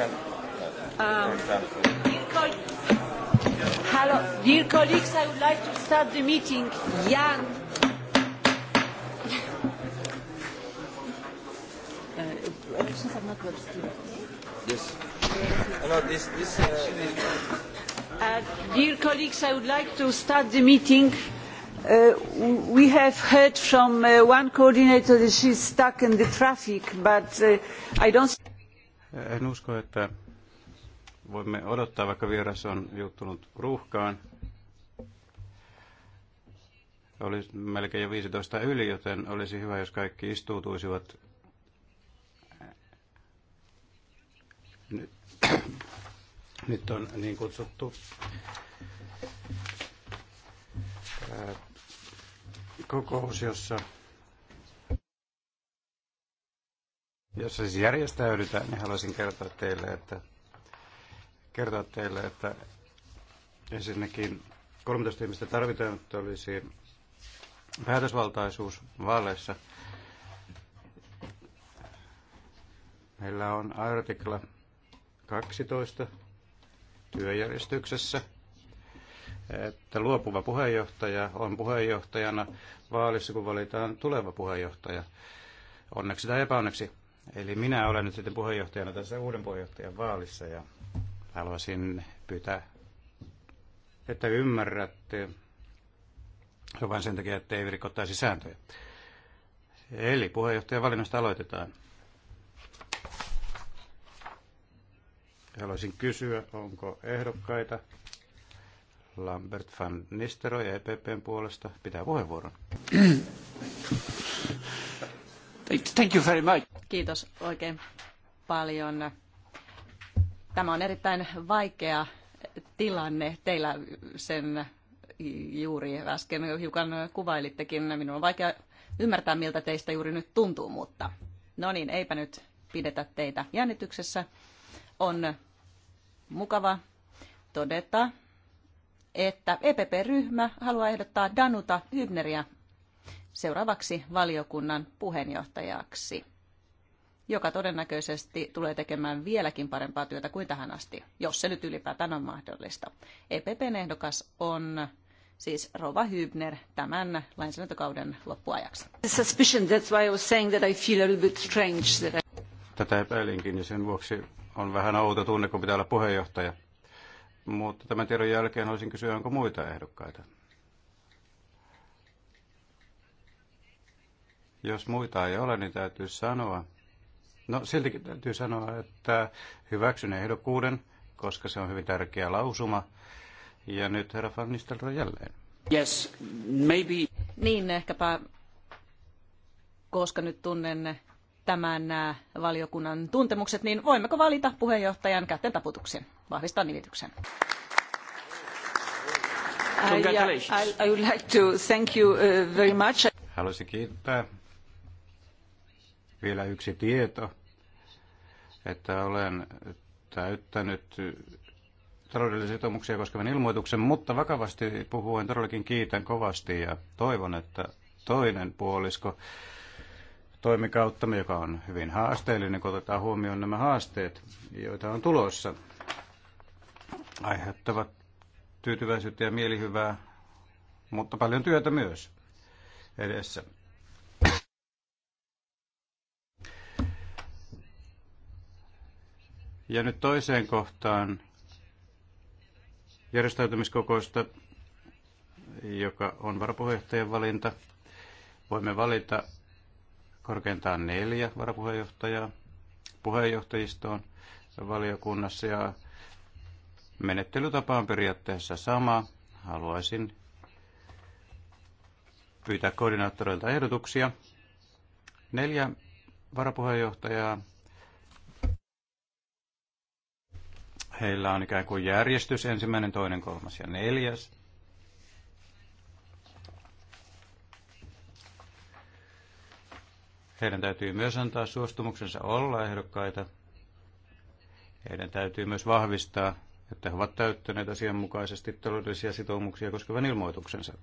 Ähm, dear, Hello, dear colleagues, I would like to start the meeting. Jan. Elections are not obscured. Yes. this, this, uh, äh, dear colleagues, I would like to start the meeting. Uh, we have heard from uh, one coordinator that she is stuck in the traffic, but uh, I don't. En usko, että voimme odottaa, vaikka vieras on juttunut ruuhkaan. Oli melkein jo 15 yli, joten olisi hyvä, jos kaikki istuutuisivat nyt, nyt on niin kutsuttu kokous, jossa Jos siis järjestäydytään, niin haluaisin kertoa teille, että, kertoa teille, että ensinnäkin 13 ihmistä tarvitaan, että olisi päätösvaltaisuus vaaleissa. Meillä on artikla 12 työjärjestyksessä, että luopuva puheenjohtaja on puheenjohtajana vaalissa, kun valitaan tuleva puheenjohtaja. Onneksi tai epäonneksi. Eli minä olen nyt sitten puheenjohtajana tässä uuden puheenjohtajan vaalissa ja haluaisin pyytää, että ymmärrätte, se vain sen takia, että ei rikottaisi sääntöjä. Eli puheenjohtajan valinnasta aloitetaan. Haluaisin kysyä, onko ehdokkaita Lambert van Nistero ja EPPn puolesta pitää puheenvuoron. Thank you very much. Kiitos oikein paljon. Tämä on erittäin vaikea tilanne teillä sen juuri äsken hiukan kuvailittekin. Minun on vaikea ymmärtää, miltä teistä juuri nyt tuntuu, mutta no niin, eipä nyt pidetä teitä jännityksessä. On mukava todeta, että EPP-ryhmä haluaa ehdottaa Danuta Hybneriä seuraavaksi valiokunnan puheenjohtajaksi joka todennäköisesti tulee tekemään vieläkin parempaa työtä kuin tähän asti, jos se nyt ylipäätään on mahdollista. EPPn ehdokas on siis Rova Hübner tämän lainsäädäntökauden loppuajaksi. Tätä epäilinkin ja sen vuoksi on vähän outo tunne, kun pitää olla puheenjohtaja. Mutta tämän tiedon jälkeen olisin kysyä, onko muita ehdokkaita? Jos muita ei ole, niin täytyy sanoa, No siltikin täytyy sanoa, että hyväksyn ehdokkuuden, koska se on hyvin tärkeä lausuma. Ja nyt herra Van jälleen. Yes, maybe. Niin, ehkäpä, koska nyt tunnen tämän äh, valiokunnan tuntemukset, niin voimmeko valita puheenjohtajan käteen taputuksen, vahvistaa nimityksen? Congratulations. I, I, I would like to thank you uh, very much. Haluaisin kiittää vielä yksi tieto, että olen täyttänyt taloudellisia sitoumuksia koskevan ilmoituksen, mutta vakavasti puhuen todellakin kiitän kovasti ja toivon, että toinen puolisko toimikauttamme, joka on hyvin haasteellinen, kun otetaan huomioon nämä haasteet, joita on tulossa, aiheuttavat tyytyväisyyttä ja mielihyvää, mutta paljon työtä myös edessä. Ja nyt toiseen kohtaan järjestäytymiskokousta, joka on varapuheenjohtajan valinta. Voimme valita korkeintaan neljä varapuheenjohtajaa puheenjohtajistoon valiokunnassa ja menettelytapa on periaatteessa sama. Haluaisin pyytää koordinaattoreilta ehdotuksia. Neljä varapuheenjohtajaa Heillä on ikään kuin järjestys ensimmäinen, toinen, kolmas ja neljäs. Heidän täytyy myös antaa suostumuksensa olla ehdokkaita. Heidän täytyy myös vahvistaa, että he ovat täyttäneet asianmukaisesti taloudellisia sitoumuksia koskevan ilmoituksensa.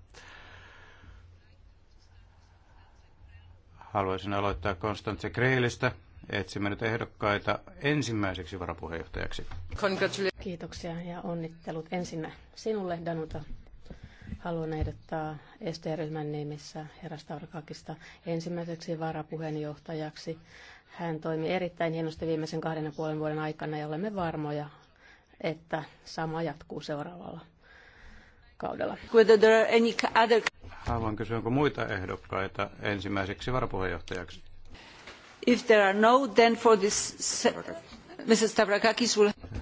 Haluaisin aloittaa Konstantse Kreilistä, etsimme nyt ehdokkaita ensimmäiseksi varapuheenjohtajaksi. Kiitoksia ja onnittelut ensinnä sinulle, Danuta. Haluan ehdottaa ST-ryhmän nimissä herra Stavrokakista ensimmäiseksi varapuheenjohtajaksi. Hän toimi erittäin hienosti viimeisen kahden ja puolen vuoden aikana ja olemme varmoja, että sama jatkuu seuraavalla kaudella. Haluan kysyä, onko muita ehdokkaita ensimmäiseksi varapuheenjohtajaksi? If there are no, Stavrakakis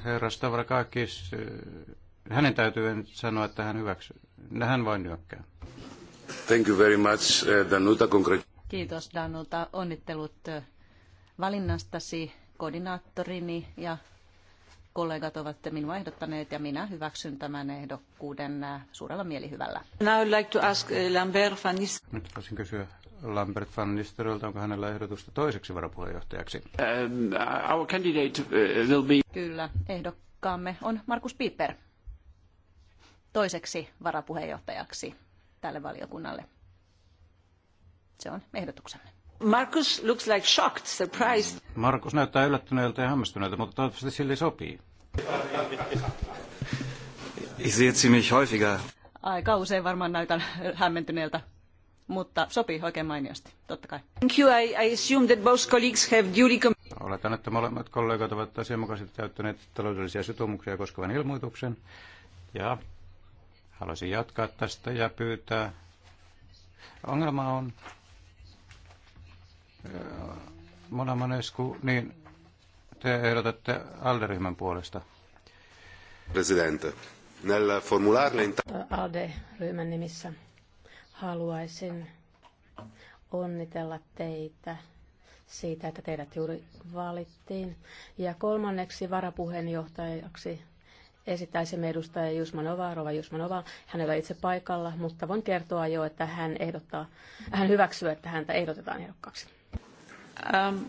Herra Stavrakakis, eh, hänen täytyy sanoa, että hän hyväksyy. Hän vain nyökkää. Thank you very much, eh, Danuta. Kiitos Danuta. Onnittelut eh, valinnastasi koordinaattorini ja kollegat ovat minua ehdottaneet ja minä hyväksyn tämän ehdokkuuden suurella mielihyvällä. Now I'd like to ask Lambert van Nyt voisin kysyä Lambert van Nistelrooylta, onko hänellä ehdotusta toiseksi varapuheenjohtajaksi? Um, our candidate uh, will be... Kyllä, ehdokkaamme on Markus Piper toiseksi varapuheenjohtajaksi tälle valiokunnalle. Se on ehdotuksemme. Markus looks like shocked, surprised. Markus näyttää yllättyneeltä ja hämmästyneeltä, mutta toivottavasti sille sopii. Ich sehe ziemlich häufiger. Aika usein varmaan näytän hämmentyneeltä mutta sopii oikein mainiosti, totta kai. Thank you. I, assume that both colleagues have duly... Oletan, että molemmat kollegat ovat asianmukaisesti täyttäneet taloudellisia sitoumuksia koskevan ilmoituksen. Ja haluaisin jatkaa tästä ja pyytää. Ongelma on äh, Mona Manescu, niin te ehdotatte ALDE-ryhmän puolesta. Presidente, nel formularle... ALDE-ryhmän nimissä Haluaisin onnitella teitä siitä, että teidät juuri valittiin. Ja kolmanneksi varapuheenjohtajaksi esittäisimme edustaja Jusmanova, Rova Jusmanova. Hän ei ole itse paikalla, mutta voin kertoa jo, että hän, ehdottaa, hän hyväksyy, että häntä ehdotetaan ehdokkaaksi. Um,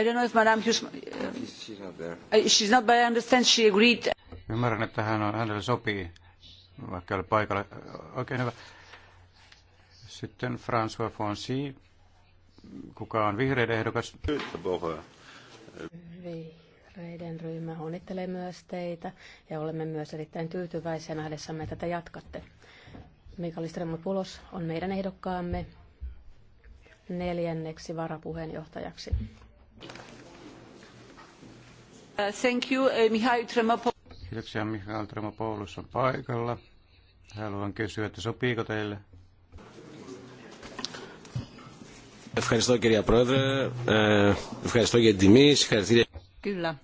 I don't know if Madame Uh, She's not there. Uh, she's not, but I understand she agreed. Ymmärrän, että hän on, hänelle sopii, vaikka ei ole paikalla. Oikein hyvä. Sitten François Fonsi, kuka on vihreiden ehdokas. Vihreiden ryhmä onnittelee myös teitä ja olemme myös erittäin tyytyväisiä nähdessämme, että te jatkatte. Mikael Pulos on meidän ehdokkaamme neljänneksi varapuheenjohtajaksi. Thank you, eh, Mihail Kiitoksia, Mihail Tremopoulos on paikalla. Haluan kysyä, että sopiiko teille Ευχαριστώ κυρία Πρόεδρε. Ευχαριστώ για την τιμή. Συγχαρητήρια. Kyllä,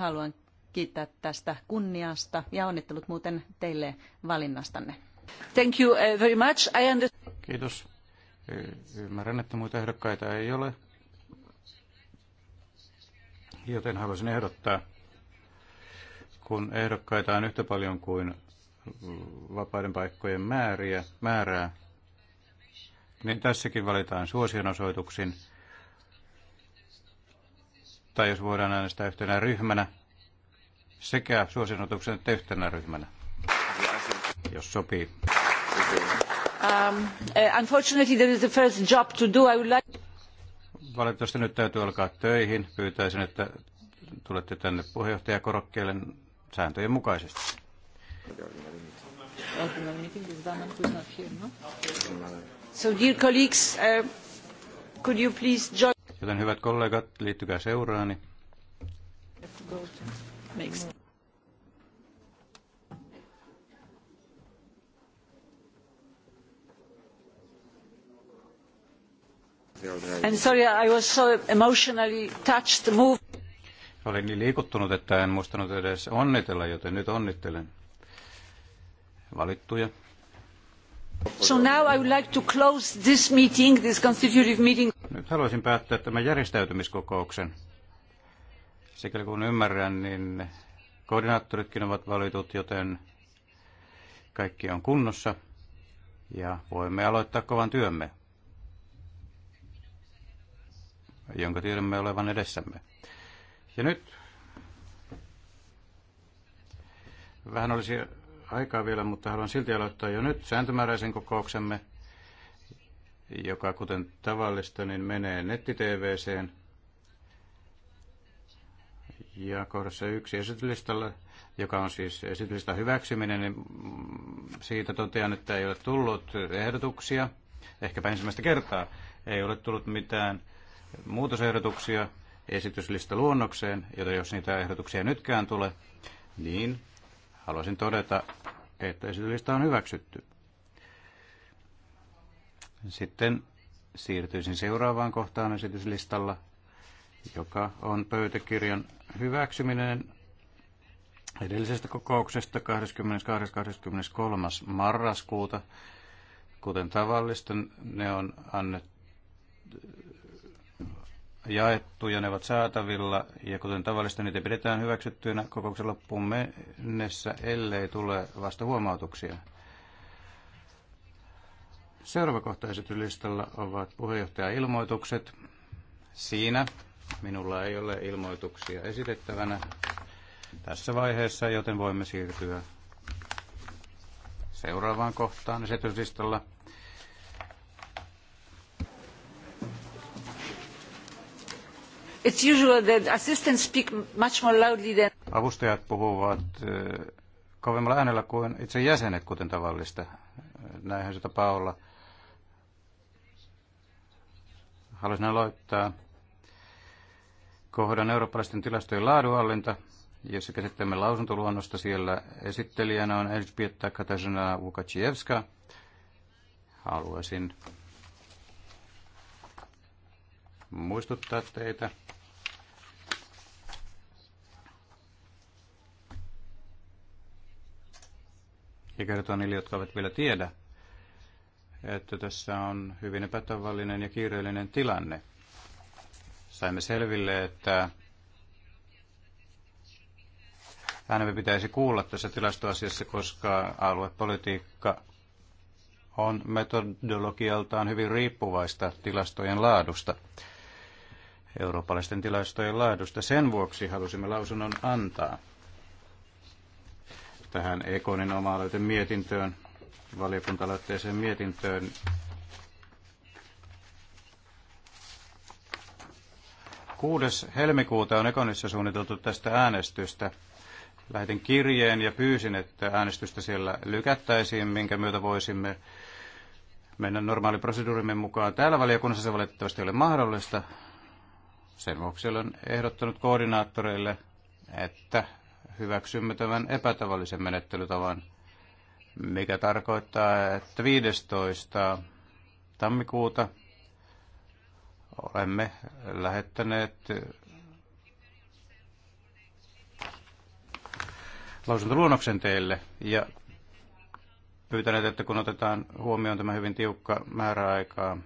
haluan kiittää tästä kunniasta ja onnittelut muuten teille valinnastanne. Thank you eh, very much. I Kiitos. Ymmärrän, että muita ehdokkaita ei ole, joten haluaisin ehdottaa, kun ehdokkaita on yhtä paljon kuin vapaiden paikkojen määriä, määrää, niin tässäkin valitaan suosionosoituksin. Tai jos voidaan äänestää yhtenä ryhmänä, sekä suosionosoituksen että yhtenä ryhmänä, jos sopii. Um, uh, unfortunately, there is the first job to do. I would like... Valitettavasti nyt täytyy alkaa töihin. Pyytäisin, että tulette tänne puheenjohtajakorokkeelle sääntöjen mukaisesti. Okay, Uh, joten hyvät kollegat, liittykää seuraani. Next. Olin niin liikuttunut, että en muistanut edes onnitella, joten nyt onnittelen valittuja. So now I would like to close this meeting, this constitutive meeting. Nyt haluaisin päättää tämän järjestäytymiskokouksen. Sikäli kun ymmärrän, niin koordinaattoritkin ovat valitut, joten kaikki on kunnossa ja voimme aloittaa kovan työmme, jonka tiedämme olevan edessämme. Ja nyt vähän olisi aikaa vielä, mutta haluan silti aloittaa jo nyt sääntömääräisen kokouksemme, joka kuten tavallista niin menee netti tvseen Ja kohdassa yksi esityslistalla, joka on siis esitylista hyväksyminen, niin siitä totean, että ei ole tullut ehdotuksia. Ehkäpä ensimmäistä kertaa ei ole tullut mitään muutosehdotuksia esityslista luonnokseen, joten jos niitä ehdotuksia nytkään tulee, niin haluaisin todeta, että esityslista on hyväksytty. Sitten siirtyisin seuraavaan kohtaan esityslistalla, joka on pöytäkirjan hyväksyminen edellisestä kokouksesta 22.23. marraskuuta. Kuten tavallista, ne on annettu jaettu ja ne ovat saatavilla. Ja kuten tavallista, niitä pidetään hyväksyttyinä kokouksen loppuun mennessä, ellei tule vasta huomautuksia. Seuraava kohta esityslistalla ovat puheenjohtajailmoitukset. Siinä minulla ei ole ilmoituksia esitettävänä tässä vaiheessa, joten voimme siirtyä seuraavaan kohtaan esityslistalla. It's usual that assistants speak much more loudly than... Avustajat puhuvat eh, kovemmalla äänellä kuin itse jäsenet, kuten tavallista. Näinhän se tapaa olla. Haluaisin aloittaa kohdan eurooppalaisten tilastojen laadunhallinta, jossa käsittelemme lausuntoluonnosta. Siellä esittelijänä on Elzbieta Katarzyna Vukaciewska. Haluaisin muistuttaa teitä ja kertoa niille, jotka eivät vielä tiedä, että tässä on hyvin epätavallinen ja kiireellinen tilanne. Saimme selville, että äänemme pitäisi kuulla tässä tilastoasiassa, koska aluepolitiikka on metodologialtaan hyvin riippuvaista tilastojen laadusta eurooppalaisten tilastojen laadusta. Sen vuoksi halusimme lausunnon antaa tähän Ekonin oma mietintöön, valiokunta mietintöön, Kuudes helmikuuta on Ekonissa suunniteltu tästä äänestystä. Lähetin kirjeen ja pyysin, että äänestystä siellä lykättäisiin, minkä myötä voisimme mennä normaali proseduurimme mukaan. Täällä valiokunnassa se valitettavasti ei ole mahdollista, sen vuoksi olen ehdottanut koordinaattoreille, että hyväksymme tämän epätavallisen menettelytavan, mikä tarkoittaa, että 15. tammikuuta olemme lähettäneet lausuntoluonnoksen teille ja pyytäneet, että kun otetaan huomioon tämä hyvin tiukka määräaikaa,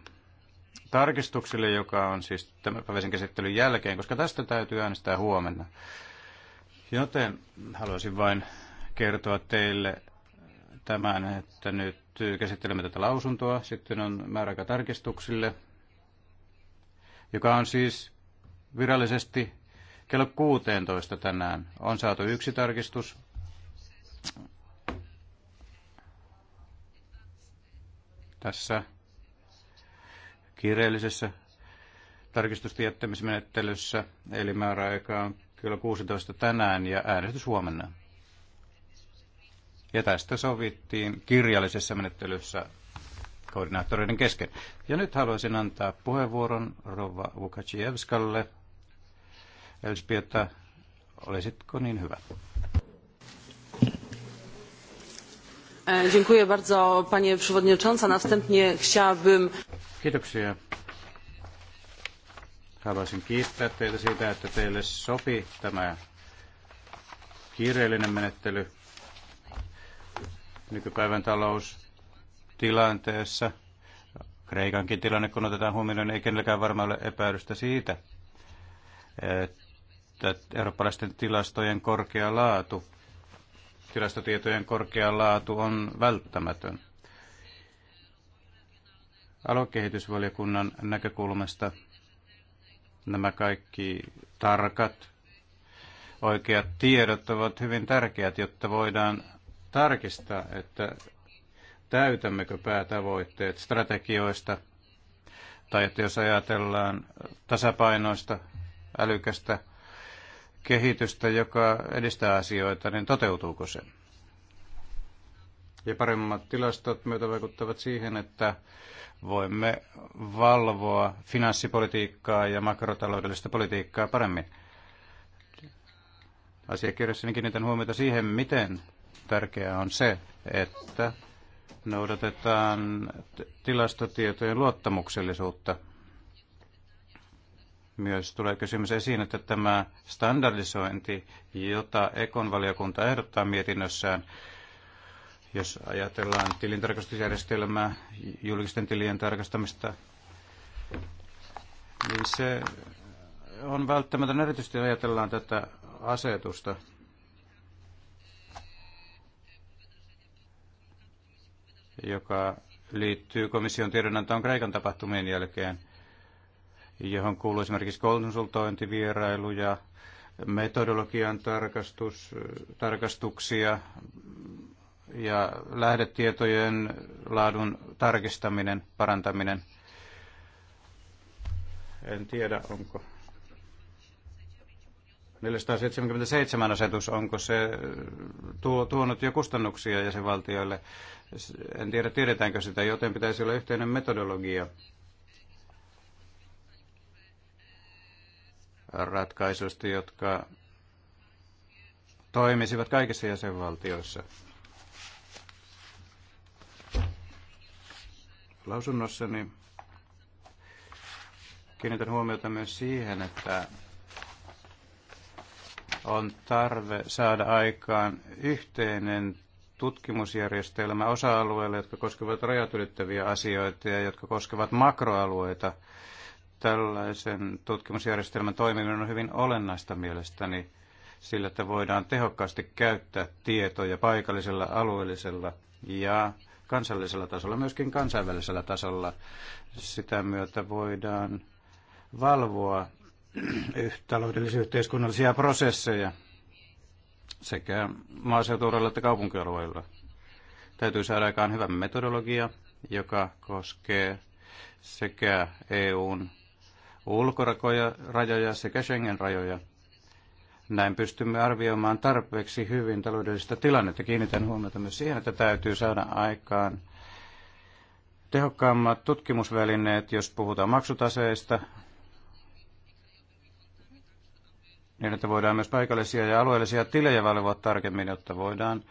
tarkistuksille, joka on siis tämän päiväisen käsittelyn jälkeen, koska tästä täytyy äänestää huomenna. Joten haluaisin vain kertoa teille tämän, että nyt käsittelemme tätä lausuntoa. Sitten on määräaika tarkistuksille, joka on siis virallisesti kello 16 tänään. On saatu yksi tarkistus. Tässä kiireellisessä tarkistustiettämismenettelyssä. eli määräaika on kyllä 16 tänään ja äänestys huomenna. Ja tästä sovittiin kirjallisessa menettelyssä koordinaattoreiden kesken. Ja nyt haluaisin antaa puheenvuoron Rova Vukacijevskalle. Elspieta, olisitko niin hyvä? E, dziękuję bardzo, panie przewodnicząca. Następnie chciałabym... Kiitoksia. Haluaisin kiittää teitä siitä, että teille sopi tämä kiireellinen menettely nykypäivän taloustilanteessa. Kreikankin tilanne, kun otetaan huomioon, ei kenelläkään varmaan ole epäilystä siitä, että eurooppalaisten tilastojen korkea laatu, tilastotietojen korkea laatu on välttämätön aluekehitysvaliokunnan näkökulmasta nämä kaikki tarkat oikeat tiedot ovat hyvin tärkeät, jotta voidaan tarkistaa, että täytämmekö päätavoitteet strategioista, tai että jos ajatellaan tasapainoista, älykästä kehitystä, joka edistää asioita, niin toteutuuko se? Ja paremmat tilastot myötä vaikuttavat siihen, että voimme valvoa finanssipolitiikkaa ja makrotaloudellista politiikkaa paremmin. Asiakirjassani kiinnitän huomiota siihen, miten tärkeää on se, että noudatetaan tilastotietojen luottamuksellisuutta. Myös tulee kysymys esiin, että tämä standardisointi, jota Ekon valiokunta ehdottaa mietinnössään, jos ajatellaan tilintarkastusjärjestelmää, julkisten tilien tarkastamista, niin se on välttämätön erityisesti ajatellaan tätä asetusta. joka liittyy komission tiedonantoon Kreikan tapahtumien jälkeen, johon kuuluu esimerkiksi konsultointivierailu ja metodologian tarkastus, tarkastuksia, ja lähdetietojen laadun tarkistaminen, parantaminen. En tiedä, onko 477 asetus, onko se tuo, tuonut jo kustannuksia jäsenvaltioille. En tiedä, tiedetäänkö sitä, joten pitäisi olla yhteinen metodologia ratkaisusta, jotka toimisivat kaikissa jäsenvaltioissa. Lausunnossani kiinnitän huomiota myös siihen, että on tarve saada aikaan yhteinen tutkimusjärjestelmä osa-alueille, jotka koskevat rajat ylittäviä asioita ja jotka koskevat makroalueita. Tällaisen tutkimusjärjestelmän toimiminen on hyvin olennaista mielestäni sillä, että voidaan tehokkaasti käyttää tietoja paikallisella, alueellisella ja kansallisella tasolla, myöskin kansainvälisellä tasolla. Sitä myötä voidaan valvoa taloudellisia yhteiskunnallisia prosesseja sekä maaseutuudella että kaupunkialueilla. Täytyy saada aikaan hyvä metodologia, joka koskee sekä EUn ulkorajoja sekä Schengen-rajoja näin pystymme arvioimaan tarpeeksi hyvin taloudellista tilannetta. Kiinnitän huomiota myös siihen, että täytyy saada aikaan tehokkaammat tutkimusvälineet, jos puhutaan maksutaseista, niin että voidaan myös paikallisia ja alueellisia tilejä valvoa tarkemmin, jotta voidaan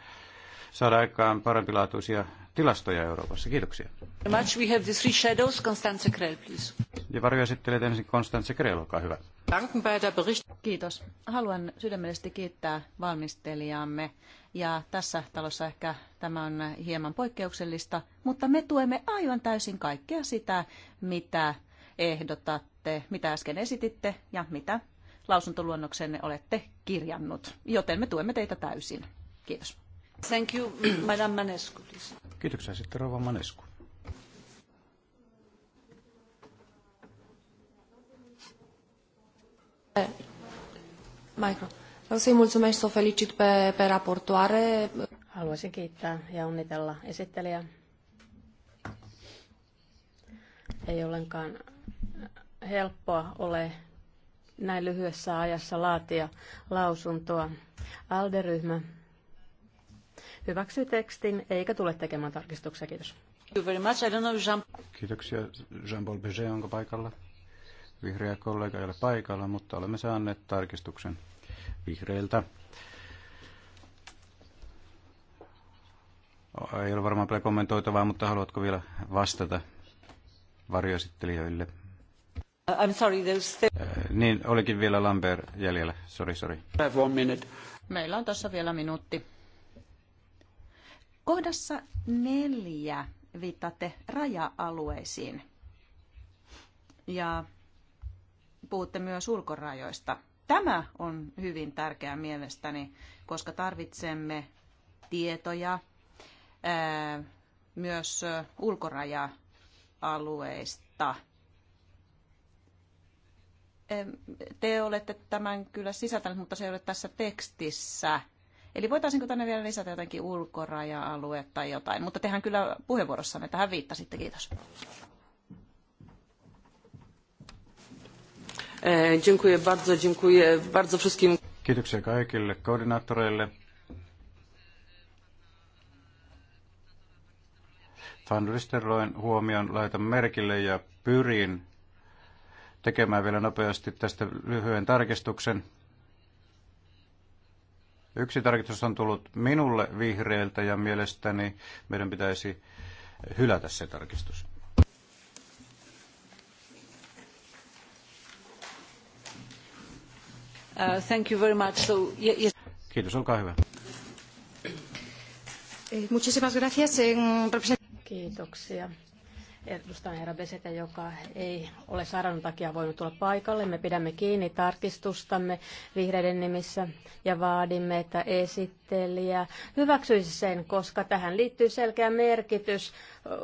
saada aikaan parempilaatuisia tilastoja Euroopassa. Kiitoksia. Much we have the three shadows. Constanze Krell, please. Ja varjoesittelijät ensin Konstantse Krell, olkaa hyvä. Kiitos. Haluan sydämellisesti kiittää valmistelijamme Ja tässä talossa ehkä tämä on hieman poikkeuksellista, mutta me tuemme aivan täysin kaikkea sitä, mitä ehdotatte, mitä äsken esititte ja mitä lausuntoluonnoksenne olette kirjannut. Joten me tuemme teitä täysin. Kiitos. Thank you, Madame Manescu. Please. Kiitoksia sitten Rova Manescu. Eh, micro. Vreau să mulțumesc să o felicit pe, pe raportoare. Haluaisin kiittää ja onnitella esittelijää. Ei ollenkaan helppoa ole näin lyhyessä ajassa laatia lausuntoa. Alderyhmä hyväksyy tekstin eikä tule tekemään tarkistuksia. Kiitos. Kiitoksia. Jean-Paul Beget, onko paikalla? Vihreä kollega ei ole paikalla, mutta olemme saaneet tarkistuksen vihreiltä. Ei ole varmaan paljon kommentoitavaa, mutta haluatko vielä vastata varjoesittelijöille? Uh, I'm sorry, there's... Äh, niin, olikin vielä Lambert jäljellä. Sorry, sorry. Meillä on tuossa vielä minuutti. Kohdassa neljä viittaatte raja-alueisiin ja puhutte myös ulkorajoista. Tämä on hyvin tärkeää mielestäni, koska tarvitsemme tietoja myös ulkoraja-alueista. Te olette tämän kyllä sisältäneet, mutta se ei ole tässä tekstissä. Eli voitaisiinko tänne vielä lisätä jotenkin ulkoraja-alue tai jotain, mutta tehän kyllä puheenvuorossanne tähän viittasitte. Kiitos. Eh, dziękuję bardzo, dziękuję bardzo wszystkim. Kiitoksia kaikille koordinaattoreille. Van Risterloin huomion laitan merkille ja pyrin tekemään vielä nopeasti tästä lyhyen tarkistuksen. Yksi tarkistus on tullut minulle vihreiltä ja mielestäni meidän pitäisi hylätä se tarkistus. Uh, thank you very much. So, yes. Kiitos, olkaa hyvä. Eh, Kiitoksia edustan herra Besetä, joka ei ole sairauden takia voinut tulla paikalle. Me pidämme kiinni tarkistustamme vihreiden nimissä ja vaadimme, että esittelijä hyväksyisi sen, koska tähän liittyy selkeä merkitys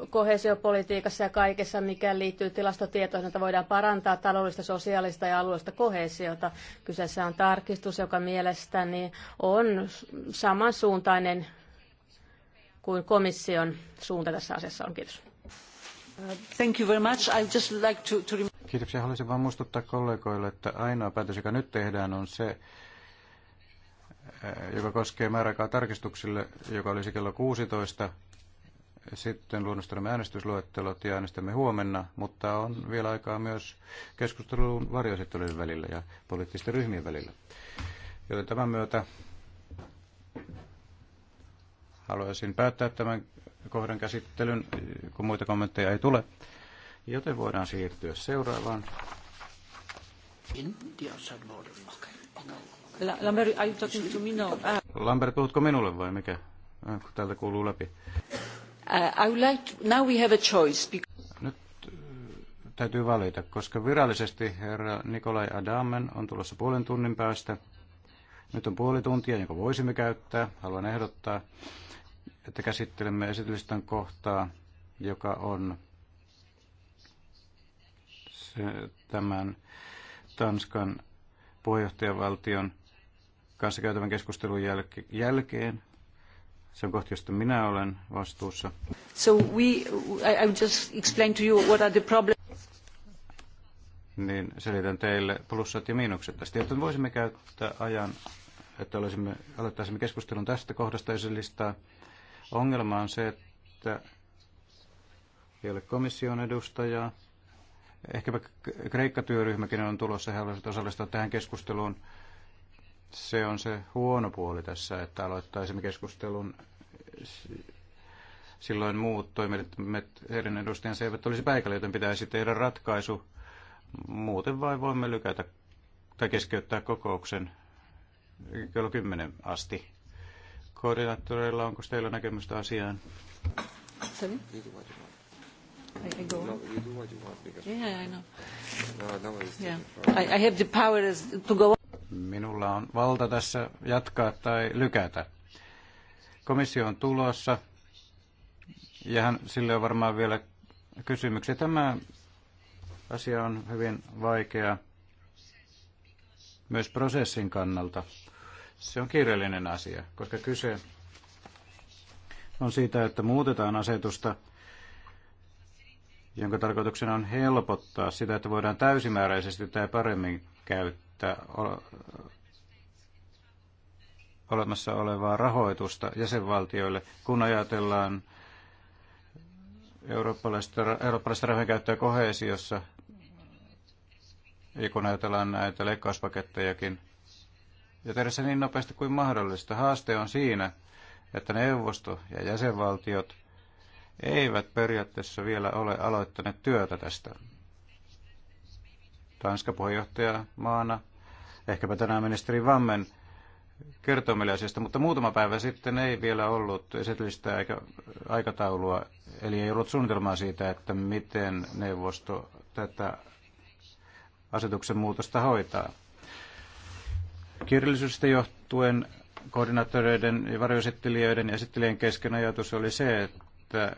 kohesiopolitiikassa ja kaikessa, mikä liittyy tilastotietoihin, että voidaan parantaa taloudellista, sosiaalista ja alueellista kohesiota. Kyseessä on tarkistus, joka mielestäni on samansuuntainen kuin komission suunta tässä asiassa on. Kiitos. Thank you very much. just like to, Kiitoksia. Haluaisin vain muistuttaa kollegoille, että ainoa päätös, joka nyt tehdään, on se, eh, joka koskee määräaikaa tarkistuksille, joka olisi kello 16. Sitten luonnostelemme äänestysluettelot ja äänestämme huomenna, mutta on vielä aikaa myös keskusteluun varjoesittelyjen välillä ja poliittisten ryhmien välillä. Joten tämän myötä haluaisin päättää tämän kohdan käsittelyn, kun muita kommentteja ei tule. Joten voidaan siirtyä seuraavaan. No. Uh, Lambert, puhutko minulle vai mikä? Äh, kun täältä kuuluu läpi. Uh, Nyt äh, täytyy valita, koska virallisesti herra Nikolai Adamen on tulossa puolen tunnin päästä. Nyt on puoli tuntia, jonka voisimme käyttää. Haluan ehdottaa, että käsittelemme esityslistan kohtaa, joka on se, tämän Tanskan puheenjohtajavaltion kanssa käytävän keskustelun jälke- jälkeen. Se on kohti, josta minä olen vastuussa. So we, I, I just explain to you what are the problems. Niin selitän teille plussat ja miinukset tästä, jotta voisimme käyttää ajan, että olisimme, aloittaisimme keskustelun tästä kohdasta esilistaa. listaa Ongelma on se, että ei ole komission edustajaa. Ehkäpä Kreikka-työryhmäkin on tulossa, he haluaisivat osallistua tähän keskusteluun. Se on se huono puoli tässä, että aloittaisimme keskustelun silloin muut toimijat, heidän edustajansa eivät olisi paikalla, joten pitäisi tehdä ratkaisu. Muuten vai voimme lykätä tai keskeyttää kokouksen kello 10 asti koordinaattoreilla, onko teillä näkemystä asiaan? Minulla on valta tässä jatkaa tai lykätä. Komissio on tulossa ja hän, sille on varmaan vielä kysymyksiä. Tämä asia on hyvin vaikea myös prosessin kannalta se on kiireellinen asia, koska kyse on siitä, että muutetaan asetusta, jonka tarkoituksena on helpottaa sitä, että voidaan täysimääräisesti tai paremmin käyttää olemassa olevaa rahoitusta jäsenvaltioille, kun ajatellaan eurooppalaista, eurooppalaista rahojen käyttöä kohesiossa, ja kun ajatellaan näitä leikkauspakettejakin, ja tehdä se niin nopeasti kuin mahdollista. Haaste on siinä, että neuvosto ja jäsenvaltiot eivät periaatteessa vielä ole aloittaneet työtä tästä. Tanska puheenjohtaja maana, ehkäpä tänään ministeri Vammen kertoo meille asiasta, mutta muutama päivä sitten ei vielä ollut esitellistä aika, aikataulua, eli ei ollut suunnitelmaa siitä, että miten neuvosto tätä asetuksen muutosta hoitaa. Kirjallisuudesta johtuen koordinaattoreiden ja varjoesittelijöiden ja esittelijän kesken ajatus oli se, että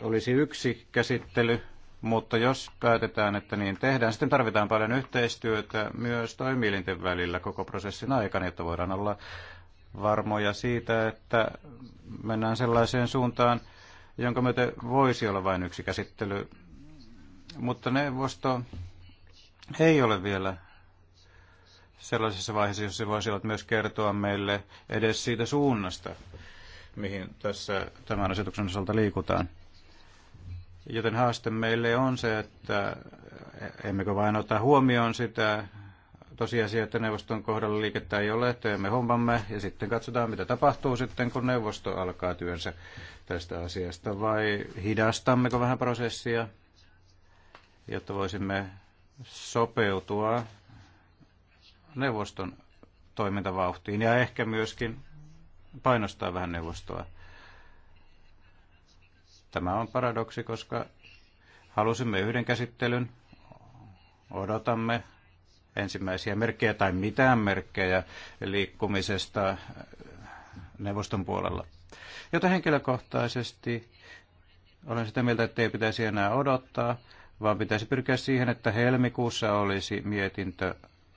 olisi yksi käsittely, mutta jos päätetään, että niin tehdään, sitten tarvitaan paljon yhteistyötä myös toimielinten välillä koko prosessin aikana, että voidaan olla varmoja siitä, että mennään sellaiseen suuntaan, jonka myötä voisi olla vain yksi käsittely. Mutta neuvosto ei ole vielä sellaisessa vaiheessa, jossa voisivat myös kertoa meille edes siitä suunnasta, mihin tässä tämän asetuksen osalta liikutaan. Joten haaste meille on se, että emmekö vain ota huomioon sitä tosiasia, että neuvoston kohdalla liikettä ei ole, teemme hommamme ja sitten katsotaan, mitä tapahtuu sitten, kun neuvosto alkaa työnsä tästä asiasta, vai hidastammeko vähän prosessia, jotta voisimme sopeutua neuvoston toimintavauhtiin ja ehkä myöskin painostaa vähän neuvostoa. Tämä on paradoksi, koska halusimme yhden käsittelyn, odotamme ensimmäisiä merkkejä tai mitään merkkejä liikkumisesta neuvoston puolella. Jota henkilökohtaisesti olen sitä mieltä, että ei pitäisi enää odottaa, vaan pitäisi pyrkiä siihen, että helmikuussa olisi mietintö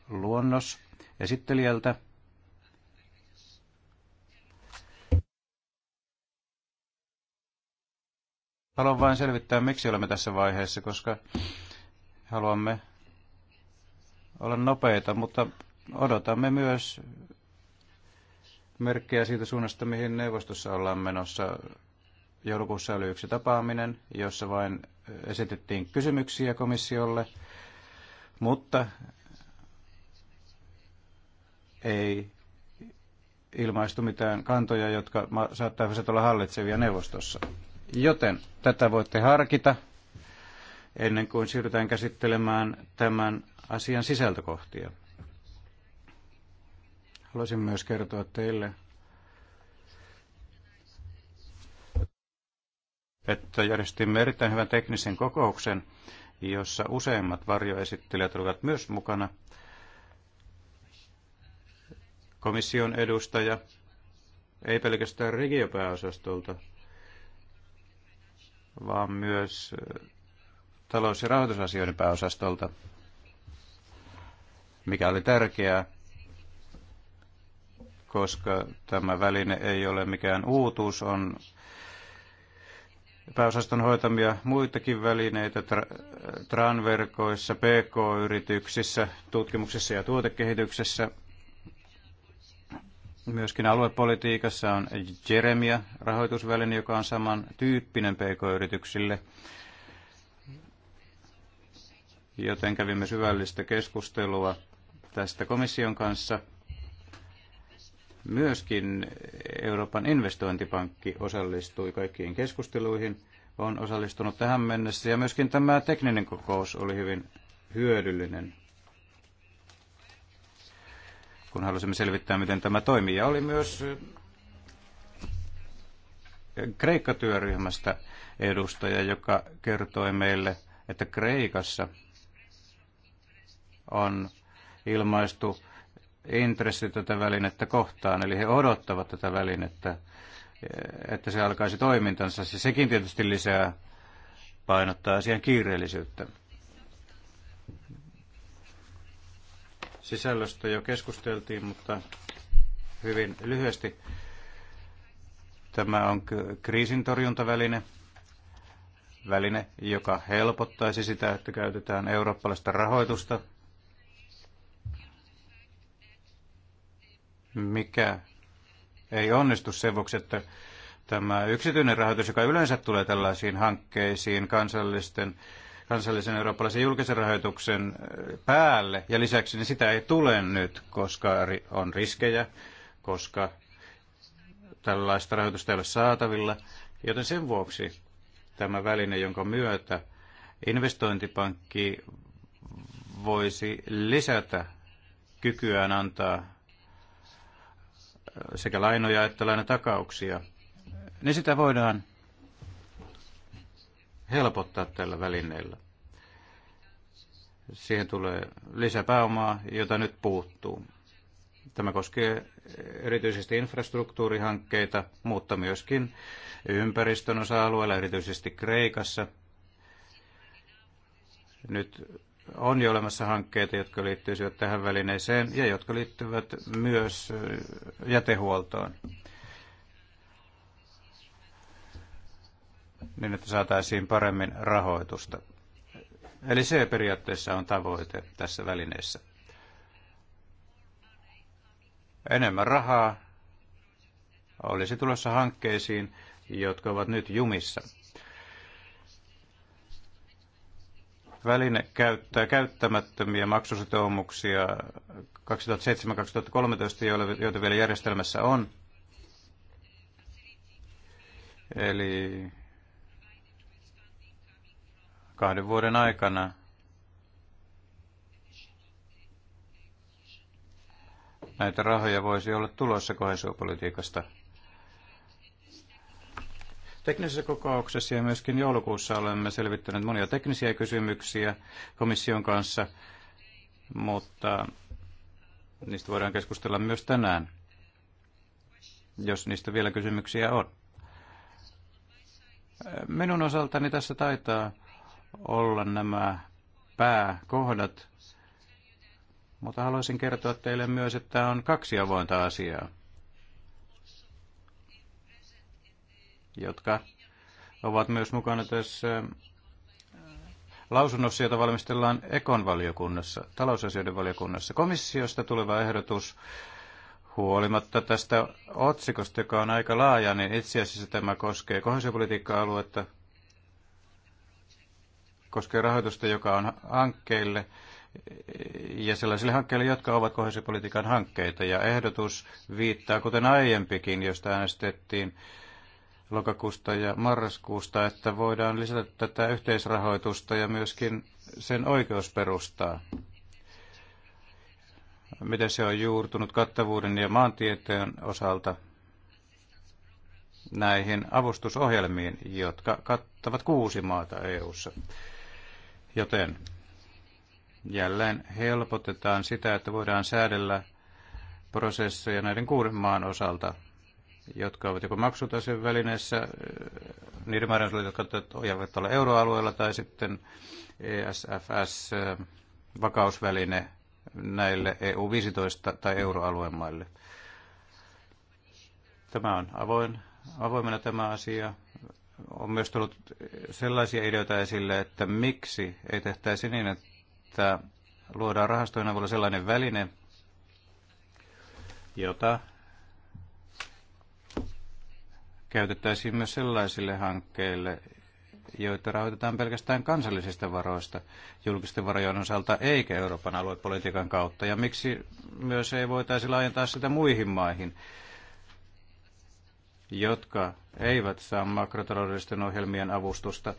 luonnos esittelijältä. Haluan vain selvittää, miksi olemme tässä vaiheessa, koska haluamme olla nopeita, mutta odotamme myös merkkejä siitä suunnasta, mihin neuvostossa ollaan menossa. Joulukuussa oli yksi tapaaminen, jossa vain esitettiin kysymyksiä komissiolle, mutta ei ilmaistu mitään kantoja, jotka saattaisivat olla hallitsevia neuvostossa. Joten tätä voitte harkita ennen kuin siirrytään käsittelemään tämän asian sisältökohtia. Haluaisin myös kertoa teille, että järjestimme erittäin hyvän teknisen kokouksen, jossa useimmat varjoesittelijät olivat myös mukana – komission edustaja, ei pelkästään regiopääosastolta, vaan myös eh, talous- ja rahoitusasioiden pääosastolta, mikä oli tärkeää, koska tämä väline ei ole mikään uutuus, on pääosaston hoitamia muitakin välineitä eh, tranverkoissa, pk-yrityksissä, tutkimuksessa ja tuotekehityksessä – Myöskin aluepolitiikassa on Jeremia, rahoitusväline, joka on saman tyyppinen pk-yrityksille. Joten kävimme syvällistä keskustelua tästä komission kanssa. Myöskin Euroopan investointipankki osallistui kaikkiin keskusteluihin, on osallistunut tähän mennessä ja myöskin tämä tekninen kokous oli hyvin hyödyllinen kun halusimme selvittää, miten tämä toimii. Ja oli myös Kreikka-työryhmästä edustaja, joka kertoi meille, että Kreikassa on ilmaistu intressi tätä välinettä kohtaan, eli he odottavat tätä välinettä, että se alkaisi toimintansa. Se, sekin tietysti lisää painottaa asian kiireellisyyttä sisällöstä jo keskusteltiin, mutta hyvin lyhyesti. Tämä on kriisintorjuntaväline, väline, joka helpottaisi sitä, että käytetään eurooppalaista rahoitusta, mikä ei onnistu sen vuoksi, että tämä yksityinen rahoitus, joka yleensä tulee tällaisiin hankkeisiin kansallisten kansallisen eurooppalaisen julkisen rahoituksen äh, päälle. Ja lisäksi niin sitä ei tule nyt, koska on riskejä, koska tällaista rahoitusta ei ole saatavilla. Joten sen vuoksi tämä väline, jonka myötä investointipankki voisi lisätä kykyään antaa äh, sekä lainoja että lainatakauksia, niin sitä voidaan helpottaa tällä välineellä. Siihen tulee lisäpääomaa, jota nyt puuttuu. Tämä koskee erityisesti infrastruktuurihankkeita, mutta myöskin ympäristön osa-alueella, erityisesti Kreikassa. Nyt on jo olemassa hankkeita, jotka liittyisivät tähän välineeseen ja jotka liittyvät myös jätehuoltoon. niin että saataisiin paremmin rahoitusta. Eli se periaatteessa on tavoite tässä välineessä. Enemmän rahaa olisi tulossa hankkeisiin, jotka ovat nyt jumissa. Väline käyttää käyttämättömiä maksusitoumuksia 2007-2013, joita vielä järjestelmässä on. Eli kahden vuoden aikana näitä rahoja voisi olla tulossa kohesiopolitiikasta. Teknisessä kokouksessa ja myöskin joulukuussa olemme selvittäneet monia teknisiä kysymyksiä komission kanssa, mutta niistä voidaan keskustella myös tänään, jos niistä vielä kysymyksiä on. Minun osaltani tässä taitaa olla nämä pääkohdat, mutta haluaisin kertoa teille myös, että on kaksi avointa asiaa, jotka ovat myös mukana tässä äh, lausunnossa, jota valmistellaan Ekon valiokunnassa, talousasioiden valiokunnassa. Komissiosta tuleva ehdotus huolimatta tästä otsikosta, joka on aika laaja, niin itse asiassa tämä koskee kohdallisuuspolitiikka-aluetta – koskee rahoitusta, joka on hankkeille ja sellaisille hankkeille, jotka ovat kohdallisuuspolitiikan hankkeita. Ja ehdotus viittaa, kuten aiempikin, josta äänestettiin lokakuusta ja marraskuusta, että voidaan lisätä tätä yhteisrahoitusta ja myöskin sen oikeusperustaa. Miten se on juurtunut kattavuuden ja maantieteen osalta näihin avustusohjelmiin, jotka kattavat kuusi maata EU:ssa. ssa Joten jälleen helpotetaan sitä, että voidaan säädellä prosesseja näiden kuuden maan osalta, jotka ovat joko maksutasen välineessä, niiden määrän jotka ovat olla euroalueella, tai sitten ESFS-vakausväline näille EU-15 tai euroalueen maille. Tämä on avoin, avoimena tämä asia on myös tullut sellaisia ideoita esille, että miksi ei tehtäisi niin, että luodaan rahastojen avulla sellainen väline, jota käytettäisiin myös sellaisille hankkeille, joita rahoitetaan pelkästään kansallisista varoista julkisten varojen osalta eikä Euroopan aluepolitiikan kautta. Ja miksi myös ei voitaisi laajentaa sitä muihin maihin? jotka eivät saa makrotaloudellisten ohjelmien avustusta.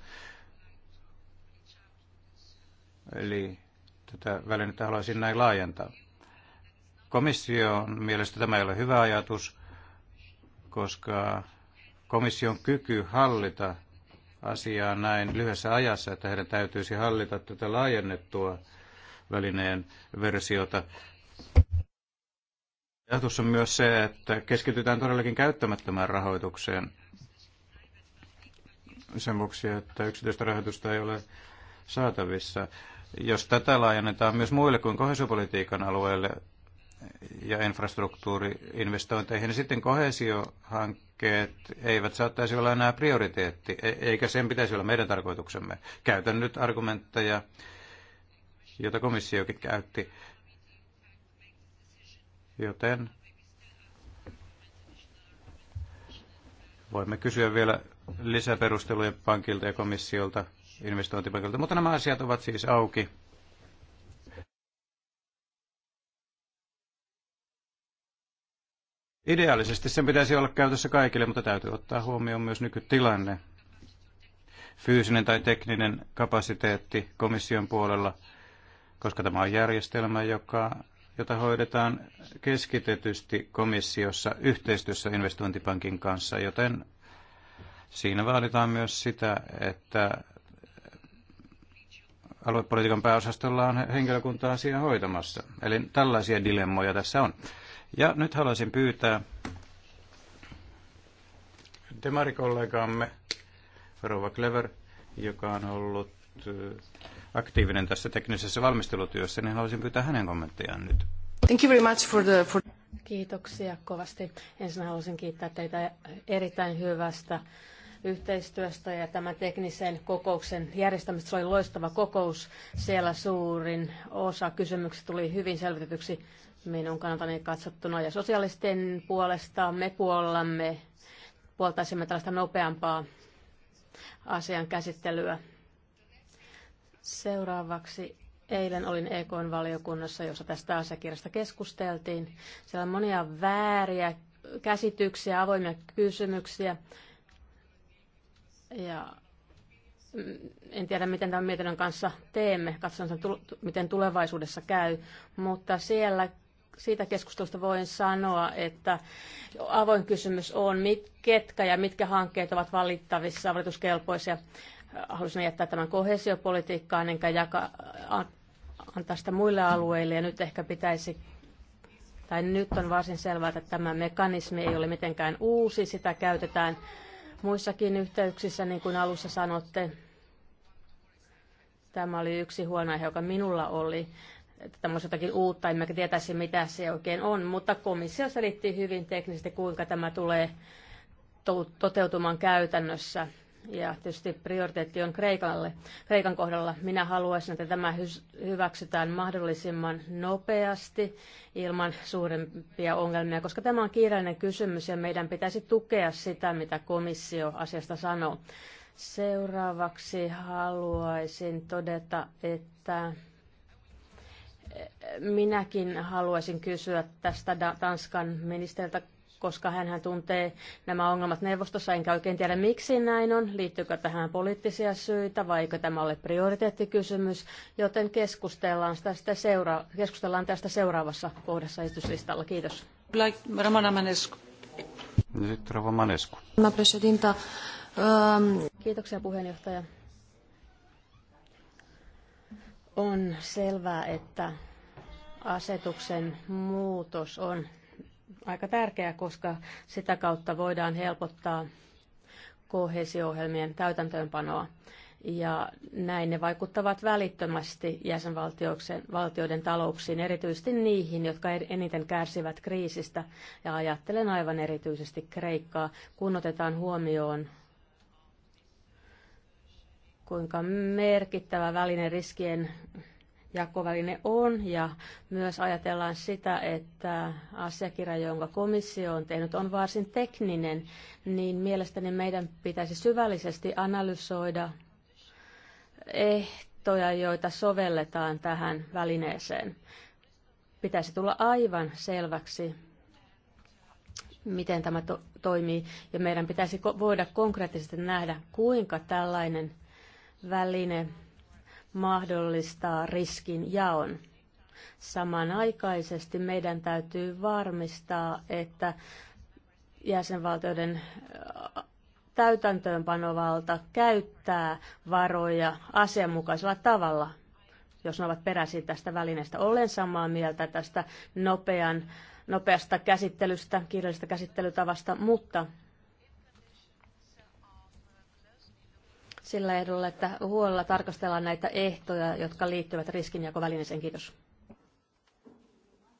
Eli tätä välinettä haluaisin näin laajentaa. Komission mielestä tämä ei ole hyvä ajatus, koska komission kyky hallita asiaa näin lyhyessä ajassa, että heidän täytyisi hallita tätä laajennettua välineen versiota Ajatus on myös se, että keskitytään todellakin käyttämättömään rahoitukseen sen vuoksi, että yksityistä rahoitusta ei ole saatavissa. Jos tätä laajennetaan myös muille kuin kohesiopolitiikan alueelle ja infrastruktuuriinvestointeihin, niin sitten kohesiohankkeet eivät saattaisi olla enää prioriteetti, e- eikä sen pitäisi olla meidän tarkoituksemme. Käytän nyt argumentteja, joita komissiokin käytti Joten voimme kysyä vielä lisäperusteluja pankilta ja komissiolta, investointipankilta, mutta nämä asiat ovat siis auki. Ideaalisesti sen pitäisi olla käytössä kaikille, mutta täytyy ottaa huomioon myös nykytilanne. Fyysinen tai tekninen kapasiteetti komission puolella, koska tämä on järjestelmä, joka jota hoidetaan keskitetysti komissiossa yhteistyössä investointipankin kanssa, joten siinä vaaditaan myös sitä, että aluepolitiikan pääosastolla on henkilökuntaa asiaa hoitamassa. Eli tällaisia dilemmoja tässä on. Ja nyt haluaisin pyytää demarikollegaamme Rova Clever, joka on ollut aktiivinen tässä teknisessä valmistelutyössä, niin haluaisin pyytää hänen kommenttejaan nyt. Thank you very much for the, for... Kiitoksia kovasti. Ensin haluaisin kiittää teitä erittäin hyvästä yhteistyöstä ja tämän teknisen kokouksen järjestämistä. Se oli loistava kokous. Siellä suurin osa kysymyksistä tuli hyvin selvitetyksi minun kannaltani katsottuna. Ja sosiaalisten puolesta me puolellamme puoltaisimme tällaista nopeampaa asian käsittelyä Seuraavaksi eilen olin EKn valiokunnassa, jossa tästä asiakirjasta keskusteltiin. Siellä on monia vääriä käsityksiä, avoimia kysymyksiä. Ja mm, en tiedä, miten tämän mietinnön kanssa teemme, katson sen, miten tulevaisuudessa käy, mutta siellä siitä keskustelusta voin sanoa, että avoin kysymys on, mit, ketkä ja mitkä hankkeet ovat valittavissa, valituskelpoisia halusin jättää tämän kohesiopolitiikkaan enkä jaka, antaa sitä muille alueille ja nyt ehkä pitäisi tai nyt on varsin selvää, että tämä mekanismi ei ole mitenkään uusi, sitä käytetään muissakin yhteyksissä, niin kuin alussa sanotte. Tämä oli yksi huono aihe, joka minulla oli, että tämä olisi jotakin uutta, emmekä tietäisi mitä se oikein on, mutta komissio selitti hyvin teknisesti, kuinka tämä tulee toteutumaan käytännössä ja tietysti prioriteetti on Kreikalle, Kreikan kohdalla. Minä haluaisin, että tämä hyväksytään mahdollisimman nopeasti ilman suurempia ongelmia, koska tämä on kiireinen kysymys ja meidän pitäisi tukea sitä, mitä komissio asiasta sanoo. Seuraavaksi haluaisin todeta, että eh, minäkin haluaisin kysyä tästä Tanskan ministeriltä koska hän tuntee nämä ongelmat neuvostossa, enkä oikein tiedä miksi näin on, liittyykö tähän poliittisia syitä vai eikö tämä ole prioriteettikysymys, joten keskustellaan tästä, seura- keskustellaan tästä seuraavassa kohdassa esityslistalla. Kiitos. Ähm, Kiitoksia puheenjohtaja. On selvää, että asetuksen muutos on aika tärkeä, koska sitä kautta voidaan helpottaa kohesio-ohjelmien täytäntöönpanoa. Ja näin ne vaikuttavat välittömästi jäsenvaltioiden talouksiin, erityisesti niihin, jotka eniten kärsivät kriisistä. Ja ajattelen aivan erityisesti Kreikkaa, kun otetaan huomioon kuinka merkittävä väline riskien jakoväline on ja myös ajatellaan sitä, että asiakirja, jonka komissio on tehnyt, on varsin tekninen, niin mielestäni meidän pitäisi syvällisesti analysoida ehtoja, joita sovelletaan tähän välineeseen. Pitäisi tulla aivan selväksi, miten tämä to- toimii, ja meidän pitäisi voida konkreettisesti nähdä, kuinka tällainen väline mahdollistaa riskin jaon. Samanaikaisesti meidän täytyy varmistaa, että jäsenvaltioiden äh, täytäntöönpanovalta käyttää varoja asianmukaisella tavalla, jos ne ovat peräisin tästä välineestä. Olen samaa mieltä tästä nopean, nopeasta käsittelystä, kirjallisesta käsittelytavasta, mutta sillä ehdolla, että huolella tarkastellaan näitä ehtoja, jotka liittyvät riskinjakovälineeseen. Kiitos.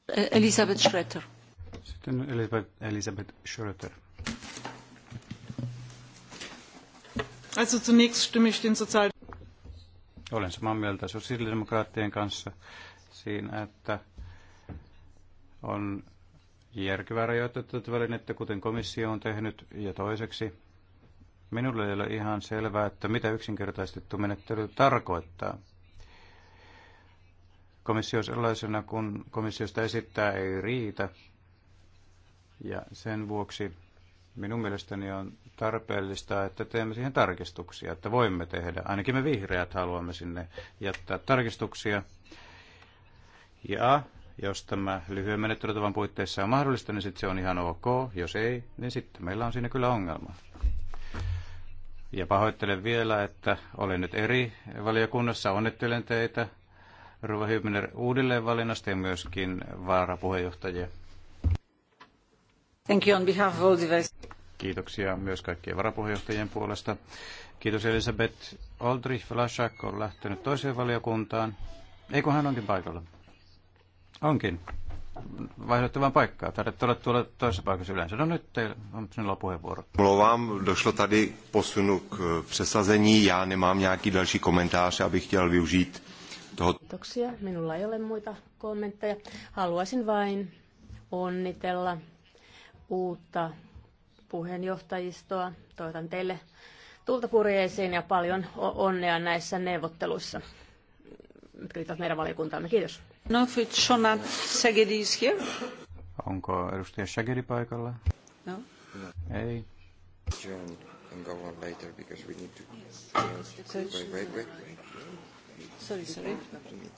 E- Elisabeth Schröter. Sitten Elisabeth, Elisabeth Schröter. Also zunächst stimme ich den Sozial Olen samaa mieltä sosiaalidemokraattien kanssa siinä, että on järkevää tätä välinettä, kuten komissio on tehnyt, ja toiseksi Minulle ei ole ihan selvää, että mitä yksinkertaistettu menettely tarkoittaa. Komissio sellaisena, kun komissiosta esittää, ei riitä. Ja sen vuoksi minun mielestäni on tarpeellista, että teemme siihen tarkistuksia, että voimme tehdä. Ainakin me vihreät haluamme sinne jättää tarkistuksia. Ja jos tämä lyhyen menettelytavan puitteissa on mahdollista, niin sitten se on ihan ok. Jos ei, niin sitten meillä on siinä kyllä ongelma. Ja pahoittelen vielä, että olen nyt eri valiokunnassa. Onnittelen teitä, Ruva Hybner, uudelleen valinnasta ja myöskin vaarapuheenjohtajia. Thank you on behalf of all the Kiitoksia myös kaikkien varapuheenjohtajien puolesta. Kiitos Elisabeth aldrich Vlasak on lähtenyt toiseen valiokuntaan. Eikö hän onkin paikalla? Onkin vaihdoitte vaihdottavaan paikkaa. Taidatte olla tuolla toisessa paikassa yleensä. No nyt teillä on sinulla puheenvuoro. Mulla Mluvám, došlo tady posunu k eh, přesazení. Já nemám nějaký další komentář, abych chtěl využít toho. Kiitoksia. Minulla ei ole muita kommentteja. Haluaisin vain onnitella uutta puheenjohtajistoa. Toivotan teille tulta purjeisiin ja paljon onnea näissä neuvotteluissa, Kiitos meidän valiokuntaamme. Kiitos. No, if it's Shona Onko edustaja Shageri paikalla? No. Ei. Join and go on later because we need to... Yes. Wait, wait, wait. Sorry, sorry.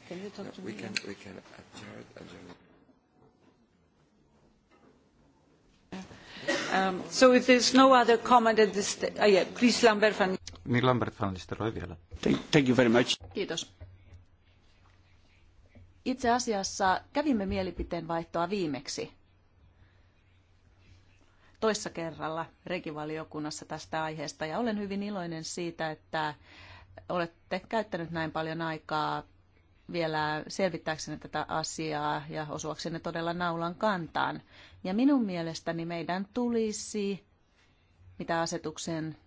Can you talk no, to we Can, we can adjourn, um, so if there's no other comment at this... Uh, yeah, please Lambert van... Niin Lambert van Listeroy vielä. thank you very much. Kiitos. Itse asiassa kävimme mielipiteen vaihtoa viimeksi toissa kerralla rekivaliokunnassa tästä aiheesta ja olen hyvin iloinen siitä, että olette käyttänyt näin paljon aikaa vielä selvittääksenne tätä asiaa ja osuaksenne todella naulan kantaan. Ja minun mielestäni meidän tulisi, mitä asetuksen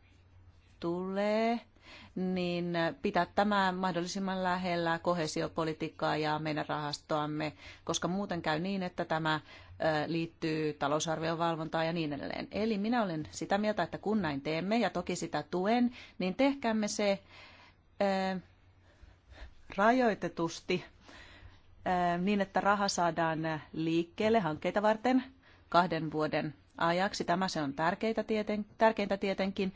tulee, niin pitää tämä mahdollisimman lähellä kohesiopolitiikkaa ja meidän rahastoamme, koska muuten käy niin, että tämä liittyy talousarvion valvontaan ja niin edelleen. Eli minä olen sitä mieltä, että kun näin teemme, ja toki sitä tuen, niin tehkäämme se ää, rajoitetusti ää, niin, että raha saadaan liikkeelle hankkeita varten kahden vuoden ajaksi. Tämä se on tärkeintä, tieten, tärkeintä tietenkin.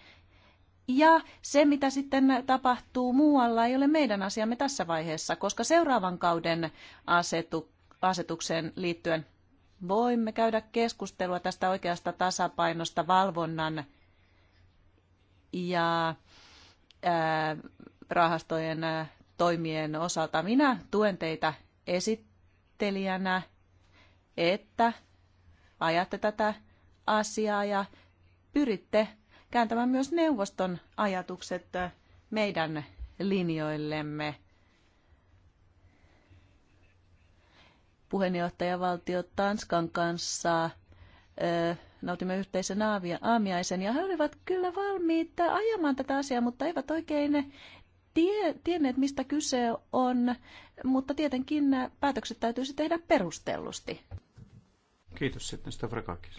Ja se, mitä sitten tapahtuu muualla, ei ole meidän asiamme tässä vaiheessa, koska seuraavan kauden asetu, asetukseen liittyen voimme käydä keskustelua tästä oikeasta tasapainosta valvonnan ja ää, rahastojen ää, toimien osalta. Minä tuen teitä esittelijänä, että ajatte tätä asiaa ja pyritte kääntämään myös neuvoston ajatukset meidän linjoillemme. Puheenjohtajavaltio Tanskan kanssa nautimme yhteisen aamiaisen ja he olivat kyllä valmiita ajamaan tätä asiaa, mutta eivät oikein tie, tienneet, mistä kyse on, mutta tietenkin päätökset täytyisi tehdä perustellusti. Kiitos sitten Stavrakakis.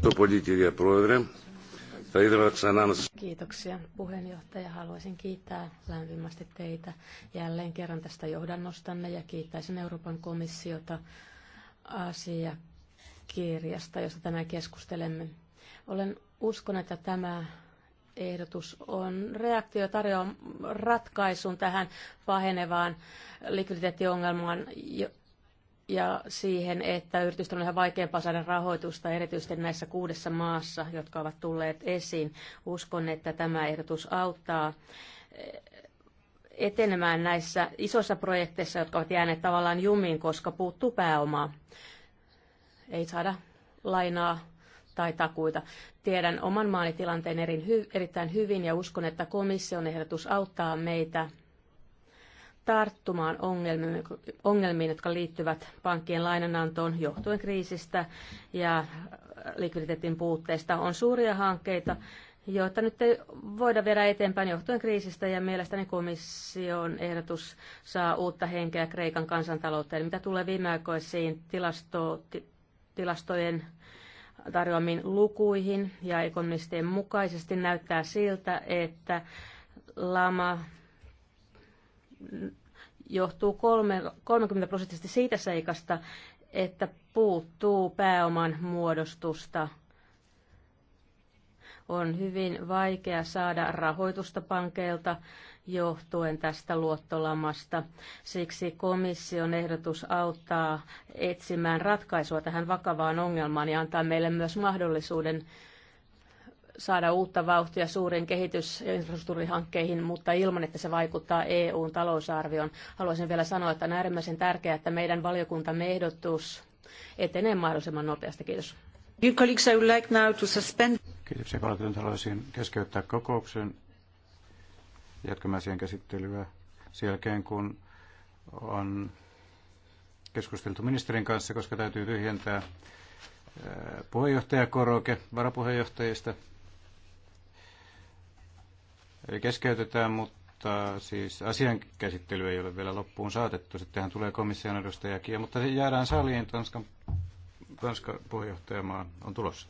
Kiitoksia puheenjohtaja. Haluaisin kiittää lämpimästi teitä jälleen kerran tästä johdannostanne ja kiittäisin Euroopan komissiota asiakirjasta, josta tänään keskustelemme. Olen uskon, että tämä ehdotus on reaktio tarjoaa ratkaisun tähän pahenevaan likviditeettiongelmaan, ja siihen, että yritysten on ihan vaikeampaa saada rahoitusta, erityisesti näissä kuudessa maassa, jotka ovat tulleet esiin. Uskon, että tämä ehdotus auttaa eh, etenemään näissä isoissa projekteissa, jotka ovat jääneet tavallaan jumiin, koska puuttuu pääomaa. Ei saada lainaa tai takuita. Tiedän oman maanitilanteen erittäin hyvin ja uskon, että komission ehdotus auttaa meitä tarttumaan ongelmiin, jotka liittyvät pankkien lainanantoon johtuen kriisistä ja likviditeetin puutteista. On suuria hankkeita, joita nyt ei voida viedä eteenpäin johtuen kriisistä ja mielestäni komission ehdotus saa uutta henkeä Kreikan kansantalouteen. Mitä tulee viimeaikoisiin tilasto, tilastojen tarjoamiin lukuihin ja ekonomistien mukaisesti näyttää siltä, että lama johtuu 30 prosenttisesti siitä seikasta, että puuttuu pääoman muodostusta. On hyvin vaikea saada rahoitusta pankeilta johtuen tästä luottolamasta. Siksi komission ehdotus auttaa etsimään ratkaisua tähän vakavaan ongelmaan ja antaa meille myös mahdollisuuden saada uutta vauhtia suuriin kehitys- ja infrastruktuurihankkeihin, mutta ilman, että se vaikuttaa EUn talousarvioon. Haluaisin vielä sanoa, että on äärimmäisen tärkeää, että meidän valiokuntamme ehdotus etenee mahdollisimman nopeasti. Kiitos. Kiitoksia kollegat. Haluaisin keskeyttää kokouksen jatkamme asian käsittelyä sen jälkeen, kun on keskusteltu ministerin kanssa, koska täytyy tyhjentää puheenjohtajakoroke varapuheenjohtajista keskeytetään, mutta siis asian käsittely ei ole vielä loppuun saatettu. Sittenhän tulee komission edustajakin, mutta jäädään saliin Tanskan, Tanskan puheenjohtajamaa on tulossa.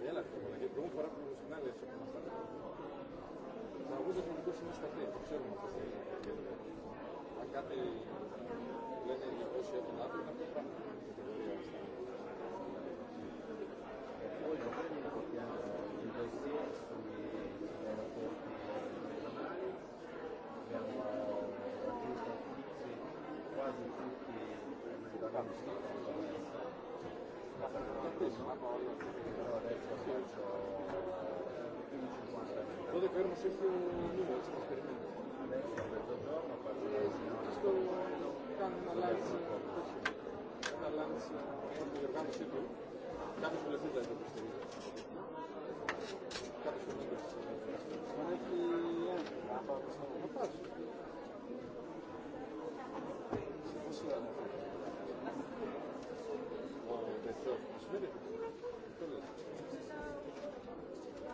بالك هو انا جبتهم فرق بروفيشنال عشان مثلا موجوده في الكورس مستقبل كتير متفاعل حاجات لان الكورس ياخد عدد questo numero sto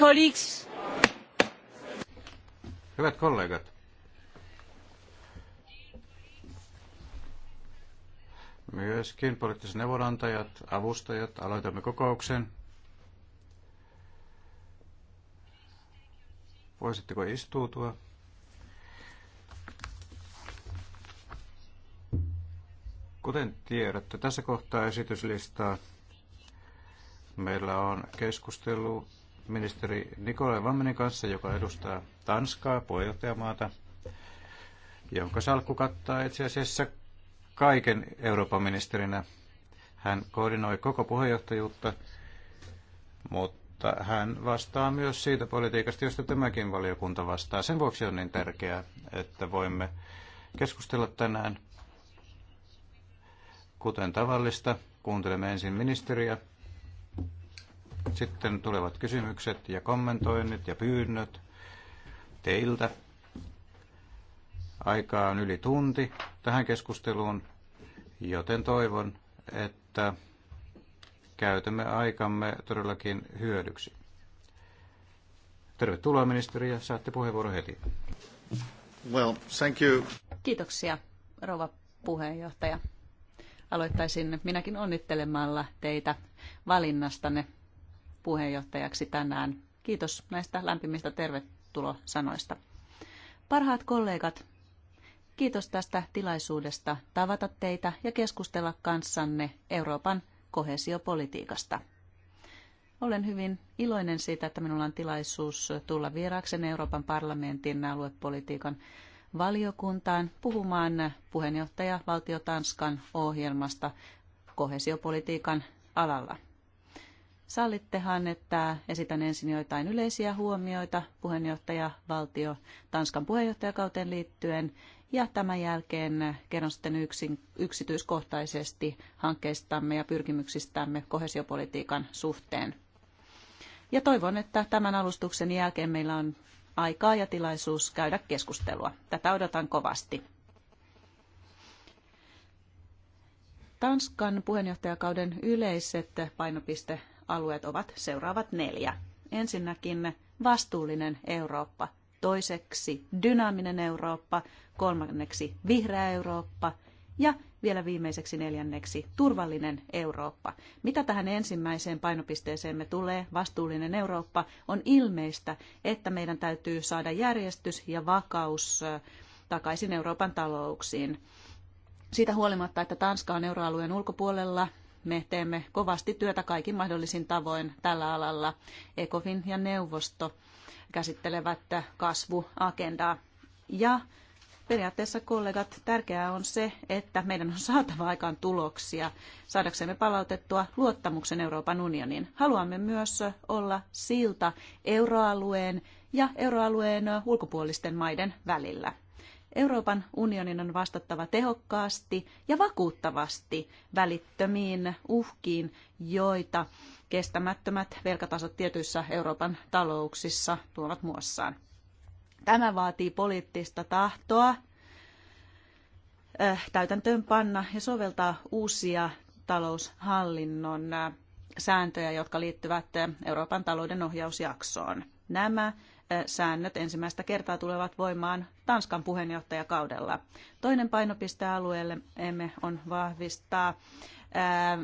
colleagues. Hyvät kollegat. Myöskin poliittiset neuvonantajat, avustajat, aloitamme kokouksen. Voisitteko istuutua? Kuten tiedätte, tässä kohtaa esityslistaa meillä on keskustelu ministeri Nikolai Vammenin kanssa, joka edustaa Tanskaa, puheenjohtajamaata, jonka salkku kattaa itse asiassa kaiken Euroopan ministerinä. Hän koordinoi koko puheenjohtajuutta, mutta hän vastaa myös siitä politiikasta, josta tämäkin valiokunta vastaa. Sen vuoksi on niin tärkeää, että voimme keskustella tänään. Kuten tavallista, kuuntelemme ensin ministeriä sitten tulevat kysymykset ja kommentoinnit ja pyynnöt teiltä. Aika on yli tunti tähän keskusteluun, joten toivon, että käytämme aikamme todellakin hyödyksi. Tervetuloa ministeri ja saatte puheenvuoron heti. Well, thank you. Kiitoksia, rouva puheenjohtaja. Aloittaisin minäkin onnittelemalla teitä valinnastanne puheenjohtajaksi tänään. Kiitos näistä lämpimistä tervetulosanoista. Parhaat kollegat, kiitos tästä tilaisuudesta tavata teitä ja keskustella kanssanne Euroopan kohesiopolitiikasta. Olen hyvin iloinen siitä, että minulla on tilaisuus tulla vieraakseni Euroopan parlamentin aluepolitiikan valiokuntaan puhumaan puheenjohtaja Valtio Tanskan ohjelmasta kohesiopolitiikan alalla. Sallittehan, että esitän ensin joitain yleisiä huomioita puheenjohtaja valtio Tanskan puheenjohtajakauteen liittyen ja tämän jälkeen kerron sitten yksin, yksityiskohtaisesti hankkeistamme ja pyrkimyksistämme kohesiopolitiikan suhteen. Ja toivon, että tämän alustuksen jälkeen meillä on aikaa ja tilaisuus käydä keskustelua. Tätä odotan kovasti. Tanskan puheenjohtajakauden yleiset painopiste alueet ovat seuraavat neljä. Ensinnäkin vastuullinen Eurooppa, toiseksi dynaaminen Eurooppa, kolmanneksi vihreä Eurooppa ja vielä viimeiseksi neljänneksi turvallinen Eurooppa. Mitä tähän ensimmäiseen painopisteeseemme tulee, vastuullinen Eurooppa, on ilmeistä, että meidän täytyy saada järjestys ja vakaus takaisin Euroopan talouksiin. Siitä huolimatta, että Tanska on euroalueen ulkopuolella me teemme kovasti työtä kaikin mahdollisin tavoin tällä alalla. ECOFIN ja neuvosto käsittelevät kasvuagendaa. Ja periaatteessa kollegat, tärkeää on se, että meidän on saatava aikaan tuloksia saadaksemme palautettua luottamuksen Euroopan unionin. Haluamme myös olla silta euroalueen ja euroalueen ulkopuolisten maiden välillä. Euroopan unionin on vastattava tehokkaasti ja vakuuttavasti välittömiin uhkiin, joita kestämättömät velkatasot tietyissä Euroopan talouksissa tuovat muassaan. Tämä vaatii poliittista tahtoa äh, täytäntöön panna ja soveltaa uusia taloushallinnon äh, sääntöjä, jotka liittyvät äh, Euroopan talouden ohjausjaksoon. Nämä säännöt ensimmäistä kertaa tulevat voimaan Tanskan puheenjohtajakaudella. Toinen alueelle emme on vahvistaa ää,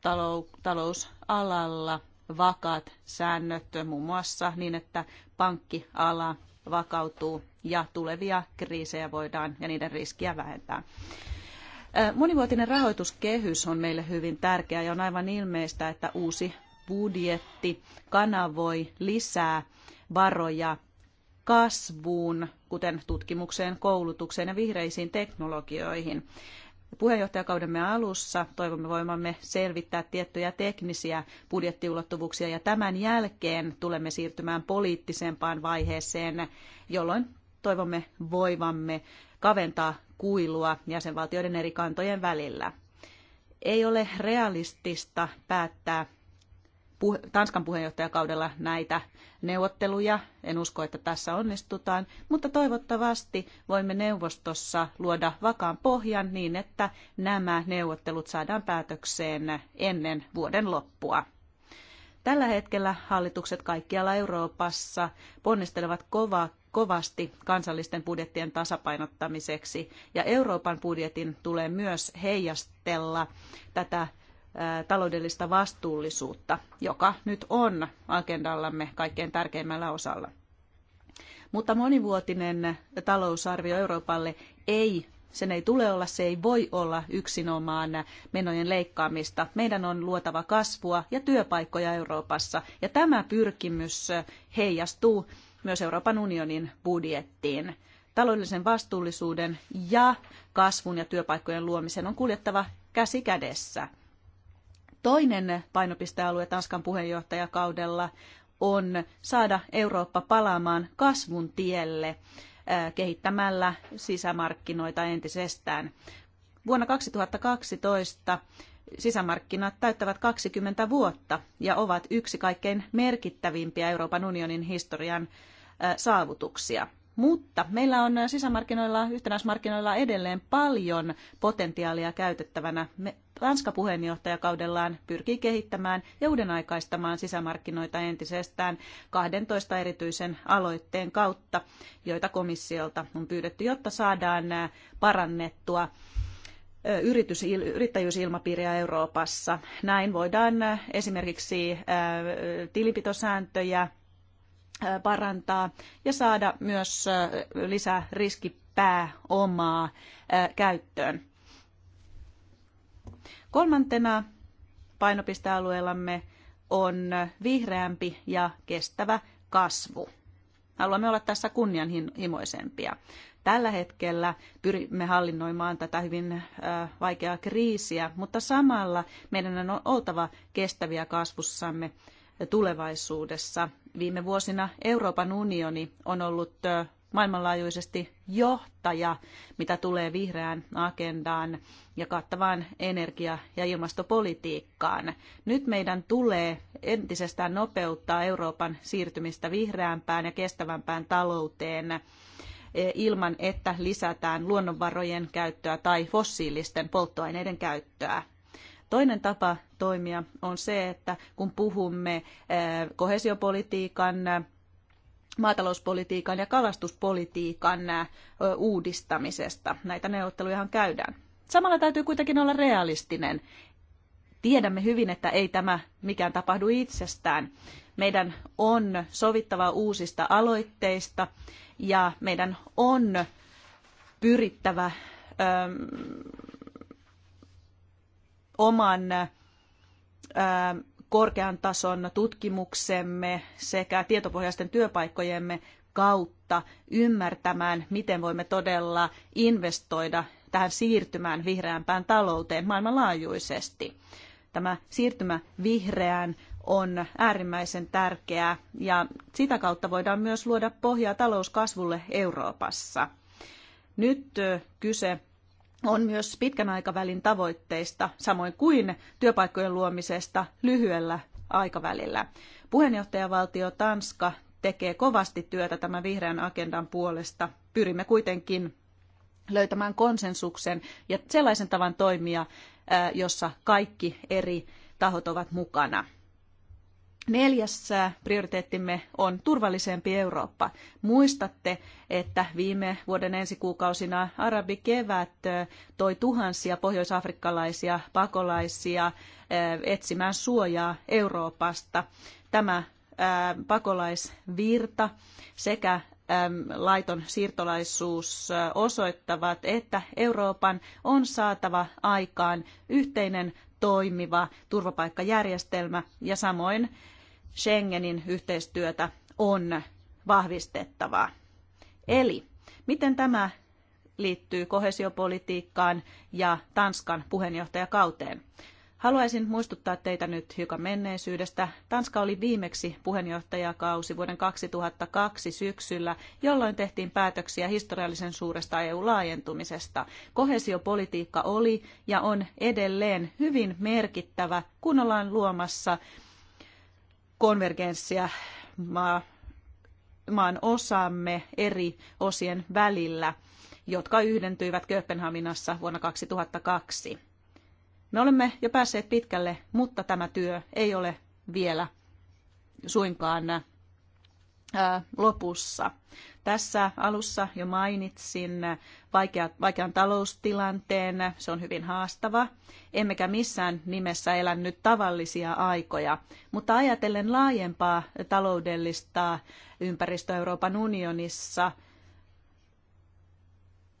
talou, talousalalla vakaat säännöt muun muassa niin, että pankkiala vakautuu ja tulevia kriisejä voidaan ja niiden riskiä vähentää. Monivuotinen rahoituskehys on meille hyvin tärkeä ja on aivan ilmeistä, että uusi budjetti kanavoi lisää varoja kasvuun, kuten tutkimukseen, koulutukseen ja vihreisiin teknologioihin. Puheenjohtajakaudemme alussa toivomme voimamme selvittää tiettyjä teknisiä budjettiulottuvuuksia ja tämän jälkeen tulemme siirtymään poliittisempaan vaiheeseen, jolloin toivomme voivamme kaventaa kuilua jäsenvaltioiden eri kantojen välillä. Ei ole realistista päättää puhe, Tanskan puheenjohtajakaudella näitä neuvotteluja. En usko, että tässä onnistutaan, mutta toivottavasti voimme neuvostossa luoda vakaan pohjan niin, että nämä neuvottelut saadaan päätökseen ennen vuoden loppua. Tällä hetkellä hallitukset kaikkialla Euroopassa ponnistelevat kovaa kovasti kansallisten budjettien tasapainottamiseksi ja Euroopan budjetin tulee myös heijastella tätä taloudellista vastuullisuutta, joka nyt on agendallamme kaikkein tärkeimmällä osalla. Mutta monivuotinen talousarvio Euroopalle ei, sen ei tule olla, se ei voi olla yksinomaan menojen leikkaamista. Meidän on luotava kasvua ja työpaikkoja Euroopassa, ja tämä pyrkimys heijastuu myös Euroopan unionin budjettiin. Taloudellisen vastuullisuuden ja kasvun ja työpaikkojen luomisen on kuljettava käsi kädessä – Toinen painopistealue Tanskan puheenjohtajakaudella on saada Eurooppa palaamaan kasvun tielle kehittämällä sisämarkkinoita entisestään. Vuonna 2012 sisämarkkinat täyttävät 20 vuotta ja ovat yksi kaikkein merkittävimpiä Euroopan unionin historian saavutuksia. Mutta meillä on sisämarkkinoilla, yhtenäismarkkinoilla edelleen paljon potentiaalia käytettävänä. Me Ranska puheenjohtajakaudellaan pyrkii kehittämään ja uudenaikaistamaan sisämarkkinoita entisestään 12 erityisen aloitteen kautta, joita komissiolta on pyydetty, jotta saadaan parannettua yritys, yrittäjyysilmapiiriä Euroopassa. Näin voidaan esimerkiksi tilipitosääntöjä parantaa ja saada myös lisää riskipääomaa käyttöön. Kolmantena painopistealueellamme on vihreämpi ja kestävä kasvu. Haluamme olla tässä kunnianhimoisempia. Tällä hetkellä pyrimme hallinnoimaan tätä hyvin vaikeaa kriisiä, mutta samalla meidän on oltava kestäviä kasvussamme tulevaisuudessa. Viime vuosina Euroopan unioni on ollut maailmanlaajuisesti johtaja, mitä tulee vihreään agendaan ja kattavaan energia- ja ilmastopolitiikkaan. Nyt meidän tulee entisestään nopeuttaa Euroopan siirtymistä vihreämpään ja kestävämpään talouteen eh, ilman, että lisätään luonnonvarojen käyttöä tai fossiilisten polttoaineiden käyttöä. Toinen tapa toimia on se, että kun puhumme eh, kohesiopolitiikan maatalouspolitiikan ja kalastuspolitiikan uudistamisesta. Näitä neuvottelujahan käydään. Samalla täytyy kuitenkin olla realistinen. Tiedämme hyvin, että ei tämä mikään tapahdu itsestään. Meidän on sovittava uusista aloitteista ja meidän on pyrittävä öö, oman öö, korkean tason tutkimuksemme sekä tietopohjaisten työpaikkojemme kautta ymmärtämään, miten voimme todella investoida tähän siirtymään vihreämpään talouteen maailmanlaajuisesti. Tämä siirtymä vihreään on äärimmäisen tärkeää ja sitä kautta voidaan myös luoda pohjaa talouskasvulle Euroopassa. Nyt kyse on myös pitkän aikavälin tavoitteista, samoin kuin työpaikkojen luomisesta lyhyellä aikavälillä. Puheenjohtajavaltio Tanska tekee kovasti työtä tämän vihreän agendan puolesta. Pyrimme kuitenkin löytämään konsensuksen ja sellaisen tavan toimia, jossa kaikki eri tahot ovat mukana. Neljäs prioriteettimme on turvallisempi Eurooppa. Muistatte, että viime vuoden ensi kuukausina arabikevät toi tuhansia pohjoisafrikkalaisia pakolaisia etsimään suojaa Euroopasta. Tämä pakolaisvirta sekä laiton siirtolaisuus osoittavat, että Euroopan on saatava aikaan yhteinen toimiva turvapaikkajärjestelmä ja samoin Schengenin yhteistyötä on vahvistettava. Eli miten tämä liittyy kohesiopolitiikkaan ja Tanskan puheenjohtajakauteen? Haluaisin muistuttaa teitä nyt hiukan menneisyydestä. Tanska oli viimeksi puheenjohtajakausi vuoden 2002 syksyllä, jolloin tehtiin päätöksiä historiallisen suuresta EU-laajentumisesta. Kohesiopolitiikka oli ja on edelleen hyvin merkittävä, kun ollaan luomassa konvergenssia maa, maan osamme eri osien välillä, jotka yhdentyivät Kööpenhaminassa vuonna 2002 me olemme jo päässeet pitkälle, mutta tämä työ ei ole vielä suinkaan äh, lopussa. Tässä alussa jo mainitsin äh, vaikea, vaikean taloustilanteen, se on hyvin haastava. Emmekä missään nimessä elä nyt tavallisia aikoja, mutta ajatellen laajempaa taloudellista ympäristöä Euroopan unionissa,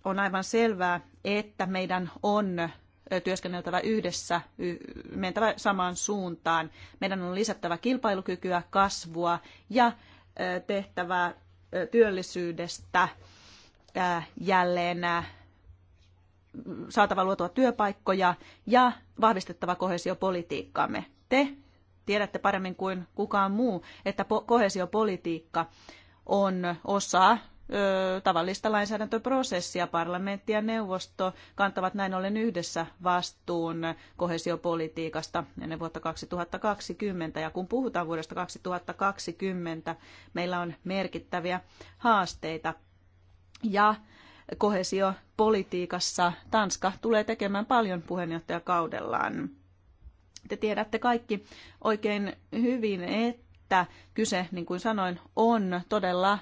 on aivan selvää, että meidän on työskenneltävä yhdessä, mentävä samaan suuntaan. Meidän on lisättävä kilpailukykyä, kasvua ja tehtävä työllisyydestä jälleen saatava luotua työpaikkoja ja vahvistettava kohesiopolitiikkaamme. Te tiedätte paremmin kuin kukaan muu, että kohesiopolitiikka on osa tavallista lainsäädäntöprosessia. Parlamentti ja neuvosto kantavat näin ollen yhdessä vastuun kohesiopolitiikasta ennen vuotta 2020. Ja kun puhutaan vuodesta 2020, meillä on merkittäviä haasteita. Ja kohesiopolitiikassa Tanska tulee tekemään paljon puheenjohtajakaudellaan. Te tiedätte kaikki oikein hyvin, että kyse, niin kuin sanoin, on todella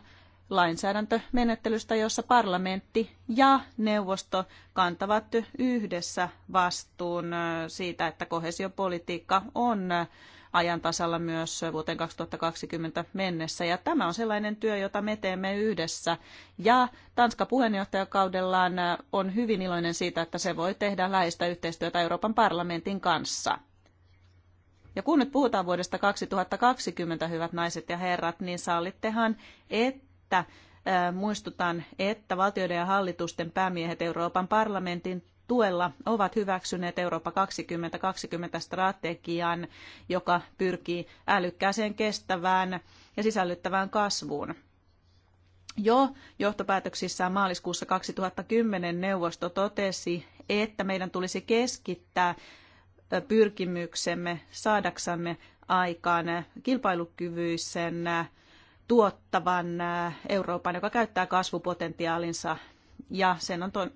lainsäädäntömenettelystä, jossa parlamentti ja neuvosto kantavat yhdessä vastuun siitä, että kohesiopolitiikka on ajan tasalla myös vuoteen 2020 mennessä. Ja tämä on sellainen työ, jota me teemme yhdessä. Ja Tanska puheenjohtajakaudellaan on hyvin iloinen siitä, että se voi tehdä läheistä yhteistyötä Euroopan parlamentin kanssa. Ja kun nyt puhutaan vuodesta 2020, hyvät naiset ja herrat, niin sallittehan, että että muistutan, että valtioiden ja hallitusten päämiehet Euroopan parlamentin tuella ovat hyväksyneet Eurooppa 2020 strategian, joka pyrkii älykkääseen kestävään ja sisällyttävään kasvuun. Jo johtopäätöksissään maaliskuussa 2010 neuvosto totesi, että meidän tulisi keskittää pyrkimyksemme saadaksamme aikaan kilpailukyvyisen tuottavan Euroopan, joka käyttää kasvupotentiaalinsa ja sen on to-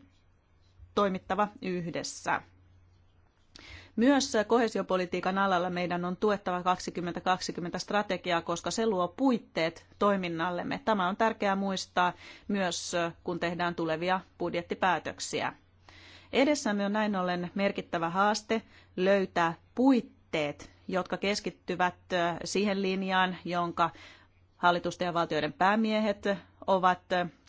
toimittava yhdessä. Myös kohesiopolitiikan alalla meidän on tuettava 2020 strategiaa, koska se luo puitteet toiminnallemme. Tämä on tärkeää muistaa myös, kun tehdään tulevia budjettipäätöksiä. Edessämme on näin ollen merkittävä haaste löytää puitteet, jotka keskittyvät siihen linjaan, jonka hallitusten ja valtioiden päämiehet ovat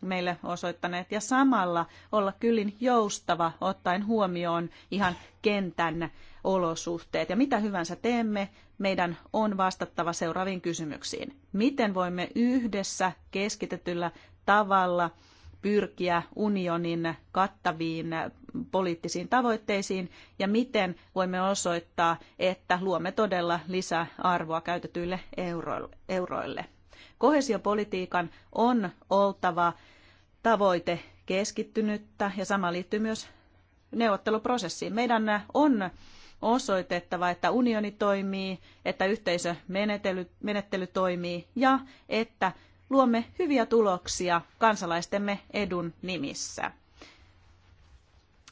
meille osoittaneet ja samalla olla kyllin joustava ottaen huomioon ihan kentän olosuhteet. Ja mitä hyvänsä teemme, meidän on vastattava seuraaviin kysymyksiin. Miten voimme yhdessä keskitetyllä tavalla pyrkiä unionin kattaviin poliittisiin tavoitteisiin ja miten voimme osoittaa, että luomme todella lisäarvoa käytetyille euroille. Kohesiopolitiikan on oltava tavoite keskittynyttä ja sama liittyy myös neuvotteluprosessiin. Meidän on osoitettava, että unioni toimii, että yhteisömenettely toimii ja että luomme hyviä tuloksia kansalaistemme edun nimissä.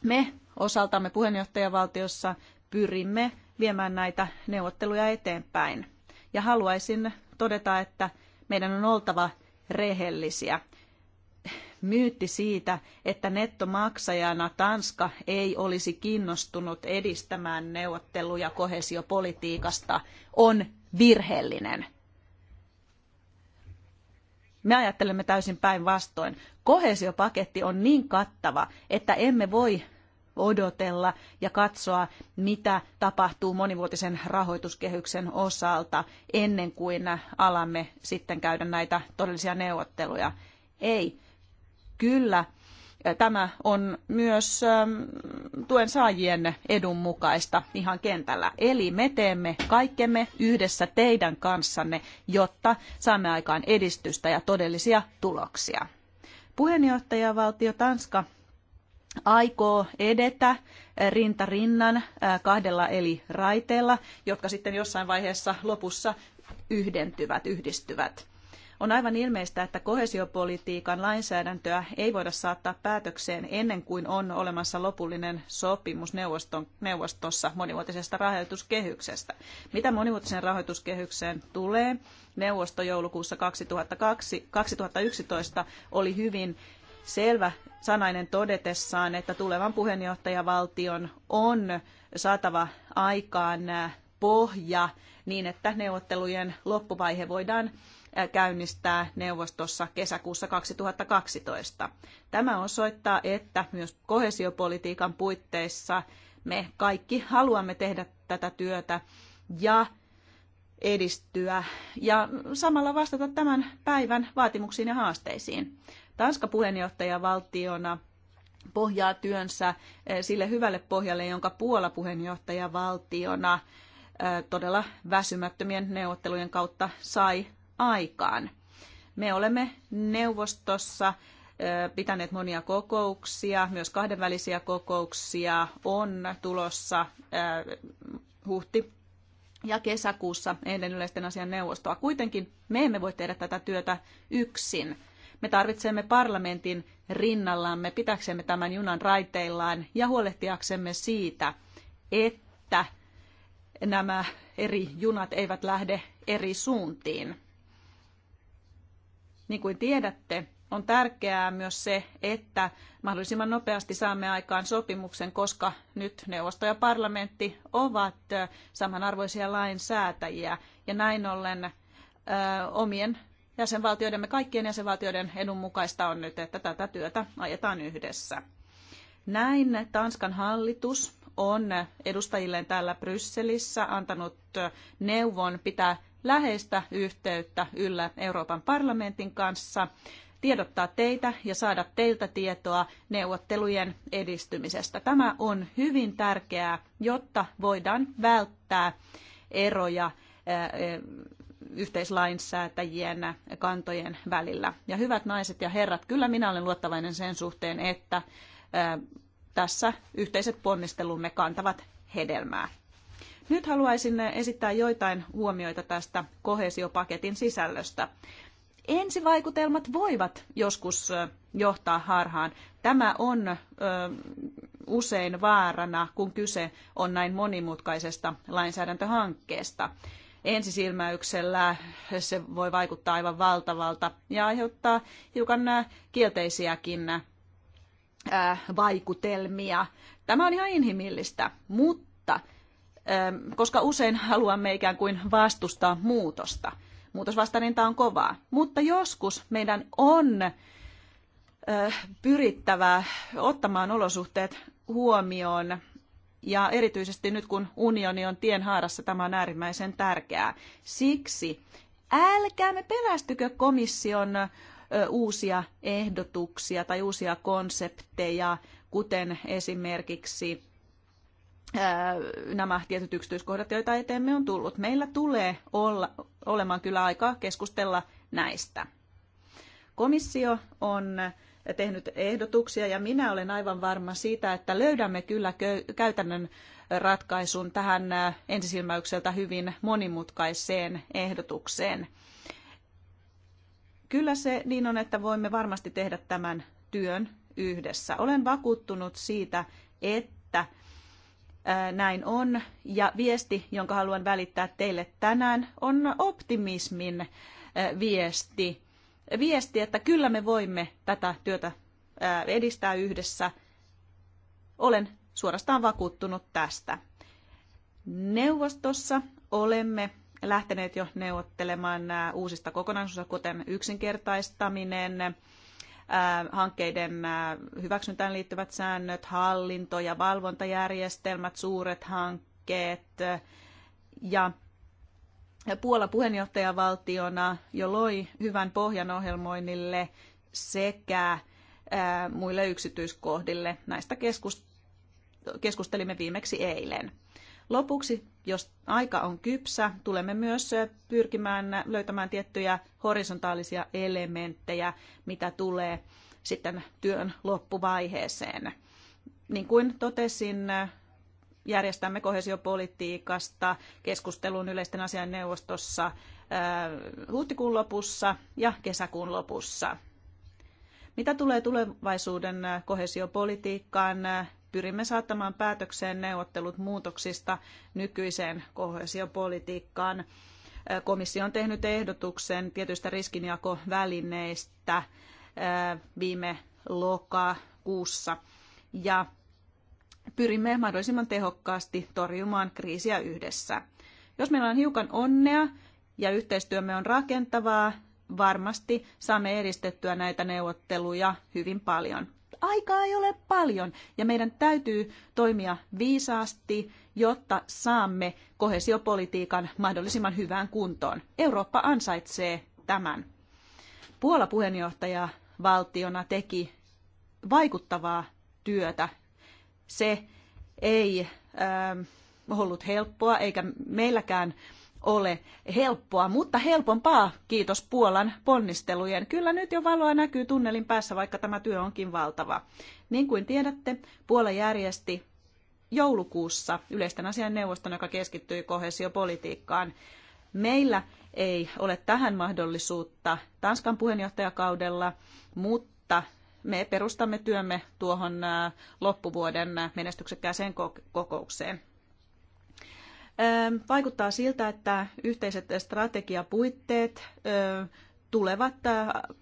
Me osaltamme puheenjohtajavaltiossa pyrimme viemään näitä neuvotteluja eteenpäin. Ja haluaisin todeta, että meidän on oltava rehellisiä. Myytti siitä, että nettomaksajana Tanska ei olisi kiinnostunut edistämään neuvotteluja kohesiopolitiikasta, on virheellinen. Me ajattelemme täysin päinvastoin. Kohesiopaketti on niin kattava, että emme voi odotella ja katsoa, mitä tapahtuu monivuotisen rahoituskehyksen osalta ennen kuin alamme sitten käydä näitä todellisia neuvotteluja. Ei, kyllä tämä on myös ähm, tuen saajien edun mukaista ihan kentällä. Eli me teemme kaikkemme yhdessä teidän kanssanne, jotta saamme aikaan edistystä ja todellisia tuloksia. Puheenjohtajavaltio Tanska aikoo edetä rinta rinnan kahdella eli raiteella, jotka sitten jossain vaiheessa lopussa yhdentyvät, yhdistyvät. On aivan ilmeistä, että kohesiopolitiikan lainsäädäntöä ei voida saattaa päätökseen ennen kuin on olemassa lopullinen sopimus neuvoston, neuvostossa monivuotisesta rahoituskehyksestä. Mitä monivuotiseen rahoituskehykseen tulee? Neuvosto joulukuussa 2002, 2011 oli hyvin selvä sanainen todetessaan, että tulevan puheenjohtajavaltion on saatava aikaan äh, pohja niin, että neuvottelujen loppuvaihe voidaan äh, käynnistää neuvostossa kesäkuussa 2012. Tämä osoittaa, että myös kohesiopolitiikan puitteissa me kaikki haluamme tehdä tätä työtä ja edistyä ja samalla vastata tämän päivän vaatimuksiin ja haasteisiin. Tanska puheenjohtajavaltiona pohjaa työnsä eh, sille hyvälle pohjalle, jonka Puola puheenjohtajavaltiona eh, todella väsymättömien neuvottelujen kautta sai aikaan. Me olemme neuvostossa eh, pitäneet monia kokouksia, myös kahdenvälisiä kokouksia on tulossa huhti ja kesäkuussa ennen yleisten asian neuvostoa. Kuitenkin me emme voi tehdä tätä työtä yksin. Me tarvitsemme parlamentin rinnallamme pitäksemme tämän junan raiteillaan ja huolehtiaksemme siitä, että nämä eri junat eivät lähde eri suuntiin. Niin kuin tiedätte, on tärkeää myös se, että mahdollisimman nopeasti saamme aikaan sopimuksen, koska nyt neuvosto ja parlamentti ovat samanarvoisia lainsäätäjiä ja näin ollen ö, omien jäsenvaltioidemme, kaikkien jäsenvaltioiden edun mukaista on nyt, että tätä työtä ajetaan yhdessä. Näin Tanskan hallitus on edustajilleen täällä Brysselissä antanut neuvon pitää läheistä yhteyttä yllä Euroopan parlamentin kanssa, tiedottaa teitä ja saada teiltä tietoa neuvottelujen edistymisestä. Tämä on hyvin tärkeää, jotta voidaan välttää eroja yhteislainsäätäjien kantojen välillä. Ja hyvät naiset ja herrat, kyllä minä olen luottavainen sen suhteen, että tässä yhteiset ponnistelumme kantavat hedelmää. Nyt haluaisin esittää joitain huomioita tästä kohesiopaketin sisällöstä. Ensivaikutelmat voivat joskus johtaa harhaan. Tämä on ö, usein vaarana, kun kyse on näin monimutkaisesta lainsäädäntöhankkeesta ensisilmäyksellä se voi vaikuttaa aivan valtavalta ja aiheuttaa hiukan äh, kielteisiäkin äh, vaikutelmia. Tämä on ihan inhimillistä, mutta ähm, koska usein haluamme ikään kuin vastustaa muutosta. Muutosvastarinta on kovaa, mutta joskus meidän on äh, pyrittävä ottamaan olosuhteet huomioon ja erityisesti nyt kun unioni on tienhaarassa, tämä on äärimmäisen tärkeää. Siksi älkäämme pelästykö komission uusia ehdotuksia tai uusia konsepteja, kuten esimerkiksi nämä tietyt yksityiskohdat, joita eteemme on tullut. Meillä tulee olla, olemaan kyllä aikaa keskustella näistä. Komissio on tehnyt ehdotuksia ja minä olen aivan varma siitä, että löydämme kyllä käytännön ratkaisun tähän ensisilmäykseltä hyvin monimutkaiseen ehdotukseen. Kyllä se niin on, että voimme varmasti tehdä tämän työn yhdessä. Olen vakuuttunut siitä, että näin on. Ja viesti, jonka haluan välittää teille tänään, on optimismin viesti viesti, että kyllä me voimme tätä työtä edistää yhdessä. Olen suorastaan vakuuttunut tästä. Neuvostossa olemme lähteneet jo neuvottelemaan uusista kokonaisuuksista, kuten yksinkertaistaminen, hankkeiden hyväksyntään liittyvät säännöt, hallinto- ja valvontajärjestelmät, suuret hankkeet ja Puola puheenjohtajavaltiona jo loi hyvän pohjan ohjelmoinnille sekä ää, muille yksityiskohdille. Näistä keskustelimme viimeksi eilen. Lopuksi, jos aika on kypsä, tulemme myös pyrkimään löytämään tiettyjä horisontaalisia elementtejä, mitä tulee sitten työn loppuvaiheeseen. Niin kuin totesin, järjestämme kohesiopolitiikasta keskustelun yleisten asian neuvostossa äh, huhtikuun lopussa ja kesäkuun lopussa. Mitä tulee tulevaisuuden kohesiopolitiikkaan, pyrimme saattamaan päätökseen neuvottelut muutoksista nykyiseen kohesiopolitiikkaan. Äh, komissio on tehnyt ehdotuksen tietyistä riskinjakovälineistä äh, viime lokakuussa. Ja pyrimme mahdollisimman tehokkaasti torjumaan kriisiä yhdessä. Jos meillä on hiukan onnea ja yhteistyömme on rakentavaa, varmasti saamme edistettyä näitä neuvotteluja hyvin paljon. Aikaa ei ole paljon ja meidän täytyy toimia viisaasti, jotta saamme kohesiopolitiikan mahdollisimman hyvään kuntoon. Eurooppa ansaitsee tämän. Puola puheenjohtaja valtiona teki vaikuttavaa työtä se ei ähm, ollut helppoa, eikä meilläkään ole helppoa, mutta helpompaa, kiitos Puolan ponnistelujen. Kyllä nyt jo valoa näkyy tunnelin päässä, vaikka tämä työ onkin valtava. Niin kuin tiedätte, Puola järjesti joulukuussa yleisten asian neuvoston, joka keskittyi kohesiopolitiikkaan. Meillä ei ole tähän mahdollisuutta Tanskan puheenjohtajakaudella, mutta me perustamme työmme tuohon loppuvuoden menestyksekkääseen kokoukseen. Vaikuttaa siltä, että yhteiset strategiapuitteet tulevat,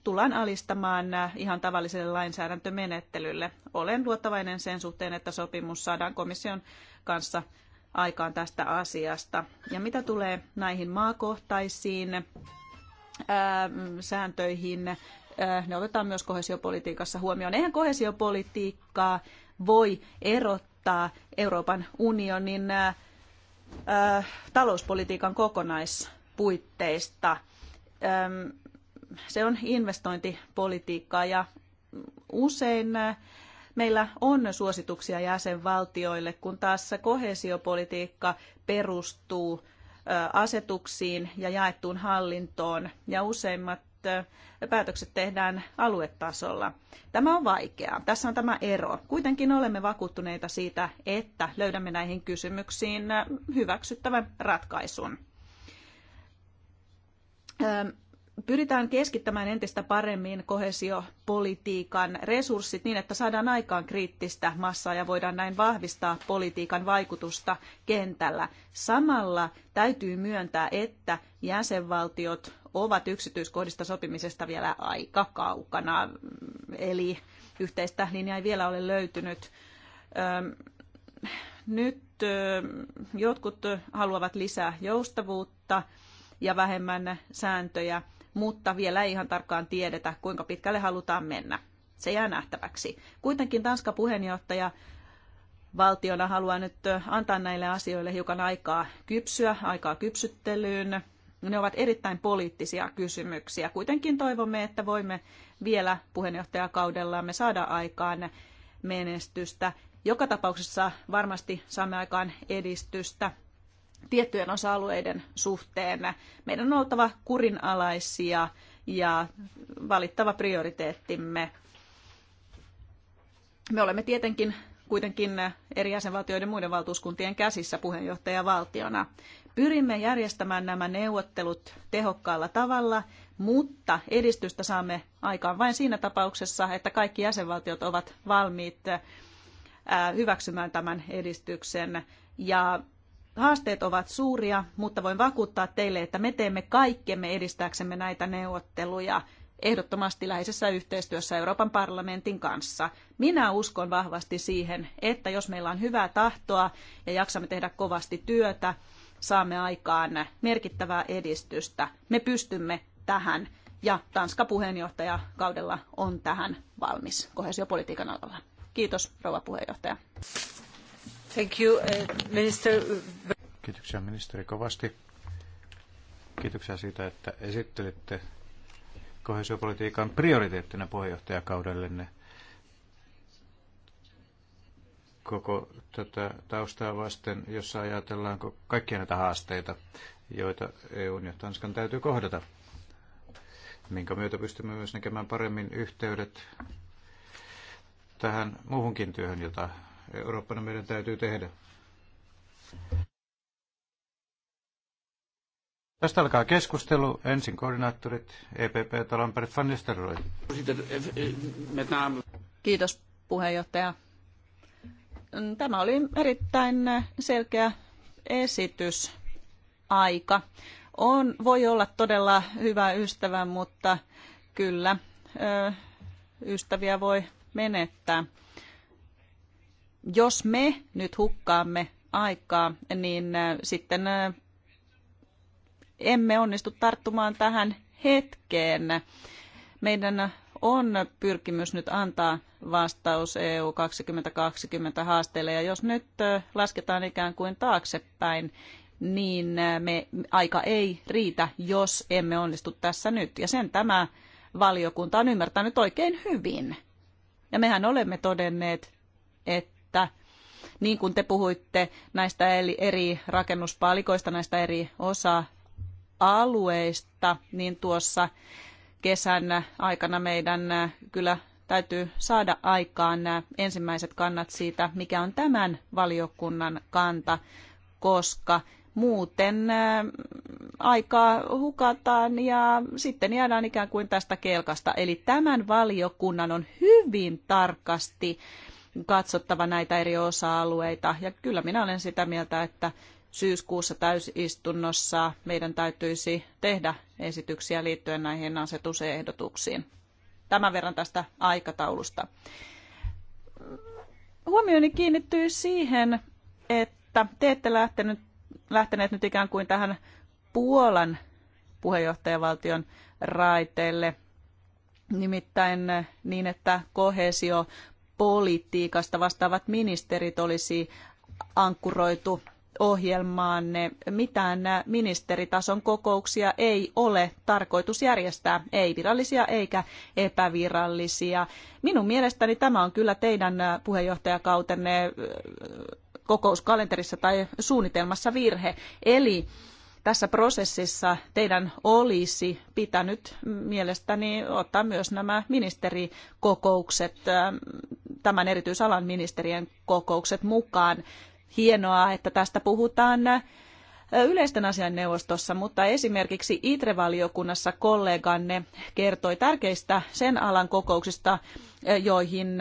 tullaan alistamaan ihan tavalliselle lainsäädäntömenettelylle. Olen luottavainen sen suhteen, että sopimus saadaan komission kanssa aikaan tästä asiasta. Ja mitä tulee näihin maakohtaisiin sääntöihin, Äh, ne otetaan myös kohesiopolitiikassa huomioon. Eihän kohesiopolitiikkaa voi erottaa Euroopan unionin äh, äh, talouspolitiikan kokonaispuitteista. Ähm, se on investointipolitiikkaa ja usein meillä on suosituksia jäsenvaltioille, kun taas kohesiopolitiikka perustuu asetuksiin ja jaettuun hallintoon. Ja useimmat päätökset tehdään aluetasolla. Tämä on vaikeaa. Tässä on tämä ero. Kuitenkin olemme vakuuttuneita siitä, että löydämme näihin kysymyksiin hyväksyttävän ratkaisun. Pyritään keskittämään entistä paremmin kohesiopolitiikan resurssit niin, että saadaan aikaan kriittistä massaa ja voidaan näin vahvistaa politiikan vaikutusta kentällä. Samalla täytyy myöntää, että jäsenvaltiot ovat yksityiskohdista sopimisesta vielä aika kaukana, eli yhteistä linjaa ei vielä ole löytynyt. Nyt jotkut haluavat lisää joustavuutta ja vähemmän sääntöjä, mutta vielä ei ihan tarkkaan tiedetä, kuinka pitkälle halutaan mennä. Se jää nähtäväksi. Kuitenkin Tanska puheenjohtaja valtiona haluaa nyt antaa näille asioille hiukan aikaa kypsyä, aikaa kypsyttelyyn. No, ne ovat erittäin poliittisia kysymyksiä. Kuitenkin toivomme, että voimme vielä puheenjohtajakaudellamme saada aikaan menestystä. Joka tapauksessa varmasti saamme aikaan edistystä tiettyjen osa-alueiden suhteen. Meidän on oltava kurinalaisia ja valittava prioriteettimme. Me olemme tietenkin kuitenkin eri jäsenvaltioiden muiden valtuuskuntien käsissä puheenjohtajavaltiona. Pyrimme järjestämään nämä neuvottelut tehokkaalla tavalla, mutta edistystä saamme aikaan vain siinä tapauksessa, että kaikki jäsenvaltiot ovat valmiit äh, hyväksymään tämän edistyksen. Ja haasteet ovat suuria, mutta voin vakuuttaa teille, että me teemme kaikkemme edistääksemme näitä neuvotteluja ehdottomasti läheisessä yhteistyössä Euroopan parlamentin kanssa. Minä uskon vahvasti siihen, että jos meillä on hyvää tahtoa ja jaksamme tehdä kovasti työtä, saamme aikaan merkittävää edistystä. Me pystymme tähän ja Tanska puheenjohtajakaudella on tähän valmis kohesiopolitiikan alalla. Kiitos rouva puheenjohtaja. Thank you, uh, minister. Kiitoksia ministeri kovasti. Kiitoksia siitä, että esittelitte kohesiopolitiikan prioriteettina puheenjohtajakaudellenne koko tätä taustaa vasten, jossa ajatellaan kaikkia näitä haasteita, joita EUn ja Tanskan täytyy kohdata, minkä myötä pystymme myös näkemään paremmin yhteydet tähän muuhunkin työhön, jota Eurooppana meidän täytyy tehdä. Tästä alkaa keskustelu. Ensin koordinaattorit EPP Talanberg van Nistelrooy. Eh, eh, Kiitos puheenjohtaja. Tämä oli erittäin selkeä esitys. Aika on, voi olla todella hyvä ystävä, mutta kyllä ystäviä voi menettää. Jos me nyt hukkaamme aikaa, niin sitten emme onnistu tarttumaan tähän hetkeen. Meidän on pyrkimys nyt antaa vastaus EU 2020 haasteelle. Ja jos nyt lasketaan ikään kuin taaksepäin, niin me, aika ei riitä, jos emme onnistu tässä nyt. Ja sen tämä valiokunta on ymmärtänyt oikein hyvin. Ja mehän olemme todenneet, että niin kuin te puhuitte näistä eri rakennuspaalikoista, näistä eri osa-alueista, niin tuossa kesän aikana meidän kyllä täytyy saada aikaan nämä ensimmäiset kannat siitä, mikä on tämän valiokunnan kanta, koska muuten aikaa hukataan ja sitten jäädään ikään kuin tästä kelkasta. Eli tämän valiokunnan on hyvin tarkasti katsottava näitä eri osa-alueita ja kyllä minä olen sitä mieltä, että syyskuussa täysistunnossa meidän täytyisi tehdä esityksiä liittyen näihin asetusehdotuksiin. Tämän verran tästä aikataulusta. Huomioni kiinnittyy siihen, että te ette lähtenyt, lähteneet nyt ikään kuin tähän Puolan puheenjohtajavaltion raiteelle, nimittäin niin, että kohesiopolitiikasta vastaavat ministerit olisi ankkuroitu ohjelmaanne mitään ministeritason kokouksia ei ole tarkoitus järjestää, ei virallisia eikä epävirallisia. Minun mielestäni tämä on kyllä teidän puheenjohtajakautenne kokouskalenterissa tai suunnitelmassa virhe. Eli tässä prosessissa teidän olisi pitänyt mielestäni ottaa myös nämä ministerikokoukset, tämän erityisalan ministerien kokoukset mukaan hienoa, että tästä puhutaan yleisten asian neuvostossa, mutta esimerkiksi ITRE-valiokunnassa kolleganne kertoi tärkeistä sen alan kokouksista, joihin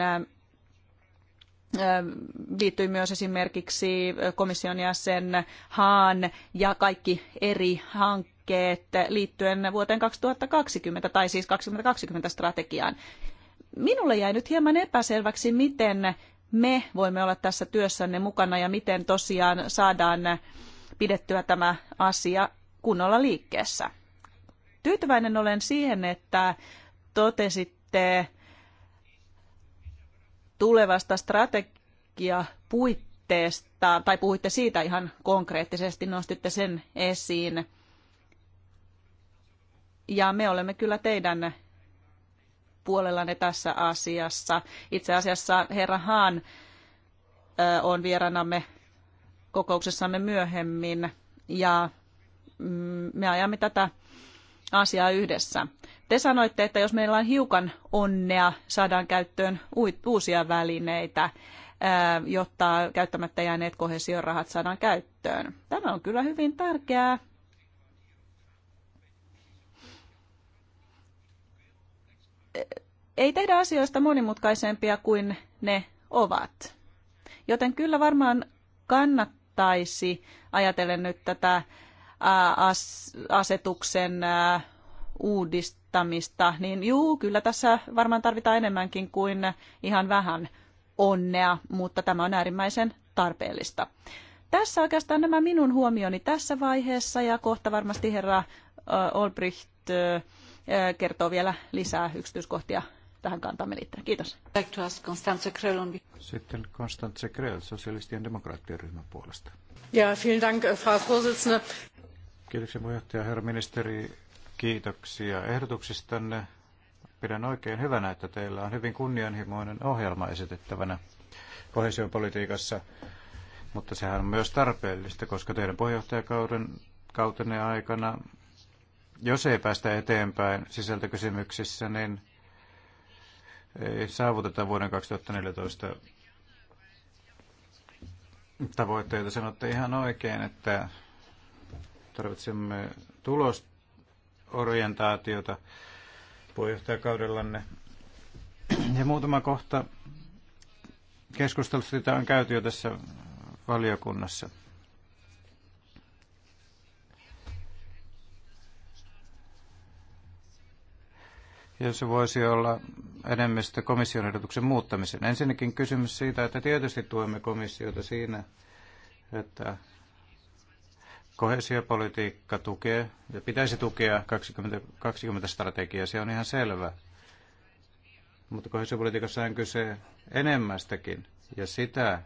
liittyy myös esimerkiksi komission jäsen Haan ja kaikki eri hankkeet liittyen vuoteen 2020 tai siis 2020 strategiaan. Minulle jäi nyt hieman epäselväksi, miten me voimme olla tässä työssänne mukana ja miten tosiaan saadaan pidettyä tämä asia kunnolla liikkeessä. Tyytyväinen olen siihen, että totesitte tulevasta strategiapuitteesta, tai puhuitte siitä ihan konkreettisesti, nostitte sen esiin. Ja me olemme kyllä teidän puolellanne tässä asiassa. Itse asiassa herra Haan on vieraanamme kokouksessamme myöhemmin ja mm, me ajamme tätä asiaa yhdessä. Te sanoitte, että jos meillä on hiukan onnea, saadaan käyttöön uusia välineitä, jotta käyttämättä jääneet kohesiorahat saadaan käyttöön. Tämä on kyllä hyvin tärkeää ei tehdä asioista monimutkaisempia kuin ne ovat. Joten kyllä varmaan kannattaisi ajatellen nyt tätä asetuksen uudistamista, niin juu, kyllä tässä varmaan tarvitaan enemmänkin kuin ihan vähän onnea, mutta tämä on äärimmäisen tarpeellista. Tässä oikeastaan nämä minun huomioni tässä vaiheessa ja kohta varmasti herra Olbricht kertoo vielä lisää yksityiskohtia tähän kantamme liittyen. Kiitos. Sitten Konstantse Krell, sosialistien demokraattien ryhmän puolesta. Ja, vielen dank, äh, Frau Vorsitzende. Kiitoksia puheenjohtaja, herra ministeri. Kiitoksia ehdotuksistanne. Pidän oikein hyvänä, että teillä on hyvin kunnianhimoinen ohjelma esitettävänä kohesiopolitiikassa, mutta sehän on myös tarpeellista, koska teidän puheenjohtajakauden kautenne aikana jos ei päästä eteenpäin sisältökysymyksissä, niin ei saavuteta vuoden 2014 tavoitteita. Sanotte ihan oikein, että tarvitsemme tulosorientaatiota puheenjohtajakaudellanne. Ja muutama kohta keskustelusta sitä on käyty jo tässä valiokunnassa. se voisi olla enemmistö komission ehdotuksen muuttamisen. Ensinnäkin kysymys siitä, että tietysti tuemme komissiota siinä, että kohesiopolitiikka tukee ja pitäisi tukea 2020 strategiaa, se on ihan selvä. Mutta kohesiopolitiikassa on kyse enemmästäkin ja sitä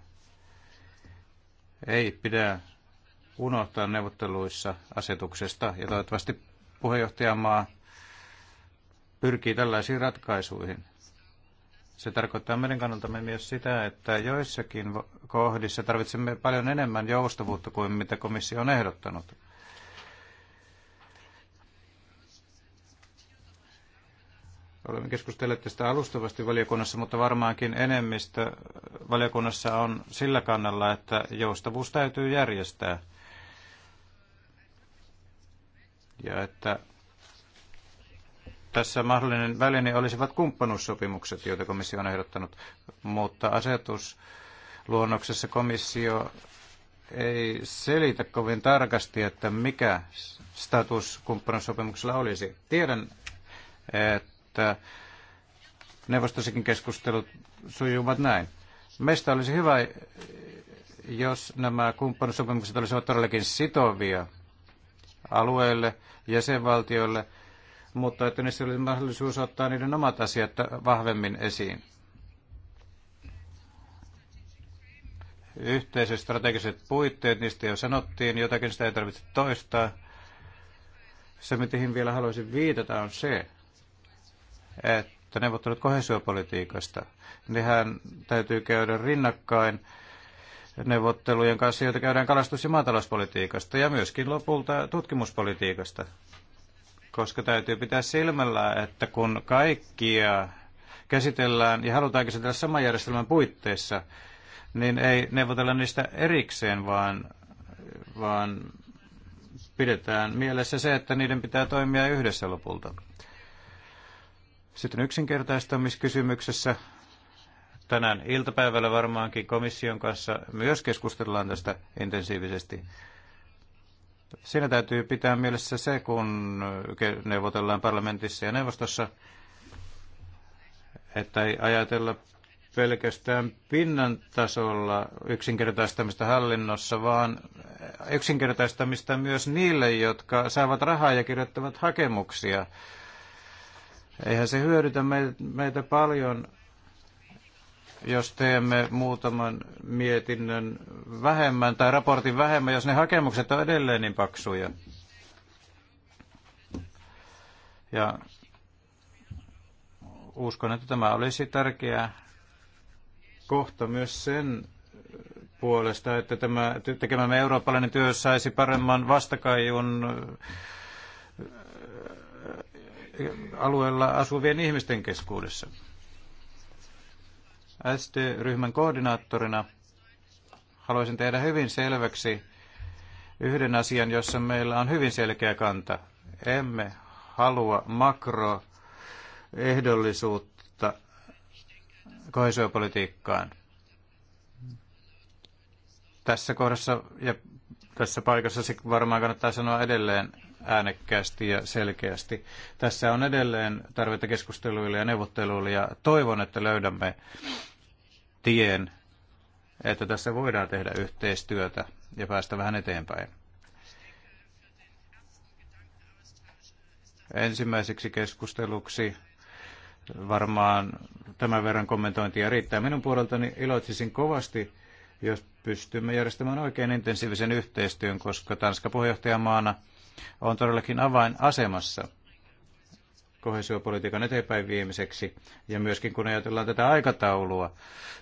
ei pidä unohtaa neuvotteluissa asetuksesta ja toivottavasti puheenjohtajamaa pyrkii tällaisiin ratkaisuihin. Se tarkoittaa meidän kannaltamme myös sitä, että joissakin kohdissa tarvitsemme paljon enemmän joustavuutta kuin mitä komissio on ehdottanut. Olemme keskustelleet tästä alustavasti valiokunnassa, mutta varmaankin enemmistö valiokunnassa on sillä kannalla, että joustavuus täytyy järjestää. Ja että tässä mahdollinen väline olisivat kumppanuussopimukset, joita komissio on ehdottanut, mutta asetusluonnoksessa komissio ei selitä kovin tarkasti, että mikä status kumppanuussopimuksella olisi. Tiedän, että neuvostosikin keskustelut sujuvat näin. Meistä olisi hyvä, jos nämä kumppanuussopimukset olisivat todellakin sitovia alueille, jäsenvaltioille – mutta että niissä olisi mahdollisuus ottaa niiden omat asiat vahvemmin esiin. Yhteiset strategiset puitteet, niistä jo sanottiin, jotakin sitä ei tarvitse toistaa. Se, mihin vielä haluaisin viitata, on se, että neuvottelut kohesiopolitiikasta, nehän täytyy käydä rinnakkain neuvottelujen kanssa, joita käydään kalastus- ja maatalouspolitiikasta ja myöskin lopulta tutkimuspolitiikasta koska täytyy pitää silmällä, että kun kaikkia käsitellään ja halutaan käsitellä saman järjestelmän puitteissa, niin ei neuvotella niistä erikseen, vaan, vaan pidetään mielessä se, että niiden pitää toimia yhdessä lopulta. Sitten yksinkertaistamiskysymyksessä tänään iltapäivällä varmaankin komission kanssa myös keskustellaan tästä intensiivisesti. Siinä täytyy pitää mielessä se, kun neuvotellaan parlamentissa ja neuvostossa, että ei ajatella pelkästään pinnan tasolla yksinkertaistamista hallinnossa, vaan yksinkertaistamista myös niille, jotka saavat rahaa ja kirjoittavat hakemuksia. Eihän se hyödytä meitä paljon, jos teemme muutaman mietinnön vähemmän tai raportin vähemmän, jos ne hakemukset on edelleen niin paksuja. Ja uskon, että tämä olisi tärkeä kohta myös sen puolesta, että tämä tekemämme eurooppalainen työ saisi paremman vastakaijun äh, alueella asuvien ihmisten keskuudessa st ryhmän koordinaattorina haluaisin tehdä hyvin selväksi yhden asian, jossa meillä on hyvin selkeä kanta. Emme halua makroehdollisuutta kohesiopolitiikkaan. Tässä kohdassa ja tässä paikassa varmaan kannattaa sanoa edelleen äänekkäästi ja selkeästi. Tässä on edelleen tarvetta keskusteluille ja neuvotteluille ja toivon, että löydämme tien, että tässä voidaan tehdä yhteistyötä ja päästä vähän eteenpäin. Ensimmäiseksi keskusteluksi varmaan tämän verran kommentointia riittää. Minun puoleltani iloitsisin kovasti, jos pystymme järjestämään oikein intensiivisen yhteistyön, koska Tanska puheenjohtajamaana – on todellakin avainasemassa kohesiopolitiikan eteenpäin viemiseksi. Ja myöskin kun ajatellaan tätä aikataulua,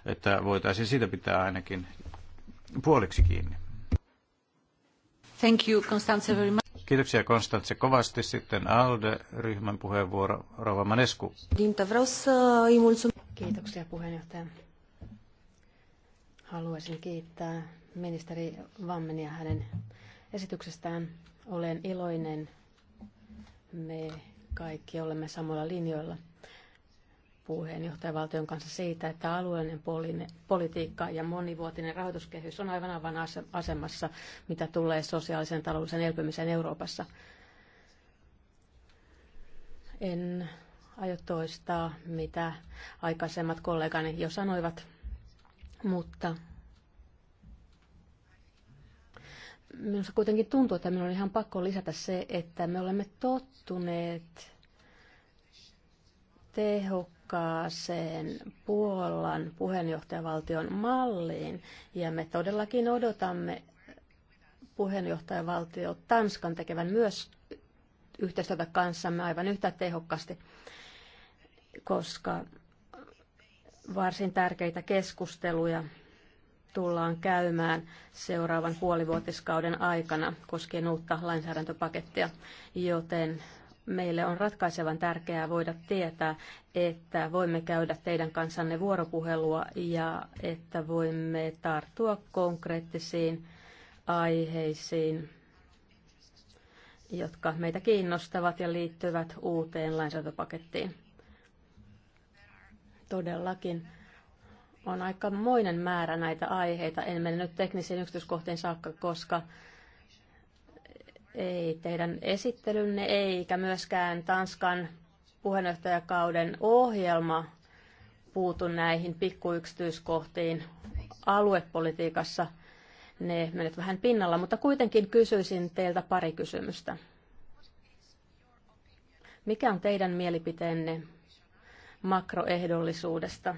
että voitaisiin siitä pitää ainakin puoliksi kiinni. Thank you, Constance, very much. Kiitoksia Konstantse kovasti. Sitten ALDE-ryhmän puheenvuoro Rova Manescu. Kiitoksia puheenjohtaja. Haluaisin kiittää ministeri Vammenia hänen esityksestään olen iloinen. Me kaikki olemme samalla linjoilla puheenjohtajavaltion kanssa siitä, että alueellinen politiikka ja monivuotinen rahoituskehys on aivan aivan asemassa, mitä tulee sosiaalisen taloudellisen elpymiseen Euroopassa. En aio toistaa, mitä aikaisemmat kollegani jo sanoivat, mutta minusta kuitenkin tuntuu, että minun on ihan pakko lisätä se, että me olemme tottuneet tehokkaaseen Puolan puheenjohtajavaltion malliin, ja me todellakin odotamme puheenjohtajavaltio Tanskan tekevän myös yhteistyötä kanssamme aivan yhtä tehokkaasti, koska varsin tärkeitä keskusteluja tullaan käymään seuraavan puolivuotiskauden aikana koskien uutta lainsäädäntöpakettia, joten meille on ratkaisevan tärkeää voida tietää, että voimme käydä teidän kanssanne vuoropuhelua ja että voimme tarttua konkreettisiin aiheisiin, jotka meitä kiinnostavat ja liittyvät uuteen lainsäädäntöpakettiin. Todellakin on aika moinen määrä näitä aiheita. En mene nyt teknisiin yksityiskohtiin saakka, koska ei teidän esittelynne eikä myöskään Tanskan puheenjohtajakauden ohjelma puutu näihin pikkuyksityiskohtiin aluepolitiikassa. Ne menet vähän pinnalla, mutta kuitenkin kysyisin teiltä pari kysymystä. Mikä on teidän mielipiteenne makroehdollisuudesta?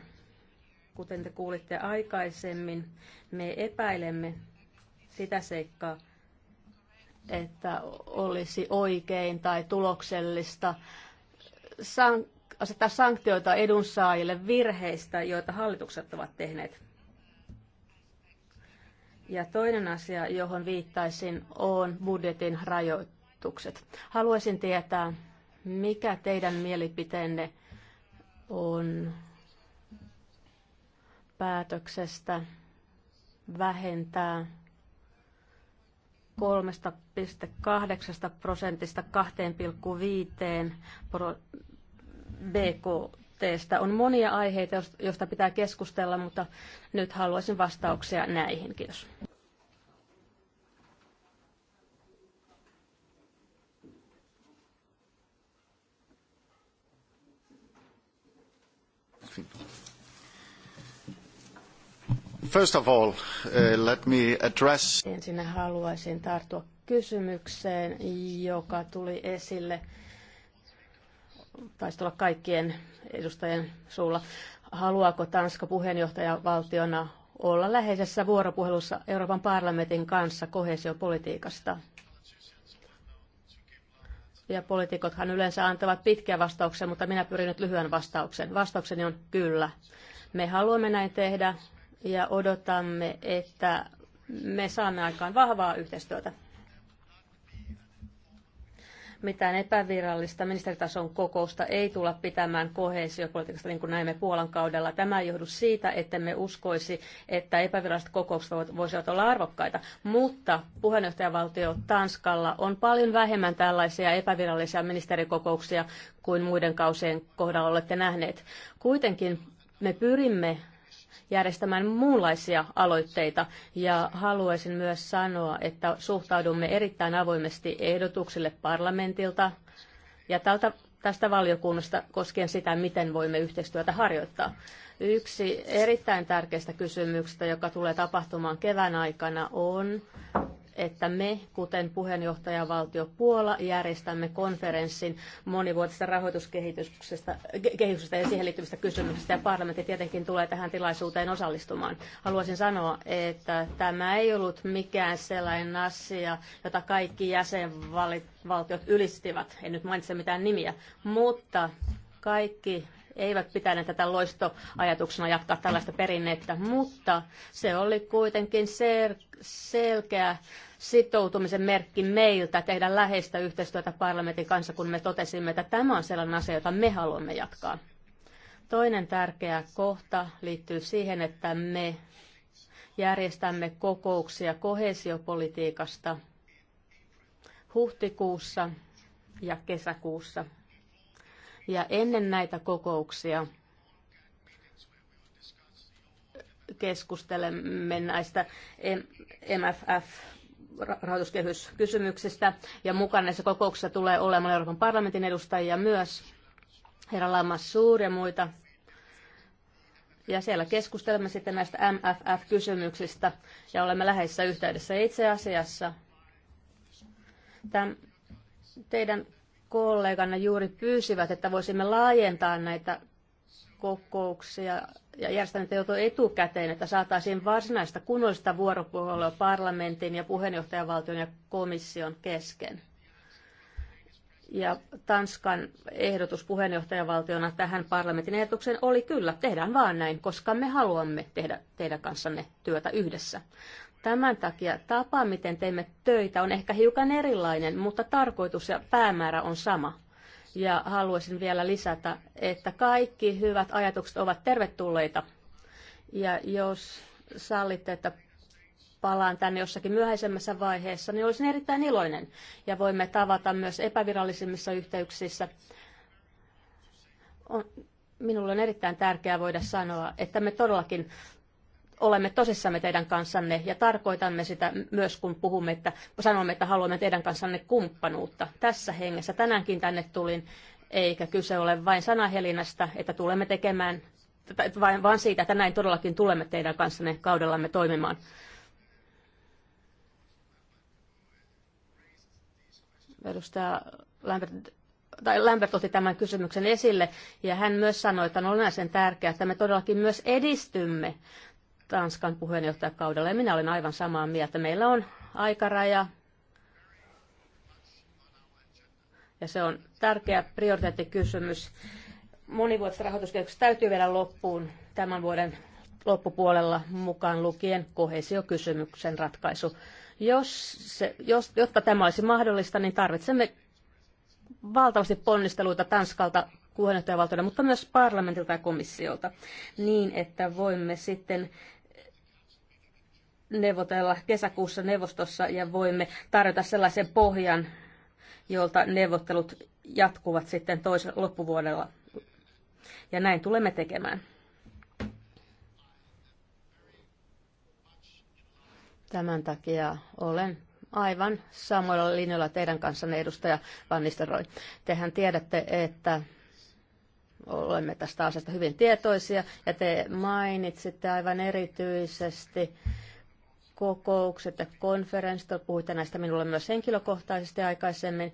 Kuten te kuulitte aikaisemmin, me epäilemme sitä seikkaa, että olisi oikein tai tuloksellista asettaa sanktioita edunsaajille virheistä, joita hallitukset ovat tehneet. Ja toinen asia, johon viittaisin, on budjetin rajoitukset. Haluaisin tietää, mikä teidän mielipiteenne on päätöksestä vähentää 3,8 prosentista 2,5 BKTstä. On monia aiheita, joista pitää keskustella, mutta nyt haluaisin vastauksia näihin. Kiitos. Thank you. First of all, uh, let me address... Ensin haluaisin tarttua kysymykseen, joka tuli esille, taisi tulla kaikkien edustajien suulla. Haluaako Tanska puheenjohtajavaltiona olla läheisessä vuoropuhelussa Euroopan parlamentin kanssa kohesiopolitiikasta? Ja poliitikothan yleensä antavat pitkän vastauksen, mutta minä pyrin nyt lyhyen vastauksen. Vastaukseni on kyllä. Me haluamme näin tehdä ja odotamme, että me saamme aikaan vahvaa yhteistyötä. Mitään epävirallista ministeritason kokousta ei tulla pitämään kohesiopolitiikasta, niin kuin näimme Puolan kaudella. Tämä ei johdu siitä, että me uskoisi, että epäviralliset kokoukset voisivat olla arvokkaita. Mutta puheenjohtajavaltio Tanskalla on paljon vähemmän tällaisia epävirallisia ministerikokouksia kuin muiden kausien kohdalla olette nähneet. Kuitenkin me pyrimme järjestämään muunlaisia aloitteita. Ja haluaisin myös sanoa, että suhtaudumme erittäin avoimesti ehdotuksille parlamentilta ja tältä, tästä valiokunnasta koskien sitä, miten voimme yhteistyötä harjoittaa. Yksi erittäin tärkeistä kysymyksistä, joka tulee tapahtumaan kevään aikana, on että me, kuten puheenjohtajavaltio Puola, järjestämme konferenssin monivuotisesta rahoituskehityksestä ja siihen liittyvistä kysymyksistä, ja parlamentti tietenkin tulee tähän tilaisuuteen osallistumaan. Haluaisin sanoa, että tämä ei ollut mikään sellainen asia, jota kaikki jäsenvaltiot ylistivät. En nyt mainitse mitään nimiä, mutta kaikki eivät pitäneet tätä loistoajatuksena jatkaa tällaista perinnettä, mutta se oli kuitenkin sel- selkeä sitoutumisen merkki meiltä tehdä läheistä yhteistyötä parlamentin kanssa, kun me totesimme, että tämä on sellainen asia, jota me haluamme jatkaa. Toinen tärkeä kohta liittyy siihen, että me järjestämme kokouksia kohesiopolitiikasta huhtikuussa ja kesäkuussa ja ennen näitä kokouksia keskustelemme näistä MFF rahoituskehyskysymyksistä ja mukana näissä kokouksissa tulee olemaan Euroopan parlamentin edustajia myös, herra Lamassuur ja muita. Ja siellä keskustelemme sitten näistä MFF-kysymyksistä ja olemme läheisessä yhteydessä itse asiassa. Tämän teidän kollegana juuri pyysivät, että voisimme laajentaa näitä kokouksia ja järjestää niitä jo etukäteen, että saataisiin varsinaista kunnollista vuoropuhelua parlamentin ja puheenjohtajavaltion ja komission kesken. Ja Tanskan ehdotus puheenjohtajavaltiona tähän parlamentin ehdotukseen oli kyllä, tehdään vaan näin, koska me haluamme tehdä teidän kanssanne työtä yhdessä. Tämän takia tapa, miten teemme töitä, on ehkä hiukan erilainen, mutta tarkoitus ja päämäärä on sama. Ja haluaisin vielä lisätä, että kaikki hyvät ajatukset ovat tervetulleita. Ja jos sallitte, että palaan tänne jossakin myöhäisemmässä vaiheessa, niin olisin erittäin iloinen. Ja voimme tavata myös epävirallisimmissa yhteyksissä. On, minulle on erittäin tärkeää voida sanoa, että me todellakin olemme tosissamme teidän kanssanne ja tarkoitamme sitä myös, kun puhumme, että sanomme, että haluamme teidän kanssanne kumppanuutta. Tässä hengessä tänäänkin tänne tulin, eikä kyse ole vain sanahelinästä, että tulemme tekemään, vaan siitä, että näin todellakin tulemme teidän kanssanne kaudellamme toimimaan. Edustaja Lambert tai Lambert otti tämän kysymyksen esille, ja hän myös sanoi, että on olennaisen tärkeää, että me todellakin myös edistymme Tanskan puheenjohtajakaudella. Ja minä olen aivan samaa mieltä. Meillä on aikaraja ja se on tärkeä prioriteettikysymys. Monivuotiset rahoituskehykset täytyy vielä loppuun tämän vuoden loppupuolella mukaan lukien kohesiokysymyksen ratkaisu. Jos se, jos, jotta tämä olisi mahdollista, niin tarvitsemme valtavasti ponnisteluita Tanskalta puheenjohtajavaltioiden, mutta myös parlamentilta ja komissiolta, niin että voimme sitten neuvotella kesäkuussa neuvostossa ja voimme tarjota sellaisen pohjan, jolta neuvottelut jatkuvat sitten toisen loppuvuodella. Ja näin tulemme tekemään. Tämän takia olen aivan samoilla linjoilla teidän kanssanne, edustaja Vannisteroi. Tehän tiedätte, että olemme tästä asiasta hyvin tietoisia, ja te mainitsitte aivan erityisesti kokoukset ja konferenssit, puhuitte näistä minulle myös henkilökohtaisesti aikaisemmin,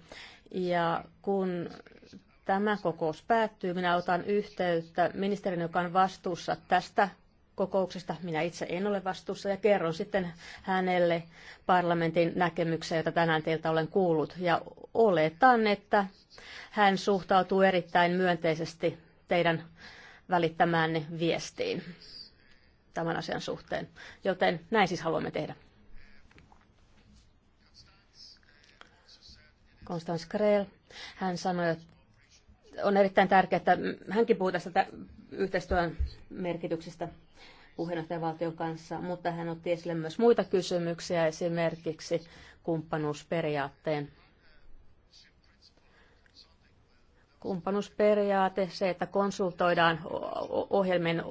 ja kun tämä kokous päättyy, minä otan yhteyttä ministerin, joka on vastuussa tästä kokouksesta. Minä itse en ole vastuussa ja kerron sitten hänelle parlamentin näkemyksiä, joita tänään teiltä olen kuullut. Ja oletan, että hän suhtautuu erittäin myönteisesti teidän välittämäänne viestiin tämän asian suhteen. Joten näin siis haluamme tehdä. Konstans Krell, hän sanoi, että on erittäin tärkeää, että hänkin puhuu tästä yhteistyön merkityksestä puheenjohtajavaltion kanssa, mutta hän otti esille myös muita kysymyksiä, esimerkiksi kumppanuusperiaatteen. Kumppanuusperiaate, se, että konsultoidaan ohjelmien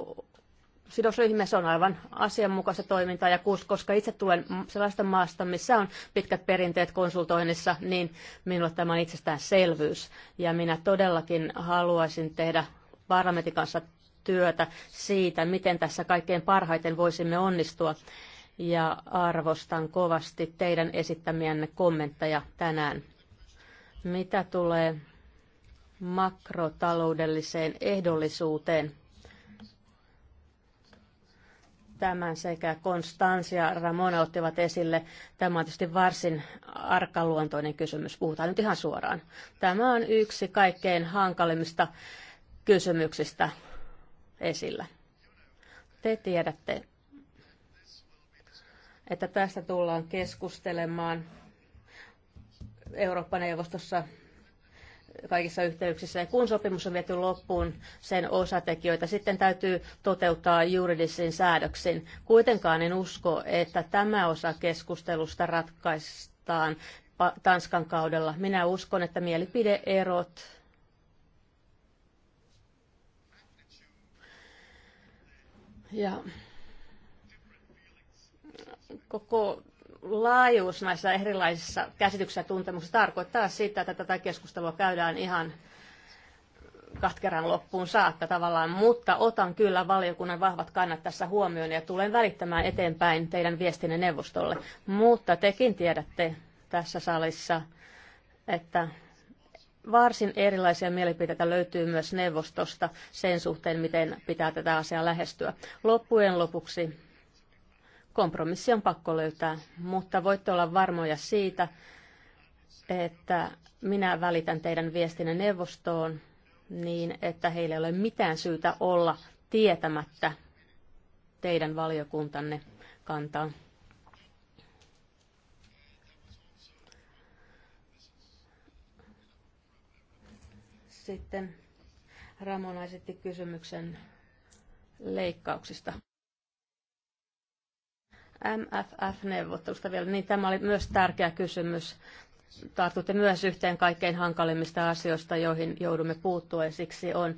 sidosryhmässä on aivan asianmukaista toimintaa, ja koska itse tulen sellaista maasta, missä on pitkät perinteet konsultoinnissa, niin minulle tämä on itsestäänselvyys, ja minä todellakin haluaisin tehdä parlamentin kanssa työtä siitä, miten tässä kaikkein parhaiten voisimme onnistua, ja arvostan kovasti teidän esittämienne kommentteja tänään. Mitä tulee makrotaloudelliseen ehdollisuuteen, Tämän sekä Konstansia Ramona ottivat esille. Tämä on tietysti varsin arkaluontoinen kysymys, puhutaan nyt ihan suoraan. Tämä on yksi kaikkein hankalimmista kysymyksistä esillä. Te tiedätte, että tästä tullaan keskustelemaan Eurooppa-neuvostossa kaikissa yhteyksissä. Ja kun sopimus on viety loppuun sen osatekijöitä, sitten täytyy toteuttaa juridisiin säädöksiin. Kuitenkaan en usko, että tämä osa keskustelusta ratkaistaan Tanskan kaudella. Minä uskon, että mielipideerot ja koko laajuus näissä erilaisissa käsityksissä ja tuntemuksissa tarkoittaa sitä, että tätä keskustelua käydään ihan katkeran loppuun saatta tavallaan, mutta otan kyllä valiokunnan vahvat kannat tässä huomioon ja tulen välittämään eteenpäin teidän viestinne neuvostolle. Mutta tekin tiedätte tässä salissa, että varsin erilaisia mielipiteitä löytyy myös neuvostosta sen suhteen, miten pitää tätä asiaa lähestyä. Loppujen lopuksi Kompromissi on pakko löytää, mutta voitte olla varmoja siitä, että minä välitän teidän viestinne neuvostoon niin, että heillä ei ole mitään syytä olla tietämättä teidän valiokuntanne kantaa. Sitten Ramona esitti kysymyksen leikkauksista. MFF-neuvottelusta vielä, niin tämä oli myös tärkeä kysymys. Tartutte myös yhteen kaikkein hankalimmista asioista, joihin joudumme puuttua, ja siksi on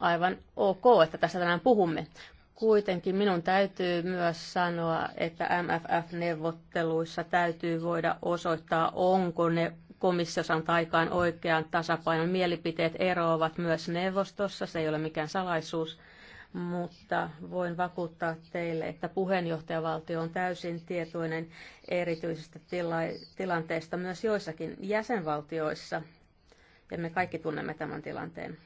aivan ok, että tässä tänään puhumme. Kuitenkin minun täytyy myös sanoa, että MFF-neuvotteluissa täytyy voida osoittaa, onko ne komissio saanut aikaan oikean tasapainon. Mielipiteet eroavat myös neuvostossa, se ei ole mikään salaisuus mutta voin vakuuttaa teille, että puheenjohtajavaltio on täysin tietoinen erityisestä tila- tilanteesta myös joissakin jäsenvaltioissa, ja me kaikki tunnemme tämän tilanteen.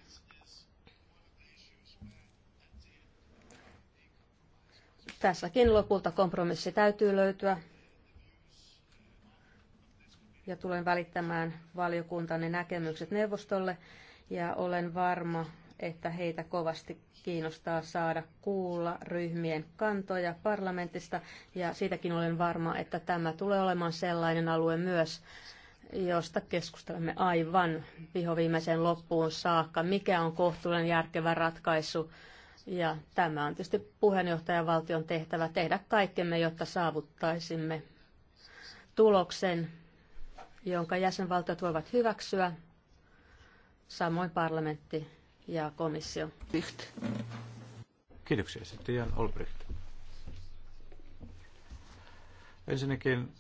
Tässäkin lopulta kompromissi täytyy löytyä, ja tulen välittämään valiokuntani näkemykset neuvostolle, ja olen varma, että heitä kovasti kiinnostaa saada kuulla ryhmien kantoja parlamentista ja siitäkin olen varma, että tämä tulee olemaan sellainen alue myös, josta keskustelemme aivan vihoviimeisen loppuun saakka, mikä on kohtuullinen järkevä ratkaisu. Ja tämä on tietysti puheenjohtajavaltion tehtävä tehdä kaikkemme, jotta saavuttaisimme tuloksen, jonka jäsenvaltiot voivat hyväksyä, samoin parlamentti ja komissio. Kiitoksia. Sitten Jan Olbricht. Ensinnäkin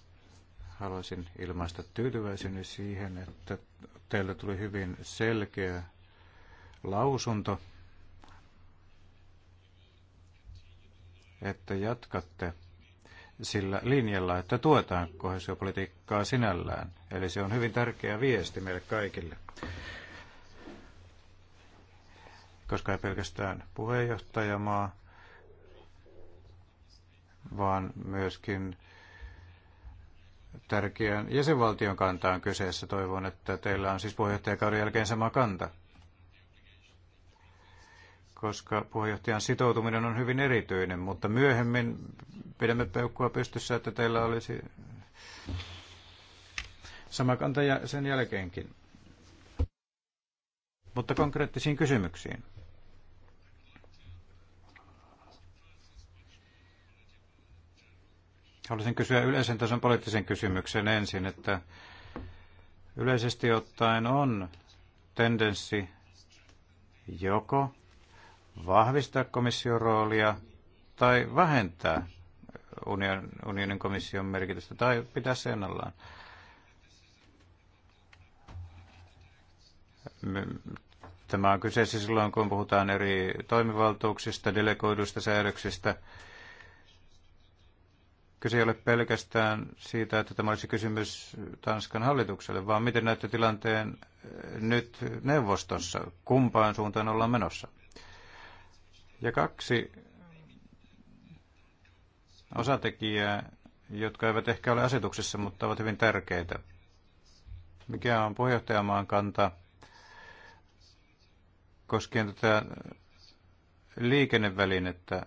haluaisin ilmaista tyytyväisyyni siihen, että teillä tuli hyvin selkeä lausunto, että jatkatte sillä linjalla, että tuetaan kohesiopolitiikkaa sinällään. Eli se on hyvin tärkeä viesti meille kaikille koska ei pelkästään puheenjohtajamaa, vaan myöskin tärkeän jäsenvaltion on kyseessä. Toivon, että teillä on siis puheenjohtajakauden jälkeen sama kanta, koska puheenjohtajan sitoutuminen on hyvin erityinen, mutta myöhemmin pidämme peukkua pystyssä, että teillä olisi sama kanta sen jälkeenkin. Mutta konkreettisiin kysymyksiin. Haluaisin kysyä yleisen tason poliittisen kysymyksen ensin, että yleisesti ottaen on tendenssi joko vahvistaa komission roolia tai vähentää unionin komission merkitystä tai pitää sen ennallaan. Tämä on kyseessä silloin, kun puhutaan eri toimivaltuuksista, delegoiduista säädöksistä Kyse ei ole pelkästään siitä, että tämä olisi kysymys Tanskan hallitukselle, vaan miten näette tilanteen eh, nyt neuvostossa, kumpaan suuntaan ollaan menossa. Ja kaksi osatekijää, jotka eivät ehkä ole asetuksessa, mutta ovat hyvin tärkeitä. Mikä on puheenjohtajamaan kanta koskien tätä liikennevälinettä,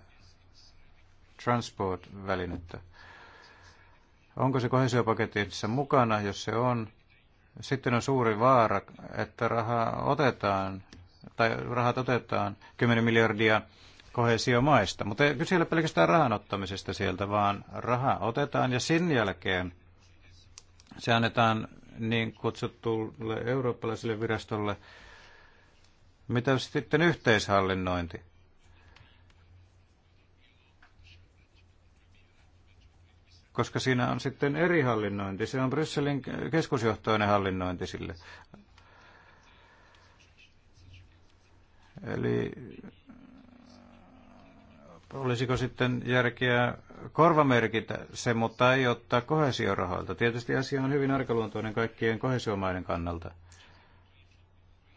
transport-välinettä? Onko se kohesiopaketissa mukana, jos se on? Sitten on suuri vaara, että raha otetaan, tai rahat otetaan 10 miljardia kohesiomaista. Mutta ei kyse ole pelkästään rahan ottamisesta sieltä, vaan raha otetaan ja sen jälkeen se annetaan niin kutsutulle eurooppalaiselle virastolle, mitä sitten yhteishallinnointi. koska siinä on sitten eri hallinnointi. Se on Brysselin keskusjohtoinen hallinnointi sille. Eli olisiko sitten järkeä korvamerkitä se, mutta ei ottaa kohesiorahoilta. Tietysti asia on hyvin arkaluontoinen kaikkien kohesiomaiden kannalta.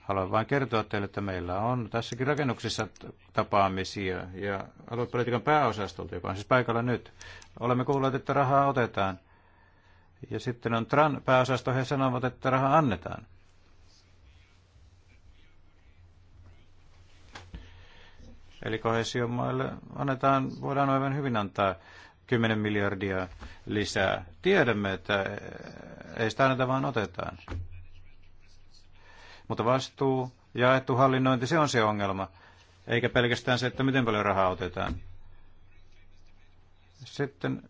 Haluan vain kertoa teille, että meillä on tässäkin rakennuksissa tapaamisia ja aluepolitiikan pääosastolta, joka on siis paikalla nyt. Olemme kuulleet, että rahaa otetaan. Ja sitten on TRAN pääosasto, he sanovat, että rahaa annetaan. Eli kohesiomaille annetaan, voidaan aivan hyvin antaa 10 miljardia lisää. Tiedämme, että ei sitä anneta, vaan otetaan. Mutta vastuu, jaettu hallinnointi, se on se ongelma. Eikä pelkästään se, että miten paljon rahaa otetaan. Sitten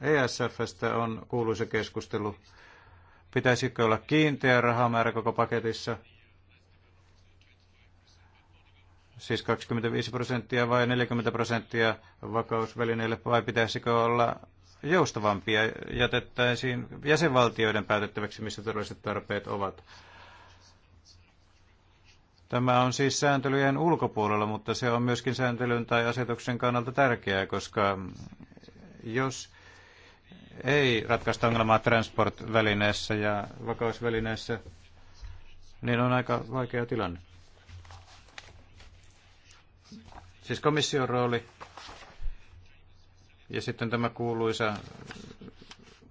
ESFstä on kuuluisa keskustelu. Pitäisikö olla kiinteä rahamäärä koko paketissa? Siis 25 prosenttia vai 40 prosenttia vakausvälineille vai pitäisikö olla joustavampia jätettäisiin jäsenvaltioiden päätettäväksi, missä todelliset tarpeet ovat. Tämä on siis sääntelyjen ulkopuolella, mutta se on myöskin sääntelyn tai asetuksen kannalta tärkeää, koska jos ei ratkaista ongelmaa transportvälineessä ja vakausvälineessä, niin on aika vaikea tilanne. Siis komission rooli ja sitten tämä kuuluisa,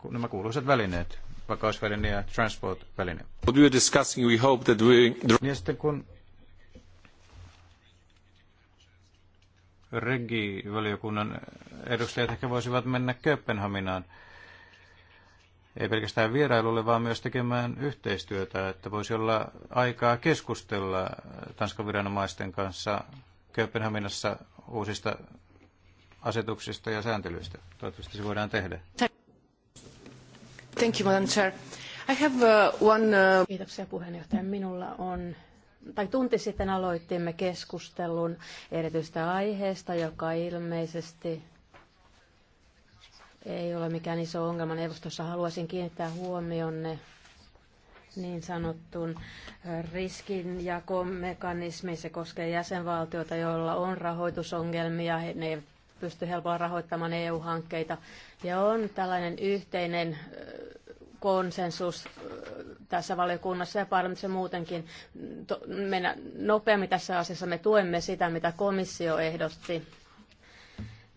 nämä kuuluisat välineet, vakausväline ja What we are discussing, we hope that we... Ja sitten kun Regi-valiokunnan edustajat ehkä voisivat mennä Kööpenhaminaan ei pelkästään vierailulle, vaan myös tekemään yhteistyötä, että voisi olla aikaa keskustella Tanskan viranomaisten kanssa Kööpenhaminassa uusista asetuksista ja sääntelyistä. Toivottavasti se voidaan tehdä. Thank you, Madam Chair. I have uh, one, uh... Kiitoksia puheenjohtaja. Minulla on tai tunti sitten aloitimme keskustelun erityistä aiheesta, joka ilmeisesti ei ole mikään iso ongelma neuvostossa. Haluaisin kiinnittää huomionne niin sanottuun riskinjakomekanismiin. Se koskee jäsenvaltioita, joilla on rahoitusongelmia. Ne eivät pysty helpolla rahoittamaan EU-hankkeita. Ja on tällainen yhteinen konsensus tässä valiokunnassa ja parlamentissa muutenkin to, mennä nopeammin tässä asiassa. Me tuemme sitä, mitä komissio ehdotti,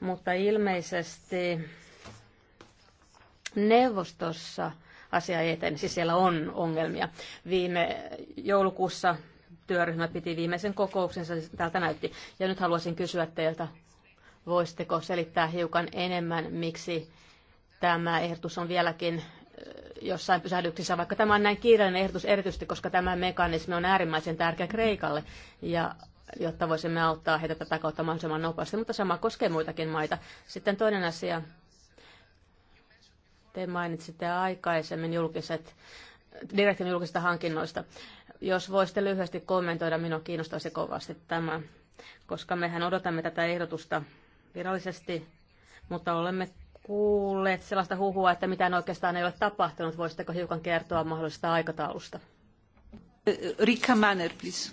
mutta ilmeisesti neuvostossa asia ei etene, siis siellä on ongelmia. Viime joulukuussa työryhmä piti viimeisen kokouksensa, tältä näytti. Ja nyt haluaisin kysyä teiltä, voisitteko selittää hiukan enemmän, miksi tämä ehdotus on vieläkin jossain pysähdyksissä, vaikka tämä on näin kiireinen ehdotus erityisesti, koska tämä mekanismi on äärimmäisen tärkeä Kreikalle, ja jotta voisimme auttaa heitä tätä kautta mahdollisimman nopeasti, mutta sama koskee muitakin maita. Sitten toinen asia, te mainitsitte aikaisemmin julkiset, direktiivin julkisista hankinnoista. Jos voisitte lyhyesti kommentoida, minua kiinnostaisi kovasti tämä, koska mehän odotamme tätä ehdotusta virallisesti, mutta olemme kuulleet sellaista huhua, että mitään oikeastaan ei ole tapahtunut. Voisitteko hiukan kertoa mahdollisesta aikataulusta? Rikka Manner, please.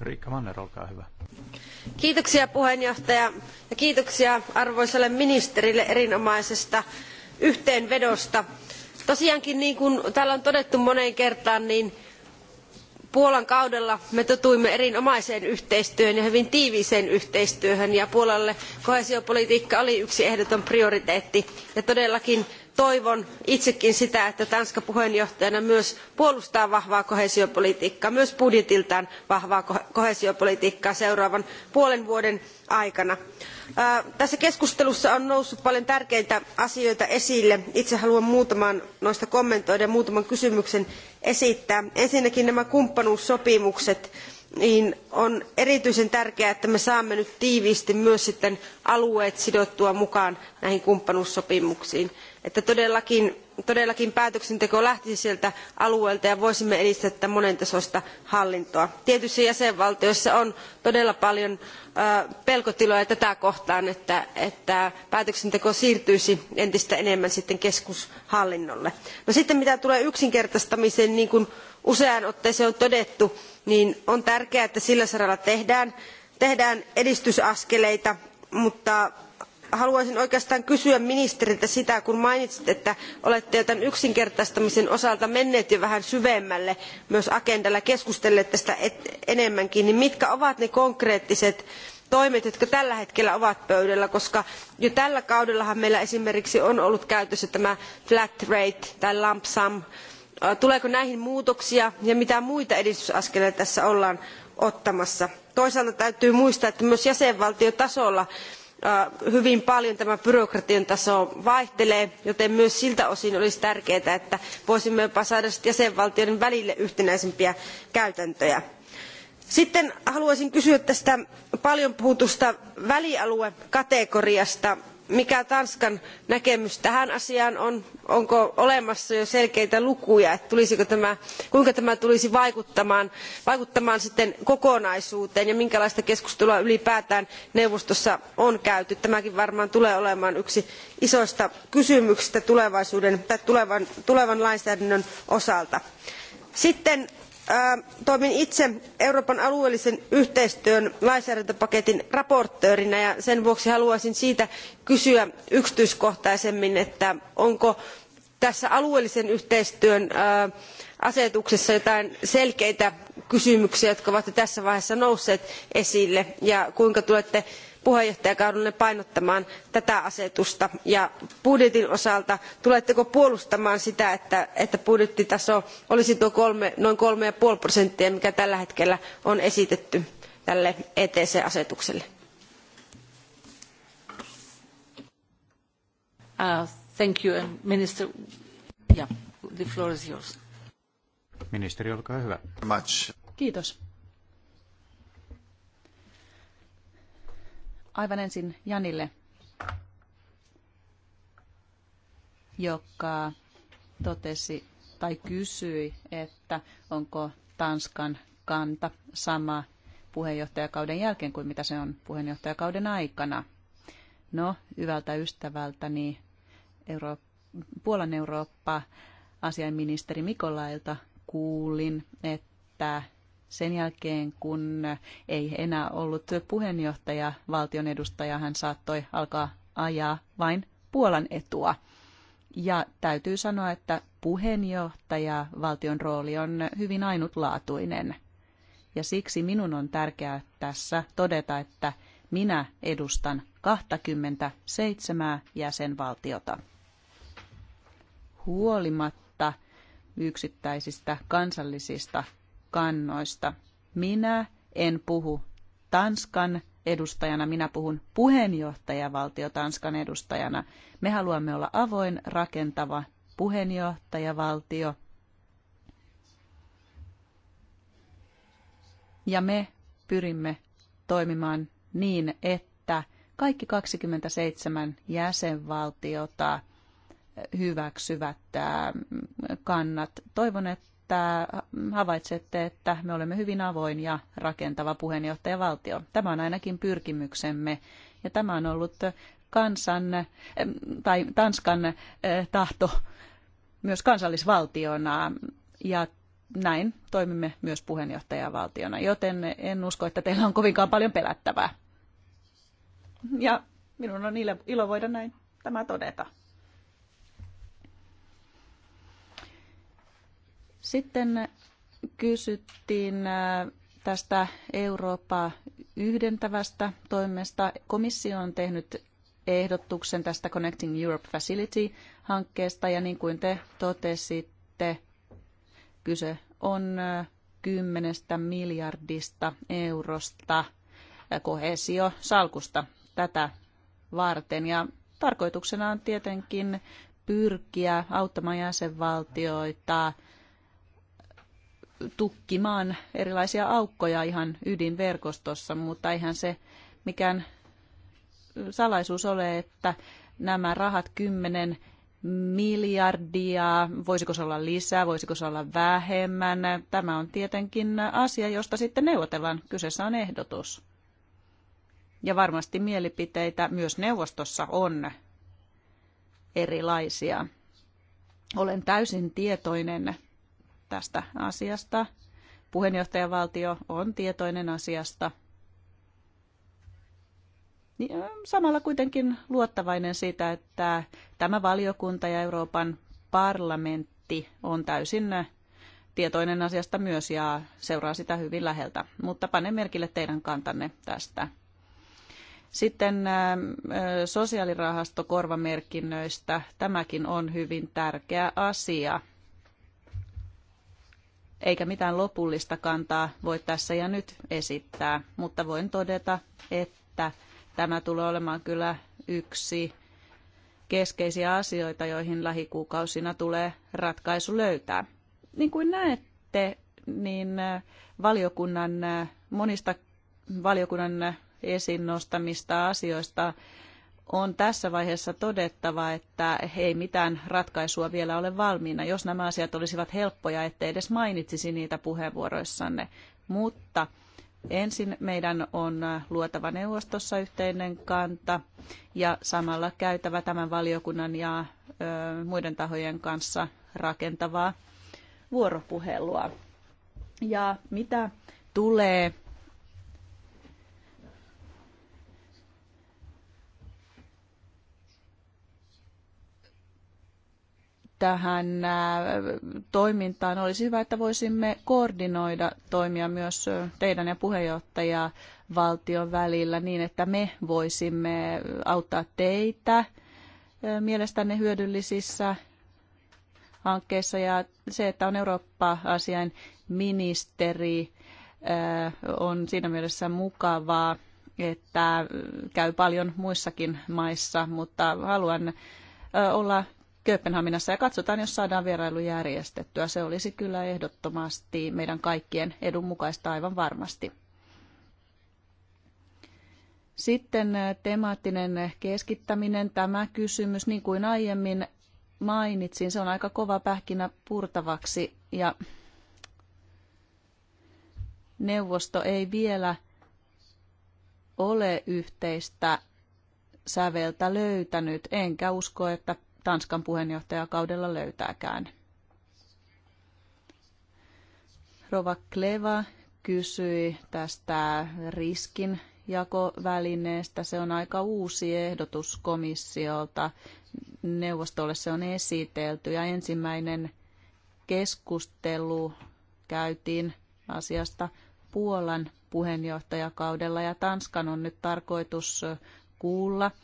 Riikka Manner, olkaa hyvä. Kiitoksia puheenjohtaja ja kiitoksia arvoisalle ministerille erinomaisesta yhteenvedosta. Tosiaankin niin kuin täällä on todettu moneen kertaan, niin puolan kaudella me totuimme erinomaiseen yhteistyöhön ja hyvin tiiviiseen yhteistyöhön ja puolalle koheesiopolitiikka oli yksi ehdoton prioriteetti ja todellakin toivon itsekin sitä että tanska puheenjohtajana myös puolustaa vahvaa koheesiopolitiikkaa myös budjetiltaan vahvaa koheesiopolitiikkaa seuraavan puolen vuoden aikana. tässä keskustelussa on noussut paljon tärkeitä asioita esille. itse haluan muutaman noista kommentoida ja muutaman kysymyksen esittää. ensinnäkin nämä kumppanuussopimukset niin on erityisen tärkeää että me saamme nyt tiiviisti myös sitten alueet sidottua mukaan näihin kumppanuussopimuksiin että todellakin, päätöksenteko lähtisi sieltä alueelta ja voisimme edistää tätä monentasoista hallintoa. tietyissä jäsenvaltioissa on todella paljon pelkotiloja tätä kohtaan että, päätöksenteko siirtyisi entistä enemmän sitten keskushallinnolle. No sitten mitä tulee yksinkertaistamiseen niin kuin useaan otteeseen on todettu niin on tärkeää että sillä saralla tehdään, tehdään edistysaskeleita mutta haluaisin oikeastaan kysyä ministeriltä sitä kun mainitsit että olette jo tämän yksinkertaistamisen osalta menneet jo vähän syvemmälle myös agendalla keskustelleet tästä enemmänkin niin mitkä ovat ne konkreettiset toimet jotka tällä hetkellä ovat pöydällä koska jo tällä kaudellahan meillä esimerkiksi on ollut käytössä tämä flat rate tai lump sum. tuleeko näihin muutoksia ja mitä muita edistysaskeleita tässä ollaan ottamassa? toisaalta täytyy muistaa että myös jäsenvaltiotasolla hyvin paljon tämä byrokratian taso vaihtelee joten myös siltä osin olisi tärkeää että voisimme jopa saada jäsenvaltioiden välille yhtenäisempiä käytäntöjä. sitten haluaisin kysyä tästä paljon puhutusta välialuekategoriasta mikä Tanskan näkemys tähän asiaan on? Onko olemassa jo selkeitä lukuja, tulisiko tämä, kuinka tämä tulisi vaikuttamaan, vaikuttamaan sitten kokonaisuuteen ja minkälaista keskustelua ylipäätään neuvostossa on käyty? Tämäkin varmaan tulee olemaan yksi isoista kysymyksistä tulevaisuuden, tai tulevan, tulevan lainsäädännön osalta. Sitten Ähm, toimin itse euroopan alueellisen yhteistyön lainsäädäntöpaketin esittelijänä ja sen vuoksi haluaisin siitä kysyä yksityiskohtaisemmin että onko tässä alueellisen yhteistyön äh, asetuksessa jotain selkeitä kysymyksiä jotka ovat jo tässä vaiheessa nousseet esille ja kuinka tulette puheenjohtajakaudellanne painottamaan tätä asetusta ja budjetin osalta tuletteko puolustamaan sitä että, että budjettitaso olisi tuo kolme, noin kolme viisi prosenttia mikä tällä hetkellä on esitetty tälle ets asetukselle? Uh, thank you, minister. Yeah, the floor is yours. Ministeri, olkaa hyvä. Much. Kiitos. aivan ensin Janille, joka totesi tai kysyi, että onko Tanskan kanta sama puheenjohtajakauden jälkeen kuin mitä se on puheenjohtajakauden aikana. No, hyvältä ystävältäni niin Euro- Puolan Eurooppa asiainministeri Mikolailta kuulin, että sen jälkeen, kun ei enää ollut puheenjohtaja, valtion edustaja, hän saattoi alkaa ajaa vain Puolan etua. Ja täytyy sanoa, että puheenjohtaja valtion rooli on hyvin ainutlaatuinen. Ja siksi minun on tärkeää tässä todeta, että minä edustan 27 jäsenvaltiota. Huolimatta yksittäisistä kansallisista kannoista. Minä en puhu Tanskan edustajana, minä puhun puheenjohtajavaltio Tanskan edustajana. Me haluamme olla avoin, rakentava puheenjohtajavaltio. Ja me pyrimme toimimaan niin, että kaikki 27 jäsenvaltiota hyväksyvät kannat. Toivon, että että havaitsette, että me olemme hyvin avoin ja rakentava puheenjohtajavaltio. Tämä on ainakin pyrkimyksemme ja tämä on ollut kansan, tai Tanskan eh, tahto myös kansallisvaltiona ja näin toimimme myös puheenjohtajavaltiona, joten en usko, että teillä on kovinkaan paljon pelättävää. Ja minun on ilo voida näin tämä todeta. Sitten kysyttiin äh, tästä Eurooppaa yhdentävästä toimesta. Komissio on tehnyt ehdotuksen tästä Connecting Europe Facility-hankkeesta ja niin kuin te totesitte, kyse on äh, kymmenestä miljardista eurosta äh, kohesiosalkusta tätä varten. Ja tarkoituksena on tietenkin pyrkiä auttamaan jäsenvaltioita – tukkimaan erilaisia aukkoja ihan ydinverkostossa, mutta eihän se mikään salaisuus ole, että nämä rahat 10 miljardia, voisiko se olla lisää, voisiko se olla vähemmän. Tämä on tietenkin asia, josta sitten neuvotellaan. Kyseessä on ehdotus. Ja varmasti mielipiteitä myös neuvostossa on erilaisia. Olen täysin tietoinen tästä asiasta. Puheenjohtajavaltio on tietoinen asiasta. Samalla kuitenkin luottavainen siitä, että tämä valiokunta ja Euroopan parlamentti on täysin tietoinen asiasta myös ja seuraa sitä hyvin läheltä. Mutta panen merkille teidän kantanne tästä. Sitten sosiaalirahastokorvamerkinnöistä. Tämäkin on hyvin tärkeä asia eikä mitään lopullista kantaa voi tässä ja nyt esittää, mutta voin todeta, että tämä tulee olemaan kyllä yksi keskeisiä asioita, joihin lähikuukausina tulee ratkaisu löytää. Niin kuin näette, niin valiokunnan monista valiokunnan esiin nostamista asioista on tässä vaiheessa todettava, että ei mitään ratkaisua vielä ole valmiina. Jos nämä asiat olisivat helppoja, ettei edes mainitsisi niitä puheenvuoroissanne. Mutta ensin meidän on luotava neuvostossa yhteinen kanta ja samalla käytävä tämän valiokunnan ja ö, muiden tahojen kanssa rakentavaa vuoropuhelua. Ja mitä tulee tähän äh, toimintaan. Olisi hyvä, että voisimme koordinoida toimia myös teidän ja puheenjohtaja valtion välillä niin, että me voisimme auttaa teitä mielestänne hyödyllisissä hankkeissa ja se, että on Eurooppa-asian ministeri, on siinä mielessä mukavaa, että käy paljon muissakin maissa, mutta haluan olla Kööpenhaminassa ja katsotaan, jos saadaan vierailu järjestettyä. Se olisi kyllä ehdottomasti meidän kaikkien edun mukaista aivan varmasti. Sitten temaattinen keskittäminen, tämä kysymys, niin kuin aiemmin mainitsin, se on aika kova pähkinä purtavaksi ja neuvosto ei vielä ole yhteistä säveltä löytänyt, enkä usko, että Tanskan puheenjohtajakaudella löytääkään. Rova Kleva kysyi tästä riskin jakovälineestä. Se on aika uusi ehdotus komissiolta. Neuvostolle se on esitelty ja ensimmäinen keskustelu käytiin asiasta Puolan puheenjohtajakaudella ja Tanskan on nyt tarkoitus kuulla –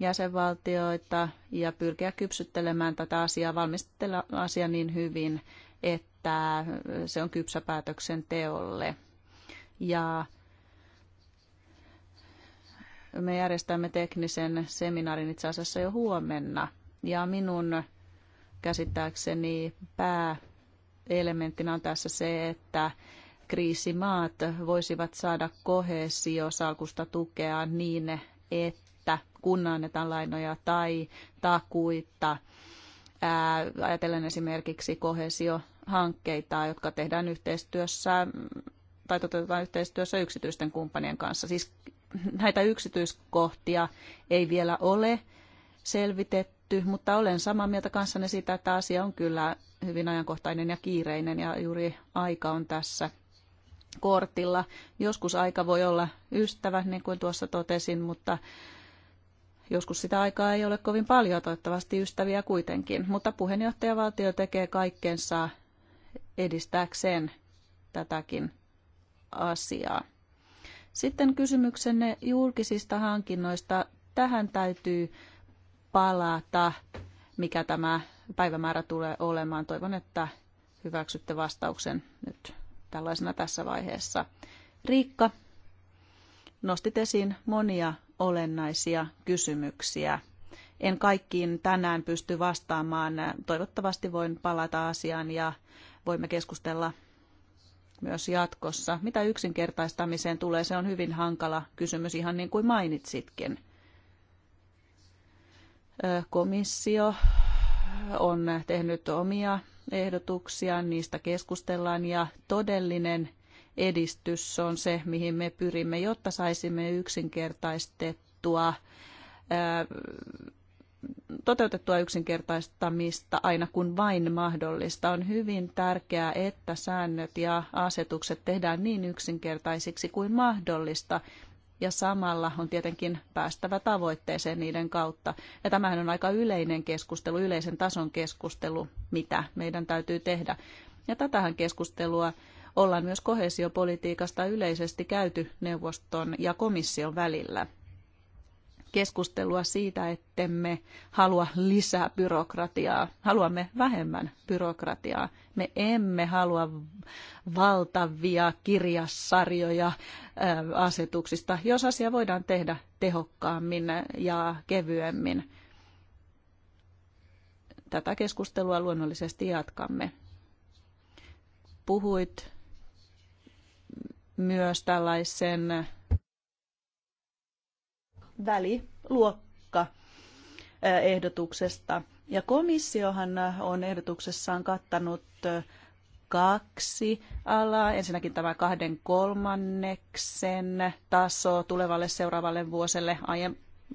jäsenvaltioita ja pyrkiä kypsyttelemään tätä asiaa, valmistella asia niin hyvin, että se on kypsä päätöksenteolle. Ja me järjestämme teknisen seminaarin itse asiassa jo huomenna. Ja minun käsittääkseni pääelementtinä on tässä se, että kriisimaat voisivat saada kohesiosalkusta tukea niin, että kunnan annetaan lainoja tai takuita. Ää, ajatellen esimerkiksi kohesiohankkeita, jotka tehdään yhteistyössä tai toteutetaan yhteistyössä yksityisten kumppanien kanssa. Siis näitä yksityiskohtia ei vielä ole selvitetty, mutta olen samaa mieltä kanssanne siitä, että asia on kyllä hyvin ajankohtainen ja kiireinen ja juuri aika on tässä kortilla. Joskus aika voi olla ystävä, niin kuin tuossa totesin, mutta Joskus sitä aikaa ei ole kovin paljon, toivottavasti ystäviä kuitenkin, mutta puheenjohtajavaltio tekee kaikkensa edistääkseen tätäkin asiaa. Sitten kysymyksenne julkisista hankinnoista. Tähän täytyy palata, mikä tämä päivämäärä tulee olemaan. Toivon, että hyväksytte vastauksen nyt tällaisena tässä vaiheessa. Riikka, nostit esiin monia olennaisia kysymyksiä. En kaikkiin tänään pysty vastaamaan. Toivottavasti voin palata asiaan ja voimme keskustella myös jatkossa. Mitä yksinkertaistamiseen tulee, se on hyvin hankala kysymys, ihan niin kuin mainitsitkin. Komissio on tehnyt omia ehdotuksia, niistä keskustellaan ja todellinen edistys on se, mihin me pyrimme, jotta saisimme yksinkertaistettua toteutettua yksinkertaistamista aina kun vain mahdollista. On hyvin tärkeää, että säännöt ja asetukset tehdään niin yksinkertaisiksi kuin mahdollista, ja samalla on tietenkin päästävä tavoitteeseen niiden kautta. Ja tämähän on aika yleinen keskustelu, yleisen tason keskustelu, mitä meidän täytyy tehdä. Ja tätähän keskustelua ollaan myös kohesiopolitiikasta yleisesti käyty neuvoston ja komission välillä keskustelua siitä, ettemme halua lisää byrokratiaa. Haluamme vähemmän byrokratiaa. Me emme halua valtavia kirjasarjoja asetuksista, jos asia voidaan tehdä tehokkaammin ja kevyemmin. Tätä keskustelua luonnollisesti jatkamme. Puhuit myös tällaisen väliluokka ehdotuksesta. Ja komissiohan on ehdotuksessaan kattanut kaksi alaa. Ensinnäkin tämä kahden kolmanneksen taso tulevalle seuraavalle vuoselle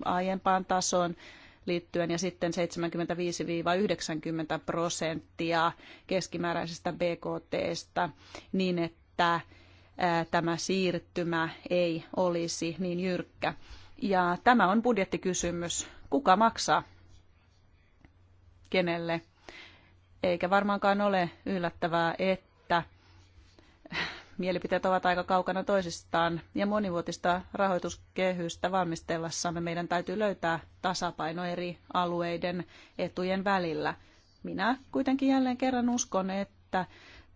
aiempaan tasoon liittyen ja sitten 75-90 prosenttia keskimääräisestä BKTstä niin, että tämä siirtymä ei olisi niin jyrkkä. Ja tämä on budjettikysymys. Kuka maksaa? Kenelle? Eikä varmaankaan ole yllättävää, että mielipiteet ovat aika kaukana toisistaan ja monivuotista rahoituskehystä valmistellessamme meidän täytyy löytää tasapaino eri alueiden etujen välillä. Minä kuitenkin jälleen kerran uskon, että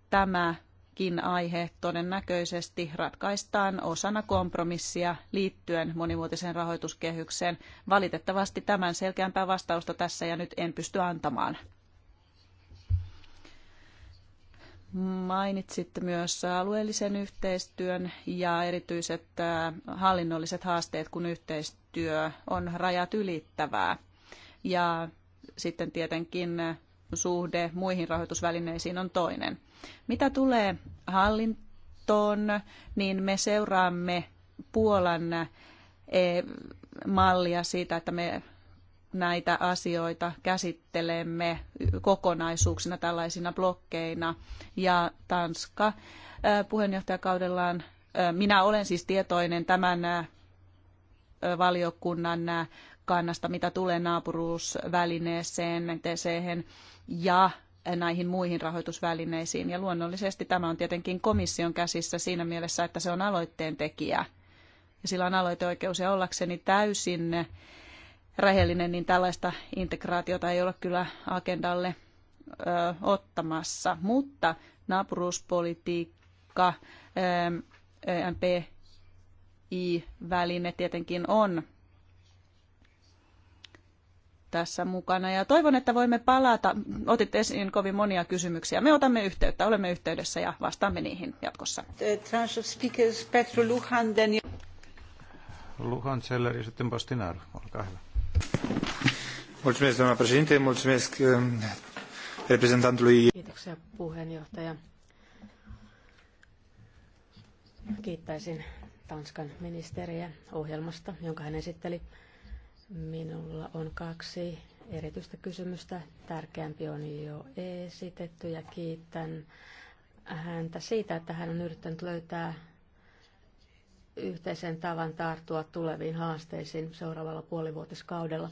tämä tämäkin aihe todennäköisesti ratkaistaan osana kompromissia liittyen monivuotiseen rahoituskehykseen. Valitettavasti tämän selkeämpää vastausta tässä ja nyt en pysty antamaan. Mainitsit myös alueellisen yhteistyön ja erityiset äh, hallinnolliset haasteet, kun yhteistyö on rajat ylittävää. Ja sitten tietenkin suhde muihin rahoitusvälineisiin on toinen. Mitä tulee hallintoon, niin me seuraamme Puolan e, mallia siitä, että me näitä asioita käsittelemme kokonaisuuksina tällaisina blokkeina. Ja Tanska e, puheenjohtajakaudellaan, e, minä olen siis tietoinen tämän valiokunnan kannasta, mitä tulee naapuruusvälineeseen, tc ja näihin muihin rahoitusvälineisiin. Ja luonnollisesti tämä on tietenkin komission käsissä siinä mielessä, että se on aloitteen tekijä. Ja sillä on aloiteoikeus ja ollakseni täysin rehellinen, niin tällaista integraatiota ei ole kyllä agendalle ö, ottamassa. Mutta naapuruuspolitiikka, MPI-väline tietenkin on tässä mukana. Ja toivon, että voimme palata. Otit esiin kovin monia kysymyksiä. Me otamme yhteyttä, olemme yhteydessä ja vastaamme niihin jatkossa. Luhan Seller ja sitten Bostinar, olkaa hyvä. Mulțumesc, doamna președinte, mulțumesc ehm, reprezentantului. Kiitoksia puheenjohtaja. Kiittäisin Tanskan ministeriä ohjelmasta, jonka hän esitteli. Minulla on kaksi erityistä kysymystä. Tärkeämpi on jo esitetty ja kiitän häntä siitä, että hän on yrittänyt löytää yhteisen tavan tarttua tuleviin haasteisiin seuraavalla puolivuotiskaudella.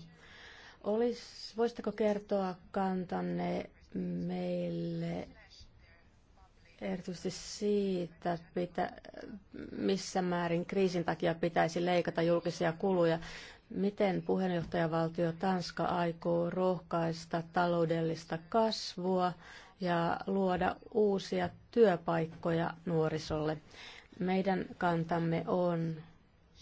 Olis, voisitteko kertoa kantanne meille erityisesti siitä, mitä, missä määrin kriisin takia pitäisi leikata julkisia kuluja Miten puheenjohtajavaltio Tanska aikoo rohkaista taloudellista kasvua ja luoda uusia työpaikkoja nuorisolle? Meidän kantamme on,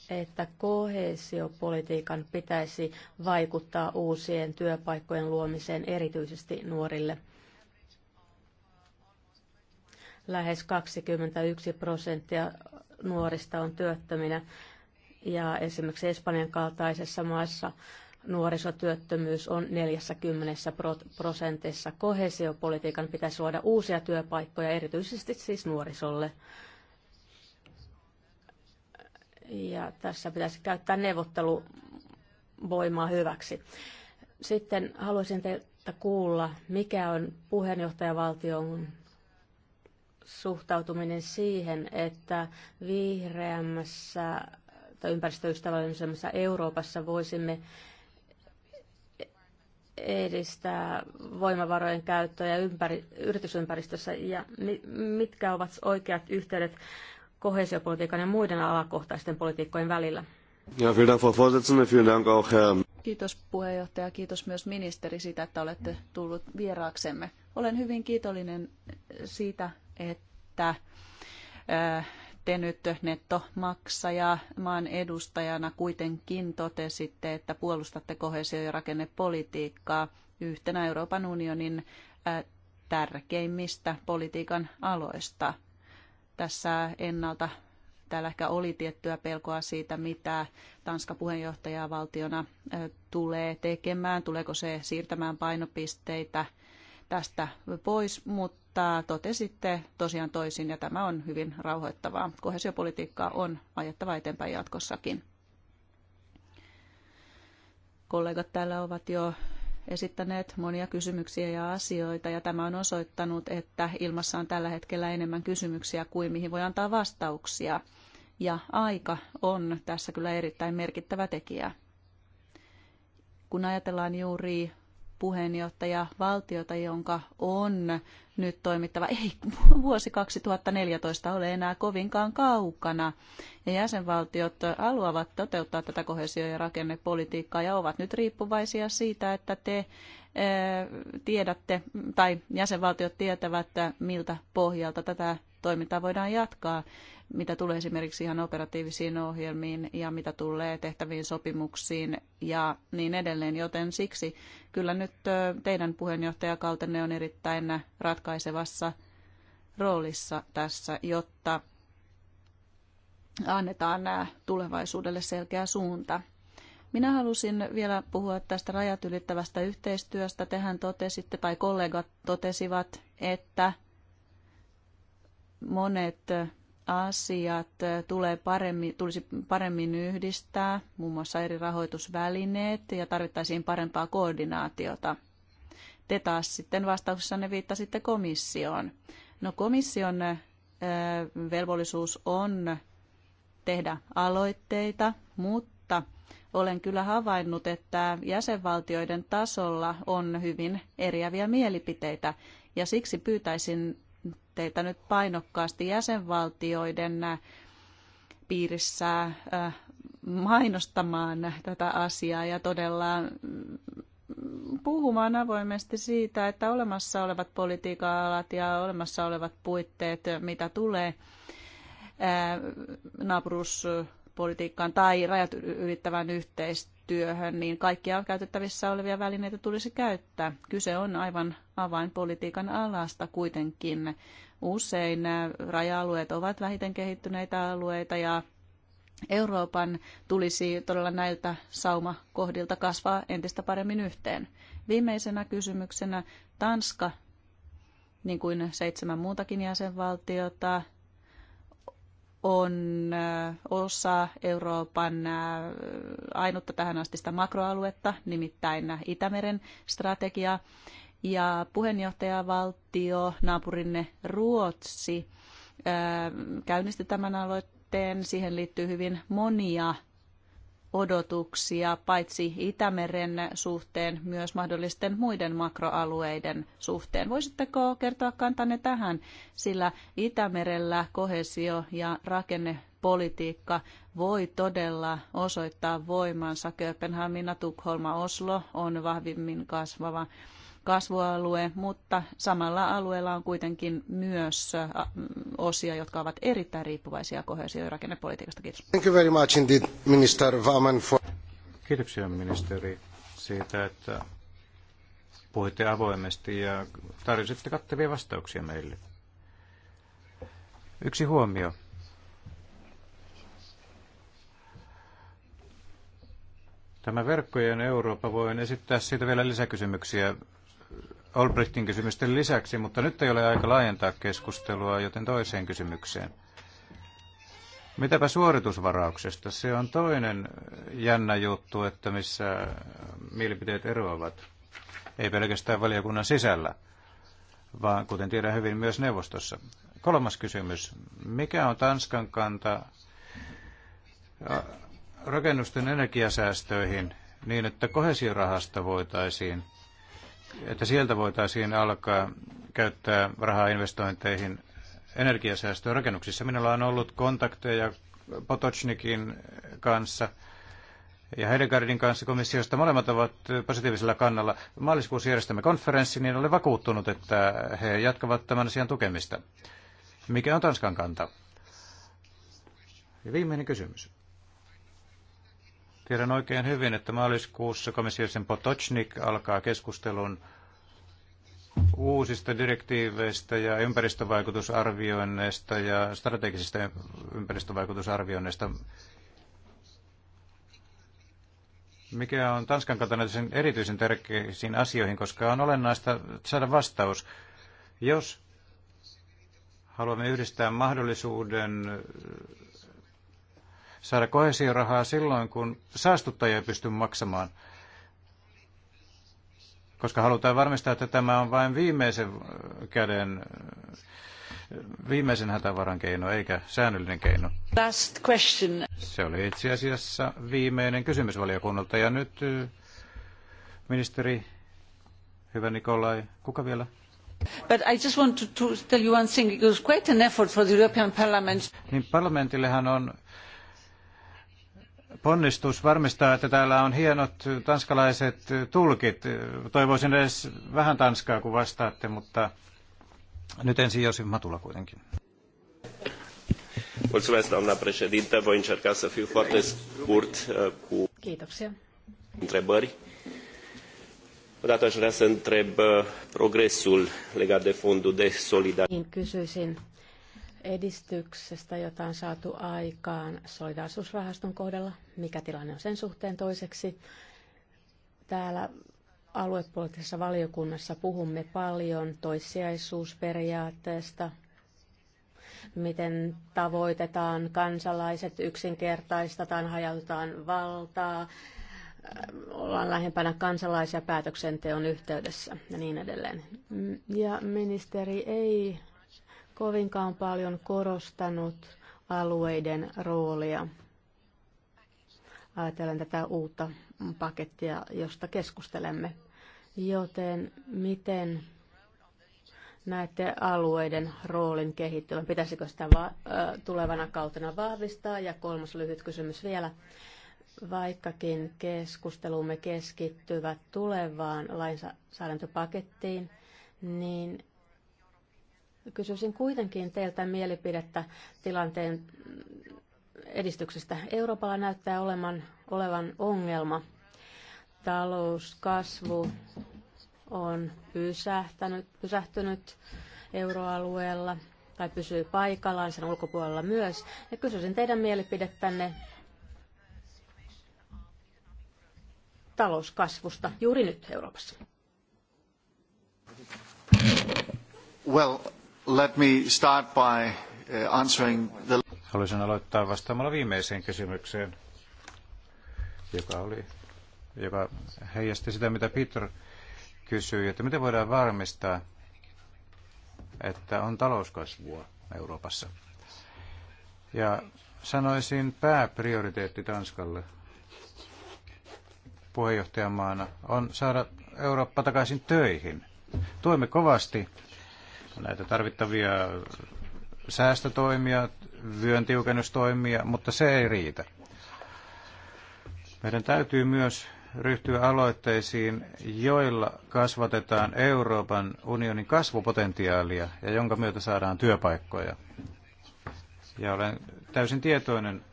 että kohesiopolitiikan pitäisi vaikuttaa uusien työpaikkojen luomiseen erityisesti nuorille. Lähes 21 prosenttia nuorista on työttöminä ja esimerkiksi Espanjan kaltaisessa maassa nuorisotyöttömyys on 40 prosentissa. Kohesiopolitiikan pitäisi luoda uusia työpaikkoja, erityisesti siis nuorisolle. Ja tässä pitäisi käyttää neuvotteluvoimaa hyväksi. Sitten haluaisin teiltä kuulla, mikä on puheenjohtajavaltion suhtautuminen siihen, että vihreämmässä jotta ympäristöystävällisemmässä Euroopassa voisimme edistää voimavarojen käyttöä ja ympäri, yritysympäristössä ja mitkä ovat oikeat yhteydet kohesiopolitiikan ja muiden alakohtaisten politiikkojen välillä? Ja, vielen Dank, Frau Vorsitzende. Vielen Dank auch, Herr... Kiitos puheenjohtaja, kiitos myös ministeri siitä, että olette tullut vieraaksemme. Olen hyvin kiitollinen siitä, että äh, te nyt nettomaksaja maan edustajana kuitenkin totesitte, että puolustatte kohesio- ja rakennepolitiikkaa yhtenä Euroopan unionin tärkeimmistä politiikan aloista. Tässä ennalta täällä ehkä oli tiettyä pelkoa siitä, mitä Tanska puheenjohtajavaltiona tulee tekemään, tuleeko se siirtämään painopisteitä – tästä pois, mutta totesitte tosiaan toisin ja tämä on hyvin rauhoittavaa. Kohesiopolitiikkaa on ajettava eteenpäin jatkossakin. Kollegat täällä ovat jo esittäneet monia kysymyksiä ja asioita ja tämä on osoittanut, että ilmassa on tällä hetkellä enemmän kysymyksiä kuin mihin voi antaa vastauksia. Ja aika on tässä kyllä erittäin merkittävä tekijä. Kun ajatellaan juuri puheenjohtaja valtiota, jonka on nyt toimittava. Ei vuosi 2014 ole enää kovinkaan kaukana. Ja jäsenvaltiot haluavat toteuttaa tätä kohesio- ja rakennepolitiikkaa ja ovat nyt riippuvaisia siitä, että te eh, tiedätte tai jäsenvaltiot tietävät, miltä pohjalta tätä toimintaa voidaan jatkaa, mitä tulee esimerkiksi ihan operatiivisiin ohjelmiin ja mitä tulee tehtäviin sopimuksiin ja niin edelleen. Joten siksi kyllä nyt teidän puheenjohtajakautenne on erittäin ratkaisevassa roolissa tässä, jotta annetaan nämä tulevaisuudelle selkeä suunta. Minä halusin vielä puhua tästä rajat ylittävästä yhteistyöstä. Tehän totesitte tai kollegat totesivat, että monet asiat tulee paremmin, tulisi paremmin yhdistää, muun muassa eri rahoitusvälineet, ja tarvittaisiin parempaa koordinaatiota. Te taas sitten vastauksessanne viittasitte komissioon. No komission velvollisuus on tehdä aloitteita, mutta olen kyllä havainnut, että jäsenvaltioiden tasolla on hyvin eriäviä mielipiteitä, ja siksi pyytäisin teitä nyt painokkaasti jäsenvaltioiden äh, piirissä äh, mainostamaan tätä asiaa ja todella mm, puhumaan avoimesti siitä, että olemassa olevat politiikan ja olemassa olevat puitteet, mitä tulee äh, naapuruspolitiikkaan tai rajat ylittävään yhteistyöhön, työhön, niin kaikkia käytettävissä olevia välineitä tulisi käyttää. Kyse on aivan avainpolitiikan alasta kuitenkin. Usein raja-alueet ovat vähiten kehittyneitä alueita ja Euroopan tulisi todella näiltä saumakohdilta kasvaa entistä paremmin yhteen. Viimeisenä kysymyksenä Tanska, niin kuin seitsemän muutakin jäsenvaltiota, on osa Euroopan ainutta tähän sitä makroaluetta, nimittäin Itämeren strategia Ja puheenjohtajavaltio, naapurinne Ruotsi, käynnisti tämän aloitteen. Siihen liittyy hyvin monia odotuksia paitsi Itämeren suhteen, myös mahdollisten muiden makroalueiden suhteen. Voisitteko kertoa kantanne tähän, sillä Itämerellä kohesio ja rakenne politiikka voi todella osoittaa voimansa. Kööpenhamina, Tukholma, Oslo on vahvimmin kasvava kasvualue, mutta samalla alueella on kuitenkin myös mm, osia, jotka ovat erittäin riippuvaisia kohesio- ja rakennepolitiikasta. Kiitos. Thank you very much indeed, Minister For... Kiitoksia ministeri siitä, että puhuitte avoimesti ja tarjositte kattavia vastauksia meille. Yksi huomio. Tämä verkkojen Eurooppa, voin esittää siitä vielä lisäkysymyksiä Olbrichtin kysymysten lisäksi, mutta nyt ei ole aika laajentaa keskustelua, joten toiseen kysymykseen. Mitäpä suoritusvarauksesta? Se on toinen jännä juttu, että missä mielipiteet eroavat. Ei pelkästään valiokunnan sisällä, vaan kuten tiedän hyvin myös neuvostossa. Kolmas kysymys. Mikä on Tanskan kanta rakennusten energiasäästöihin niin, että kohesiorahasta voitaisiin että sieltä voitaisiin alkaa käyttää rahaa investointeihin energiasäästöön rakennuksissa. Minulla on ollut kontakteja Potocnikin kanssa ja Heidegardin kanssa komissiosta. Molemmat ovat positiivisella kannalla. Maaliskuussa järjestämme konferenssi, niin olen vakuuttunut, että he jatkavat tämän asian tukemista. Mikä on Tanskan kanta? Ja viimeinen kysymys. Tiedän oikein hyvin, että maaliskuussa komissiosen Potocnik alkaa keskustelun uusista direktiiveistä ja ympäristövaikutusarvioinneista ja strategisista ympäristövaikutusarvioinneista. Mikä on Tanskan kantana erityisen tärkeisiin asioihin, koska on olennaista saada vastaus. Jos haluamme yhdistää mahdollisuuden saada kohesiorahaa silloin, kun saastuttaja ei pysty maksamaan, koska halutaan varmistaa, että tämä on vain viimeisen käden viimeisen hätävaran keino eikä säännöllinen keino. Last question. Se oli itse asiassa viimeinen kysymys valiokunnalta ja nyt ministeri, hyvä Nikolai, kuka vielä? But I just want to, tell you one thing. It was quite an effort for the European Parliament. Niin parlamentillehan on ponnistus varmistaa, että täällä on hienot tanskalaiset tulkit. Toivoisin edes vähän tanskaa, kun vastaatte, mutta nyt ensin Josif Matula kuitenkin. Mulțumesc, doamna Voi încerca să fiu foarte scurt uh, cu Kiitoksia. întrebări. Odată aș vrea să întreb uh, progresul legat de fondul de solidaritate. Niin, kysyisin edistyksestä, jota on saatu aikaan solidaarisuusrahaston kohdalla, mikä tilanne on sen suhteen toiseksi. Täällä aluepoliittisessa valiokunnassa puhumme paljon toissijaisuusperiaatteesta, miten tavoitetaan kansalaiset, yksinkertaistetaan, hajautetaan valtaa, ollaan lähempänä kansalaisia päätöksenteon yhteydessä ja niin edelleen. Ja ministeri ei kovinkaan paljon korostanut alueiden roolia. Ajatellen tätä uutta pakettia, josta keskustelemme. Joten miten näette alueiden roolin kehittyvän? Pitäisikö sitä va- tulevana kautena vahvistaa? Ja kolmas lyhyt kysymys vielä. Vaikkakin keskustelumme keskittyvät tulevaan lainsäädäntöpakettiin, niin Kysyisin kuitenkin teiltä mielipidettä tilanteen edistyksestä. Euroopalla näyttää olevan, olevan ongelma. Talouskasvu on pysähtänyt, pysähtynyt euroalueella tai pysyy paikallaan sen ulkopuolella myös. Ja kysyisin teidän mielipidettänne talouskasvusta juuri nyt Euroopassa. Well, Uh, Haluaisin aloittaa vastaamalla viimeiseen kysymykseen, joka, oli, joka heijasti sitä, mitä Peter kysyi, että miten voidaan varmistaa, että on talouskasvua Euroopassa. Ja sanoisin pääprioriteetti Tanskalle puheenjohtajamaana on saada Eurooppa takaisin töihin. Tuemme kovasti näitä tarvittavia säästötoimia, vyön tiukennustoimia, mutta se ei riitä. Meidän täytyy myös ryhtyä aloitteisiin, joilla kasvatetaan Euroopan unionin kasvupotentiaalia ja jonka myötä saadaan työpaikkoja. Ja olen täysin tietoinen,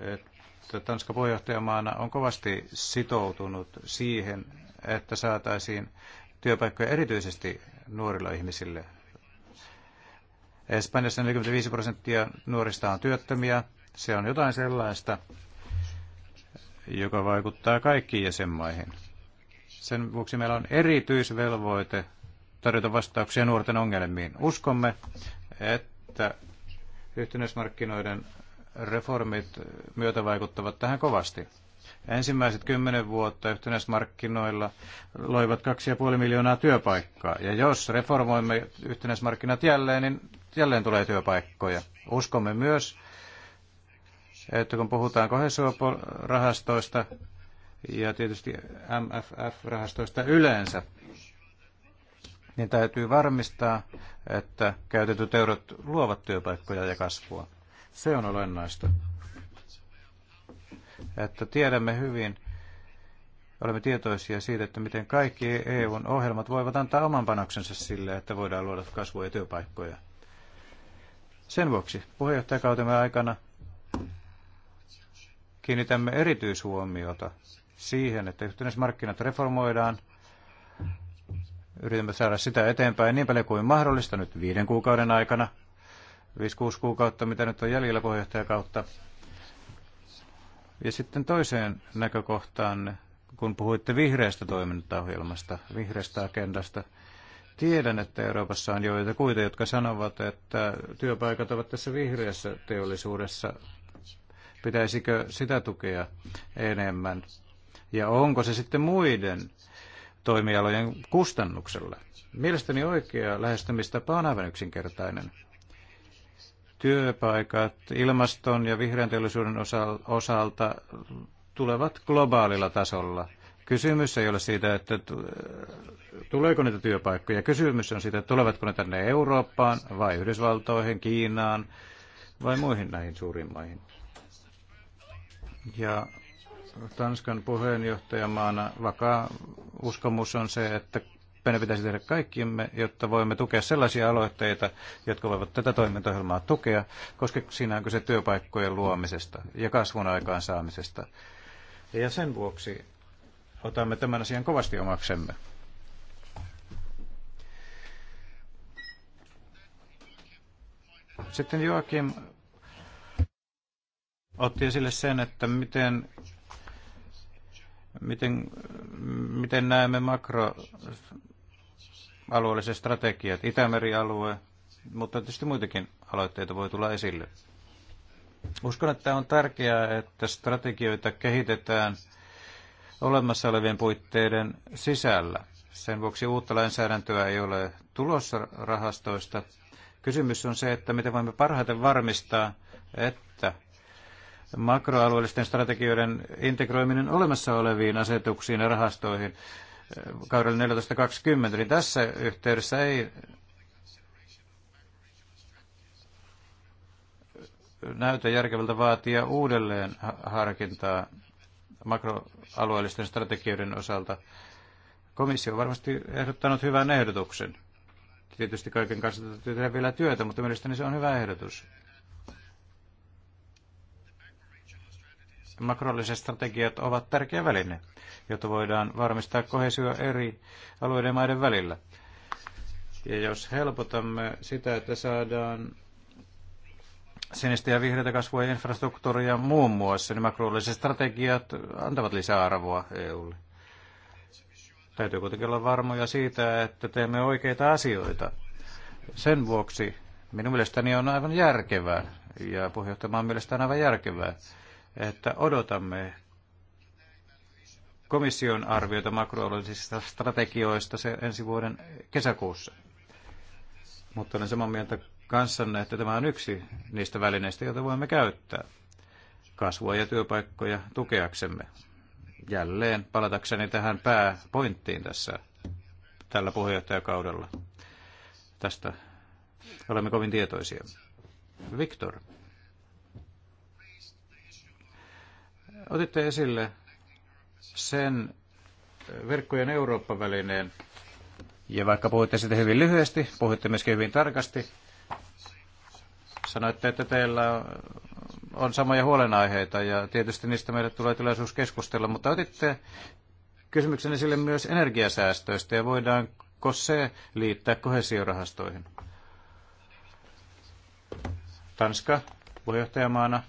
että Tanska puheenjohtajamaana on kovasti sitoutunut siihen, että saataisiin työpaikkoja erityisesti nuorilla ihmisille Espanjassa 45 prosenttia nuorista on työttömiä. Se on jotain sellaista, joka vaikuttaa kaikkiin jäsenmaihin. Sen vuoksi meillä on erityisvelvoite tarjota vastauksia nuorten ongelmiin. Uskomme, että yhtenäismarkkinoiden reformit vaikuttavat tähän kovasti. Ensimmäiset kymmenen vuotta yhtenäismarkkinoilla loivat 2,5 miljoonaa työpaikkaa. Ja jos reformoimme yhtenäismarkkinat jälleen, niin jälleen tulee työpaikkoja. Uskomme myös, että kun puhutaan kohesuoporahastoista ja tietysti MFF-rahastoista yleensä, niin täytyy varmistaa, että käytetyt eurot luovat työpaikkoja ja kasvua. Se on olennaista. Että tiedämme hyvin, olemme tietoisia siitä, että miten kaikki EUn ohjelmat voivat antaa oman panoksensa sille, että voidaan luoda kasvua ja työpaikkoja. Sen vuoksi puheenjohtajakautemme aikana kiinnitämme erityishuomiota siihen, että yhtenäismarkkinat reformoidaan. Yritämme saada sitä eteenpäin niin paljon kuin mahdollista nyt viiden kuukauden aikana. 5-6 kuukautta, mitä nyt on jäljellä puheenjohtajakautta. Ja sitten toiseen näkökohtaan, kun puhuitte vihreästä toimintaohjelmasta, vihreästä agendasta – Tiedän, että Euroopassa on joita kuita, jotka sanovat, että työpaikat ovat tässä vihreässä teollisuudessa. Pitäisikö sitä tukea enemmän? Ja onko se sitten muiden toimialojen kustannuksella? Mielestäni oikea lähestymistapa on aivan yksinkertainen. Työpaikat ilmaston ja vihreän teollisuuden osalta tulevat globaalilla tasolla – Kysymys ei ole siitä, että tuleeko niitä työpaikkoja. Kysymys on siitä, että tulevatko ne tänne Eurooppaan vai Yhdysvaltoihin, Kiinaan vai muihin näihin suuriin maihin. Ja Tanskan puheenjohtajamaana vakaa uskomus on se, että meidän pitäisi tehdä kaikkimme, jotta voimme tukea sellaisia aloitteita, jotka voivat tätä toimintaohjelmaa tukea, koska siinä on kyse työpaikkojen luomisesta ja kasvun aikaansaamisesta. Ja sen vuoksi otamme tämän asian kovasti omaksemme. Sitten Joakim otti esille sen, että miten, miten, miten näemme makroalueelliset strategiat, Itämerialue, mutta tietysti muitakin aloitteita voi tulla esille. Uskon, että on tärkeää, että strategioita kehitetään – olemassa olevien puitteiden sisällä. Sen vuoksi uutta lainsäädäntöä ei ole tulossa rahastoista. Kysymys on se, että miten voimme parhaiten varmistaa, että makroalueellisten strategioiden integroiminen olemassa oleviin asetuksiin ja rahastoihin eh, kaudella 14.20, niin tässä yhteydessä ei näytä järkevältä vaatia uudelleen harkintaa makroalueellisten strategioiden osalta. Komissio on varmasti ehdottanut hyvän ehdotuksen. Tietysti kaiken kanssa täytyy tehdä vielä työtä, mutta mielestäni se on hyvä ehdotus. Makrolliset strategiat ovat tärkeä väline, jotta voidaan varmistaa kohesio eri alueiden maiden välillä. Ja jos helpotamme sitä, että saadaan sinistä ja vihreitä kasvua ja infrastruktuuria muun muassa, niin makrooliset strategiat antavat lisäarvoa EUlle. Täytyy kuitenkin olla varmoja siitä, että teemme oikeita asioita. Sen vuoksi minun mielestäni on aivan järkevää, ja puheenjohtajan mielestä on aivan järkevää, että odotamme komission arviota makroalueellisista strategioista se ensi vuoden kesäkuussa. Mutta olen samaa mieltä kanssanne, että tämä on yksi niistä välineistä, joita voimme käyttää kasvua ja työpaikkoja tukeaksemme. Jälleen palatakseni tähän pääpointtiin tässä tällä puheenjohtajakaudella. Tästä olemme kovin tietoisia. Viktor, otitte esille sen verkkojen Eurooppa-välineen, ja vaikka puhuitte sitä hyvin lyhyesti, puhuitte myöskin hyvin tarkasti, Sanoitte, että teillä on samoja huolenaiheita ja tietysti niistä meille tulee tilaisuus keskustella, mutta otitte kysymyksen esille myös energiasäästöistä ja voidaanko se liittää kohesiorahastoihin? Tanska puheenjohtajamaana äh,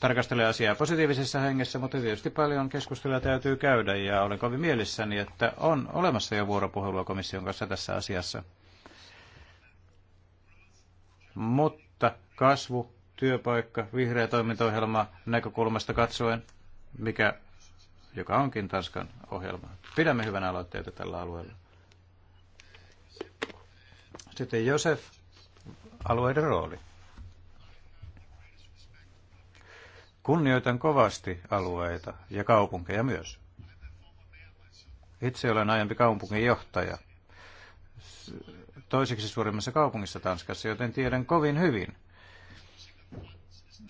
tarkastelee asiaa positiivisessa hengessä, mutta tietysti paljon keskustelua täytyy käydä ja olen kovin mielissäni, että on olemassa jo vuoropuhelua komission kanssa tässä asiassa mutta kasvu, työpaikka, vihreä toimintaohjelma näkökulmasta katsoen, mikä, joka onkin Tanskan ohjelma. Pidämme hyvänä aloitteita tällä alueella. Sitten Josef, alueiden rooli. Kunnioitan kovasti alueita ja kaupunkeja myös. Itse olen aiempi johtaja toiseksi suurimmassa kaupungissa Tanskassa, joten tiedän kovin hyvin,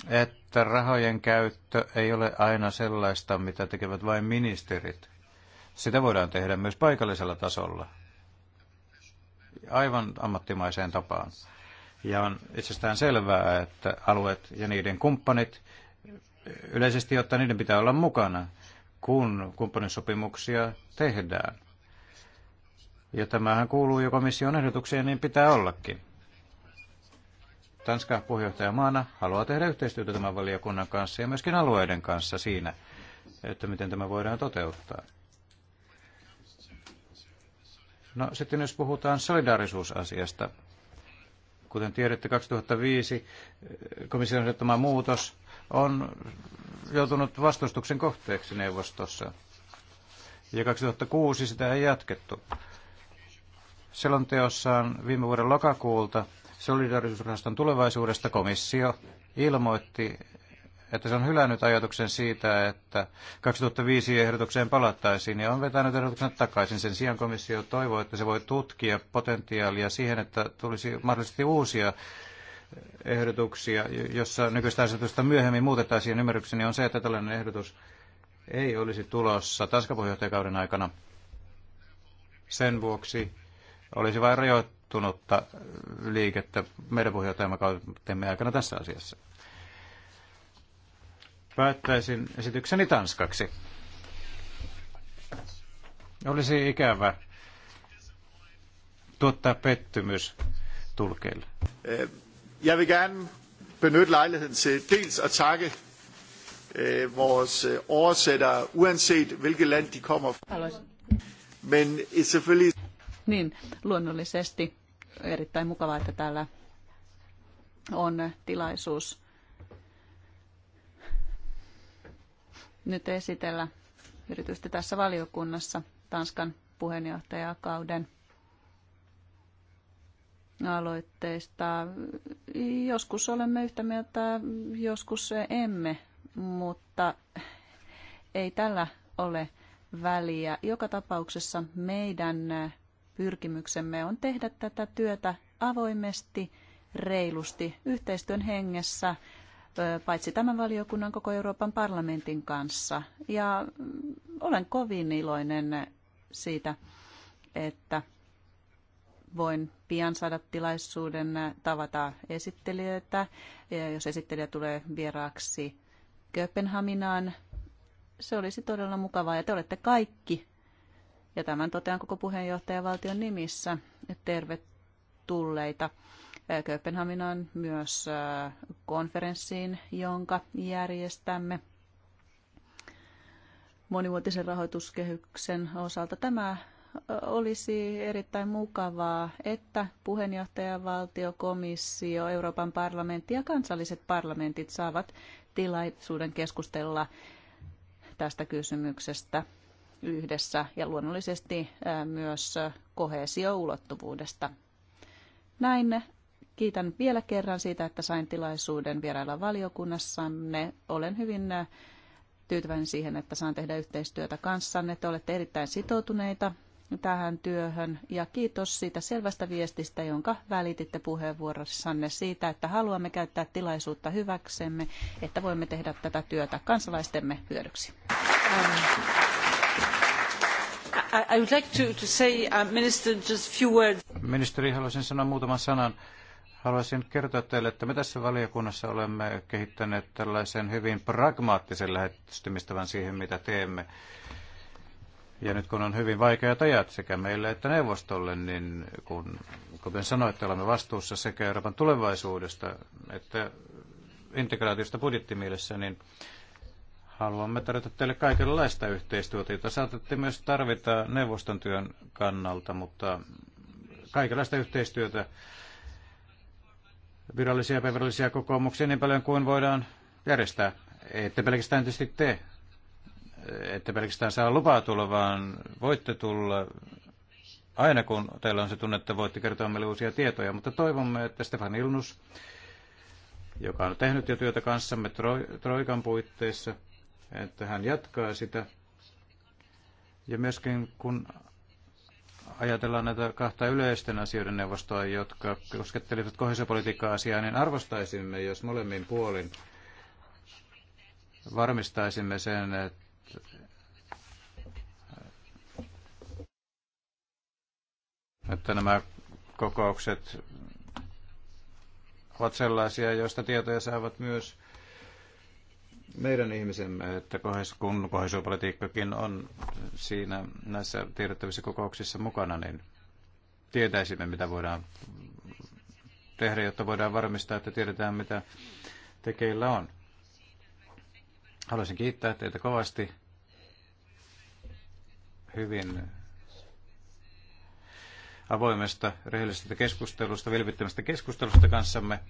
että rahojen käyttö ei ole aina sellaista, mitä tekevät vain ministerit. Sitä voidaan tehdä myös paikallisella tasolla, aivan ammattimaiseen tapaan. Ja on itsestään selvää, että alueet ja niiden kumppanit, yleisesti ottaen niiden pitää olla mukana, kun kumppanisopimuksia tehdään. Ja tämähän kuuluu jo komission ehdotukseen, niin pitää ollakin. Tanska puheenjohtajamaana haluaa tehdä yhteistyötä tämän valiokunnan kanssa ja myöskin alueiden kanssa siinä, että miten tämä voidaan toteuttaa. No sitten jos puhutaan solidaarisuusasiasta. Kuten tiedätte, 2005 komission ehdottama muutos on joutunut vastustuksen kohteeksi neuvostossa. Ja 2006 sitä ei jatkettu. Selonteossaan viime vuoden lokakuulta solidarisuusrahaston tulevaisuudesta komissio ilmoitti, että se on hylännyt ajatuksen siitä, että 2005 ehdotukseen palattaisiin ja on vetänyt ehdotuksen takaisin. Sen sijaan komissio toivoo, että se voi tutkia potentiaalia siihen, että tulisi mahdollisesti uusia ehdotuksia, jossa nykyistä asetusta myöhemmin muutettaisiin. Ymmärrykseni on se, että tällainen ehdotus ei olisi tulossa Tanskan puheenjohtajakauden aikana. Sen vuoksi olisi vain rajoittunutta liikettä meidän aikana tässä asiassa. Päättäisin esitykseni tanskaksi. Olisi ikävä tuottaa pettymys tulkeille. Eh, jeg vil gerne benytte lejligheden til dels at takke eh, vores eh, oversættere, uanset hvilket land de kommer fra. Men selvfølgelig niin, luonnollisesti erittäin mukavaa, että täällä on tilaisuus nyt esitellä erityisesti tässä valiokunnassa Tanskan puheenjohtajakauden aloitteista. Joskus olemme yhtä mieltä, joskus emme, mutta ei tällä ole väliä. Joka tapauksessa meidän pyrkimyksemme on tehdä tätä työtä avoimesti, reilusti, yhteistyön hengessä, paitsi tämän valiokunnan koko Euroopan parlamentin kanssa. Ja mm, olen kovin iloinen siitä, että voin pian saada tilaisuuden tavata esittelijöitä, ja jos esittelijä tulee vieraaksi Kööpenhaminaan. Se olisi todella mukavaa ja te olette kaikki ja tämän totean koko puheenjohtajavaltion nimissä, tervetulleita Kööpenhaminaan myös konferenssiin, jonka järjestämme monivuotisen rahoituskehyksen osalta. Tämä olisi erittäin mukavaa, että puheenjohtajavaltio, komissio, Euroopan parlamentti ja kansalliset parlamentit saavat tilaisuuden keskustella tästä kysymyksestä yhdessä ja luonnollisesti myös kohesioulottuvuudesta. Näin kiitän vielä kerran siitä, että sain tilaisuuden vierailla valiokunnassanne. Olen hyvin tyytyväinen siihen, että saan tehdä yhteistyötä kanssanne. Te olette erittäin sitoutuneita tähän työhön ja kiitos siitä selvästä viestistä, jonka välititte puheenvuorossanne siitä, että haluamme käyttää tilaisuutta hyväksemme, että voimme tehdä tätä työtä kansalaistemme hyödyksi. Aina. Ähm. Ministeri, haluaisin sanoa muutaman sanan. Haluaisin kertoa teille, että me tässä valiokunnassa olemme kehittäneet tällaisen hyvin pragmaattisen lähestymistavan siihen, mitä teemme. Ja nyt kun on hyvin vaikeat ajat sekä meille että neuvostolle, niin kun, kuten sanoitte, olemme vastuussa sekä Euroopan tulevaisuudesta että integraatiosta budjettimielessä, niin haluamme tarjota teille kaikenlaista yhteistyötä, jota saatatte myös tarvita neuvoston työn kannalta, mutta kaikenlaista yhteistyötä, virallisia ja epävirallisia kokoomuksia niin paljon kuin voidaan järjestää. Ette pelkästään tietysti te, ette pelkästään saa lupaa tulla, vaan voitte tulla aina kun teillä on se tunne, että voitte kertoa meille uusia tietoja, mutta toivomme, että Stefan Ilnus joka on tehnyt jo työtä kanssamme Troikan puitteissa, että hän jatkaa sitä. Ja myöskin kun ajatellaan näitä kahta yleisten asioiden neuvostoa, jotka koskettelivat kohesiopolitiikkaa asiaa, niin arvostaisimme, jos molemmin puolin varmistaisimme sen, että että nämä kokoukset ovat sellaisia, joista tietoja saavat myös meidän ihmisemme, että kun kohesiopolitiikkakin on siinä näissä tiedottavissa kokouksissa mukana, niin tietäisimme, mitä voidaan tehdä, jotta voidaan varmistaa, että tiedetään, mitä tekeillä on. Haluaisin kiittää teitä kovasti hyvin avoimesta, rehellisestä keskustelusta, vilpittömästä keskustelusta kanssamme.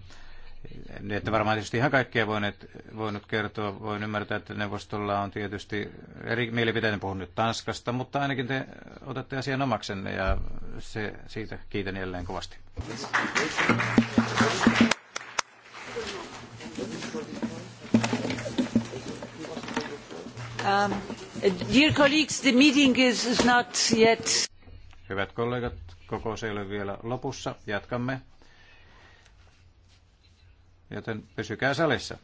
Ne niin, Ette varmaan tietysti ihan kaikkea voineet, voinut kertoa. Voin ymmärtää, että neuvostolla on tietysti eri mielipiteiden puhunut Tanskasta, mutta ainakin te otatte asian omaksenne ja se, siitä kiitän jälleen kovasti. Um, dear colleagues, the meeting is not yet... Hyvät kollegat, kokous ei ole vielä lopussa. Jatkamme joten pysykää salissa.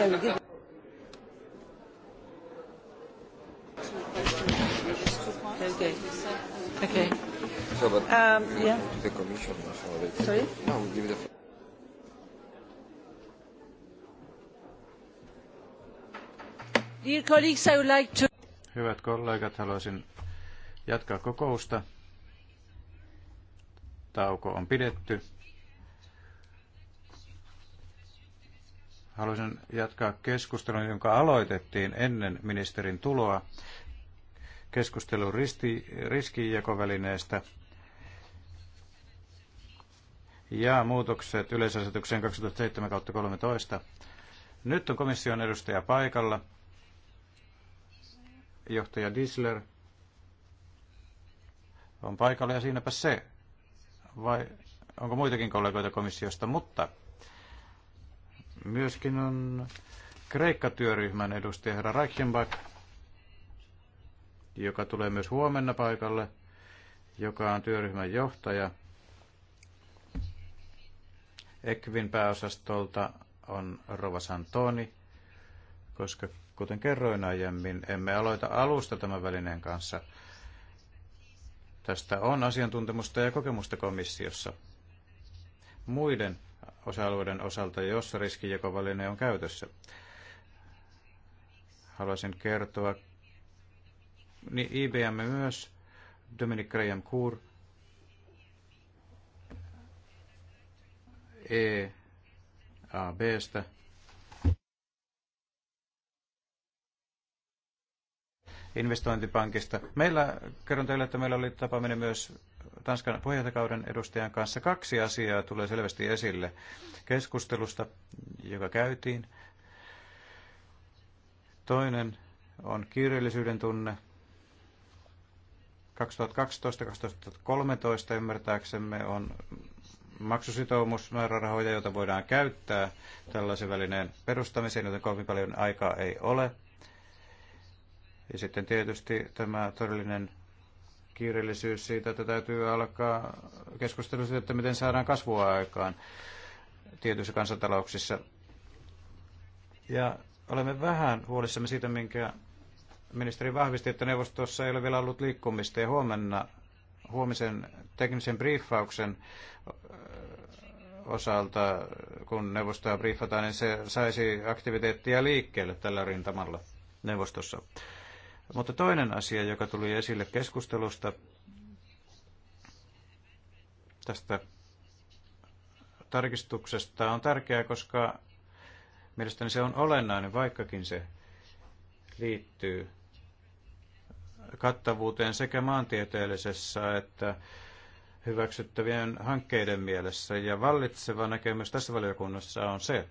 Okay. Okay. So, but um, yeah. the commission no, Sorry. No, we give the. Dear colleagues, I would like to. Hyvät kollegat, haluaisin jatkaa kokousta. Tauko on pidetty. Haluaisin jatkaa keskustelun, jonka aloitettiin ennen ministerin tuloa keskustelun risti, riskijakovälineestä ja muutokset yleisasetukseen 2007-13. Nyt on komission edustaja paikalla, johtaja Disler on paikalla ja siinäpä se. Vai onko muitakin kollegoita komissiosta, mutta Myöskin on Kreikka-työryhmän edustaja herra Reichenbach, joka tulee myös huomenna paikalle, joka on työryhmän johtaja. Ekvin pääosastolta on Rova Santoni, koska kuten kerroin aiemmin, emme aloita alusta tämän välineen kanssa. Tästä on asiantuntemusta ja kokemusta komissiossa. Muiden osa-alueiden osalta, jossa riskijakovaline on käytössä. Haluaisin kertoa niin IBM myös, Dominic Graham Cour, EABstä, investointipankista. Meillä, kerron teille, että meillä oli tapaaminen myös Tanskan puheenjohtajakauden edustajan kanssa kaksi asiaa tulee selvästi esille keskustelusta, joka käytiin. Toinen on kiireellisyyden tunne. 2012-2013 ymmärtääksemme on maksusitoumusmäärärahoja, joita voidaan käyttää tällaisen välineen perustamiseen, joten kovin paljon aikaa ei ole. Ja sitten tietysti tämä todellinen kiireellisyys siitä, että täytyy alkaa keskustelu siitä, että miten saadaan kasvua aikaan tietyissä kansantalouksissa. Ja olemme vähän huolissamme siitä, minkä ministeri vahvisti, että neuvostossa ei ole vielä ollut liikkumista ja huomenna huomisen teknisen briefauksen osalta, kun neuvostoa briefataan, niin se saisi aktiviteettia liikkeelle tällä rintamalla neuvostossa. Mutta toinen asia, joka tuli esille keskustelusta tästä tarkistuksesta, on tärkeää, koska mielestäni se on olennainen, vaikkakin se liittyy kattavuuteen sekä maantieteellisessä että hyväksyttävien hankkeiden mielessä. Ja vallitseva näkemys tässä valiokunnassa on se,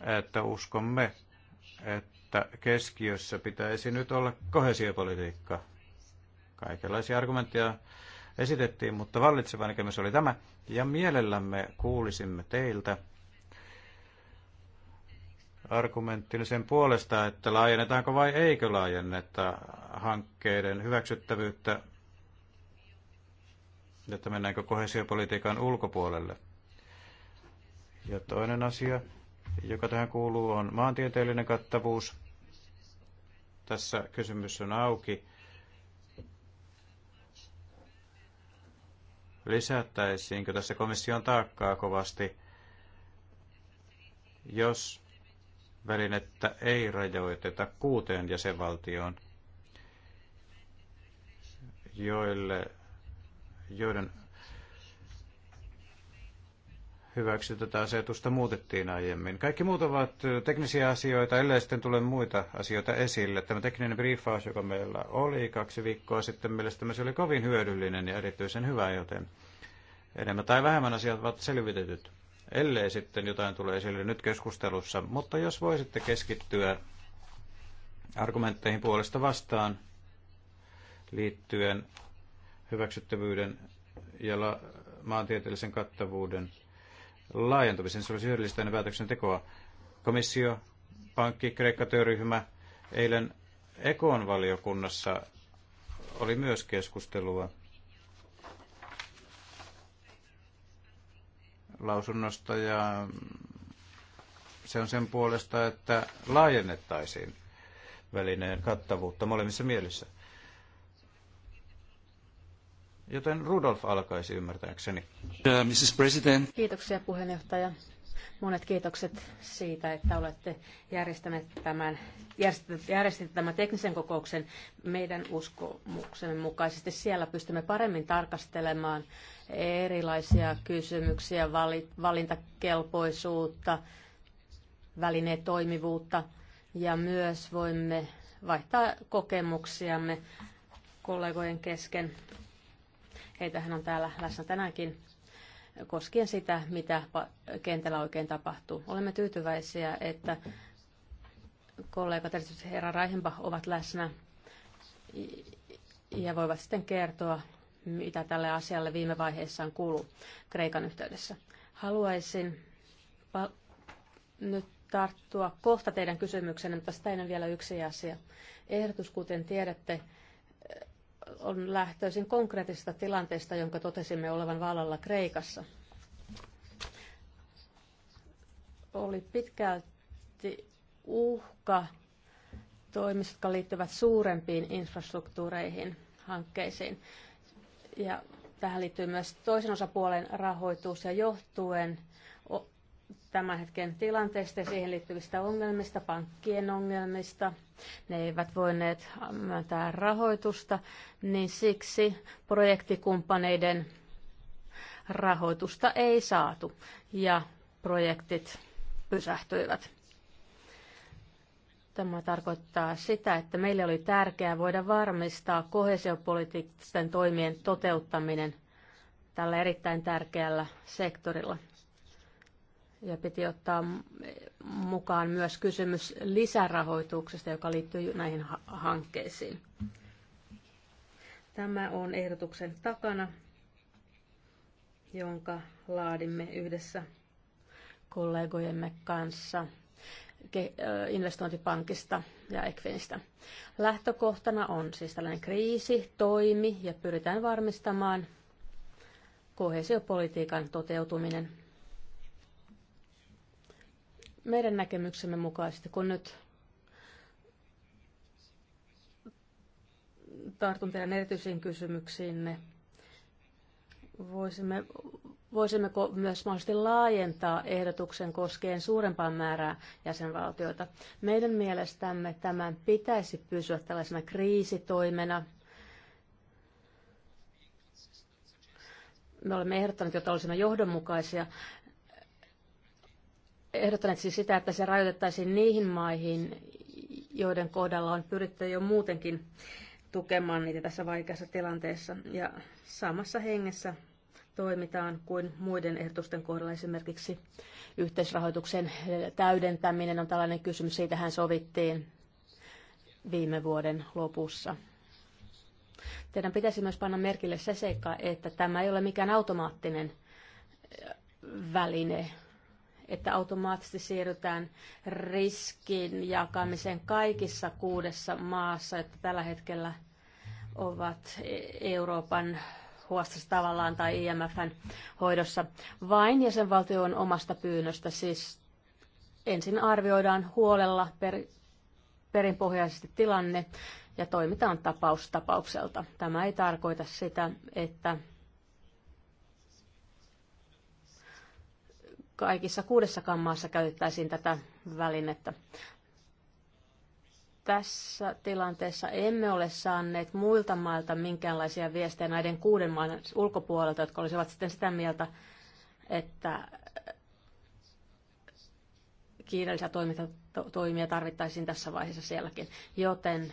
että uskomme, että että keskiössä pitäisi nyt olla kohesiopolitiikka. Kaikenlaisia argumentteja esitettiin, mutta vallitseva näkemys oli tämä. Ja mielellämme kuulisimme teiltä argumenttina sen puolesta, että laajennetaanko vai eikö laajenneta hankkeiden hyväksyttävyyttä, että mennäänkö kohesiopolitiikan ulkopuolelle. Ja toinen asia, joka tähän kuuluu, on maantieteellinen kattavuus. Tässä kysymys on auki. Lisättäisiinkö tässä komission taakkaa kovasti, jos välinettä ei rajoiteta kuuteen jäsenvaltioon, joille, joiden hyväksi tätä asetusta muutettiin aiemmin. Kaikki muut ovat teknisiä asioita, ellei sitten tule muita asioita esille. Tämä tekninen briefaus, joka meillä oli kaksi viikkoa sitten, mielestäni se oli kovin hyödyllinen ja erityisen hyvä, joten enemmän tai vähemmän asiat ovat selvitetyt, ellei sitten jotain tule esille nyt keskustelussa. Mutta jos voisitte keskittyä argumentteihin puolesta vastaan liittyen hyväksyttävyyden ja maantieteellisen kattavuuden laajentumisen. Se olisi hyödyllistä ennen päätöksentekoa. Komissio, pankki, Kreikka-työryhmä eilen Ekon valiokunnassa oli myös keskustelua lausunnosta ja se on sen puolesta, että laajennettaisiin välineen kattavuutta molemmissa mielissä. Joten Rudolf alkaisi ymmärtääkseni. Uh, Mrs. President. Kiitoksia puheenjohtaja. Monet kiitokset siitä, että olette järjestäneet tämän, järjestäneet tämän teknisen kokouksen meidän uskomuksemme mukaisesti. Siellä pystymme paremmin tarkastelemaan erilaisia kysymyksiä, valintakelpoisuutta, välineen toimivuutta ja myös voimme vaihtaa kokemuksiamme kollegojen kesken heitähän on täällä läsnä tänäänkin, koskien sitä, mitä kentällä oikein tapahtuu. Olemme tyytyväisiä, että kollegat, erityisesti herra Raihenpa, ovat läsnä ja voivat sitten kertoa, mitä tälle asialle viime vaiheessa on kuulu Kreikan yhteydessä. Haluaisin nyt tarttua kohta teidän kysymyksenne, mutta sitä ennen vielä yksi asia. Ehdotus, kuten tiedätte, on lähtöisin konkreettisesta tilanteesta, jonka totesimme olevan vallalla Kreikassa. Oli pitkälti uhka toimista, jotka liittyvät suurempiin infrastruktuureihin, hankkeisiin. Ja tähän liittyy myös toisen osapuolen rahoitus ja johtuen tämän hetken tilanteesta ja siihen liittyvistä ongelmista, pankkien ongelmista. Ne eivät voineet myöntää rahoitusta, niin siksi projektikumppaneiden rahoitusta ei saatu ja projektit pysähtyivät. Tämä tarkoittaa sitä, että meille oli tärkeää voida varmistaa kohesiopoliittisten toimien toteuttaminen tällä erittäin tärkeällä sektorilla – ja piti ottaa mukaan myös kysymys lisärahoituksesta, joka liittyy näihin hankkeisiin. Tämä on ehdotuksen takana, jonka laadimme yhdessä kollegojemme kanssa investointipankista ja Ekfinistä. Lähtökohtana on siis tällainen kriisi, toimi ja pyritään varmistamaan kohesiopolitiikan toteutuminen meidän näkemyksemme mukaisesti, kun nyt tartun teidän erityisiin kysymyksiinne, voisimme, voisimmeko myös mahdollisesti laajentaa ehdotuksen koskien suurempaa määrää jäsenvaltioita? Meidän mielestämme tämän pitäisi pysyä tällaisena kriisitoimena. Me olemme ehdottaneet, että olisimme johdonmukaisia ehdottaneet siis sitä, että se rajoitettaisiin niihin maihin, joiden kohdalla on pyritty jo muutenkin tukemaan niitä tässä vaikeassa tilanteessa. Ja samassa hengessä toimitaan kuin muiden ehdotusten kohdalla. Esimerkiksi yhteisrahoituksen täydentäminen on tällainen kysymys. Siitähän sovittiin viime vuoden lopussa. Teidän pitäisi myös panna merkille se seikka, että tämä ei ole mikään automaattinen väline että automaattisesti siirrytään riskin jakamiseen kaikissa kuudessa maassa, että tällä hetkellä ovat Euroopan huostassa tavallaan tai IMFn hoidossa vain jäsenvaltion omasta pyynnöstä. Siis ensin arvioidaan huolella per, perinpohjaisesti tilanne ja toimitaan tapaus tapaukselta. Tämä ei tarkoita sitä, että kaikissa kuudessakaan maassa käytettäisiin tätä välinettä. Tässä tilanteessa emme ole saaneet muilta mailta minkäänlaisia viestejä näiden kuuden maan ulkopuolelta, jotka olisivat sitten sitä mieltä, että kiireellisiä toimia, toimia tarvittaisiin tässä vaiheessa sielläkin. Joten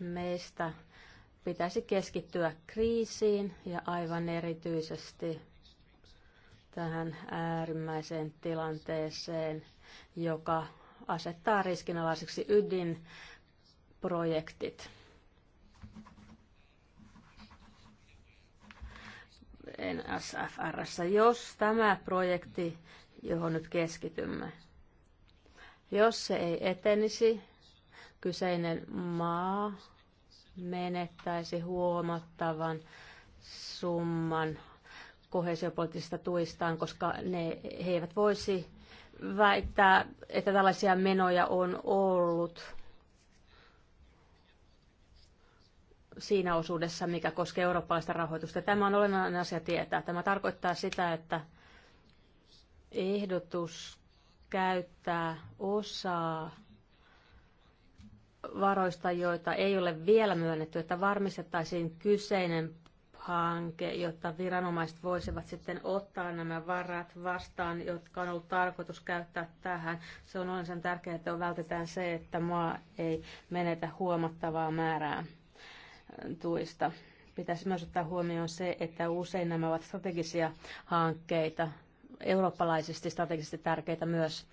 meistä pitäisi keskittyä kriisiin ja aivan erityisesti tähän äärimmäiseen tilanteeseen, joka asettaa riskinalaiseksi ydinprojektit. NSFRssä, jos tämä projekti, johon nyt keskitymme, jos se ei etenisi, kyseinen maa menettäisi huomattavan summan kohesiopoliittisista tuistaan, koska ne, he eivät voisi väittää, että tällaisia menoja on ollut siinä osuudessa, mikä koskee eurooppalaista rahoitusta. Tämä on olennainen asia tietää. Tämä tarkoittaa sitä, että ehdotus käyttää osaa varoista, joita ei ole vielä myönnetty, että varmistettaisiin kyseinen hanke, jotta viranomaiset voisivat sitten ottaa nämä varat vastaan, jotka on ollut tarkoitus käyttää tähän. Se on sen tärkeää, että vältetään se, että maa ei menetä huomattavaa määrää tuista. Pitäisi myös ottaa huomioon se, että usein nämä ovat strategisia hankkeita, eurooppalaisesti strategisesti tärkeitä myös.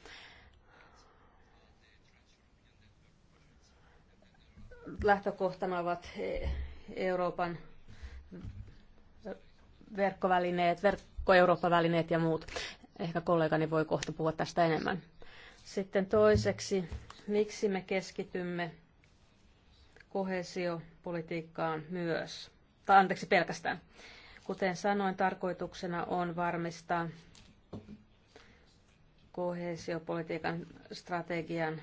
Lähtökohtana ovat Euroopan verkkovälineet, verkko Eurooppa-välineet ja muut. Ehkä kollegani voi kohta puhua tästä enemmän. Sitten toiseksi, miksi me keskitymme kohesiopolitiikkaan myös, tai anteeksi pelkästään. Kuten sanoin, tarkoituksena on varmistaa kohesiopolitiikan strategian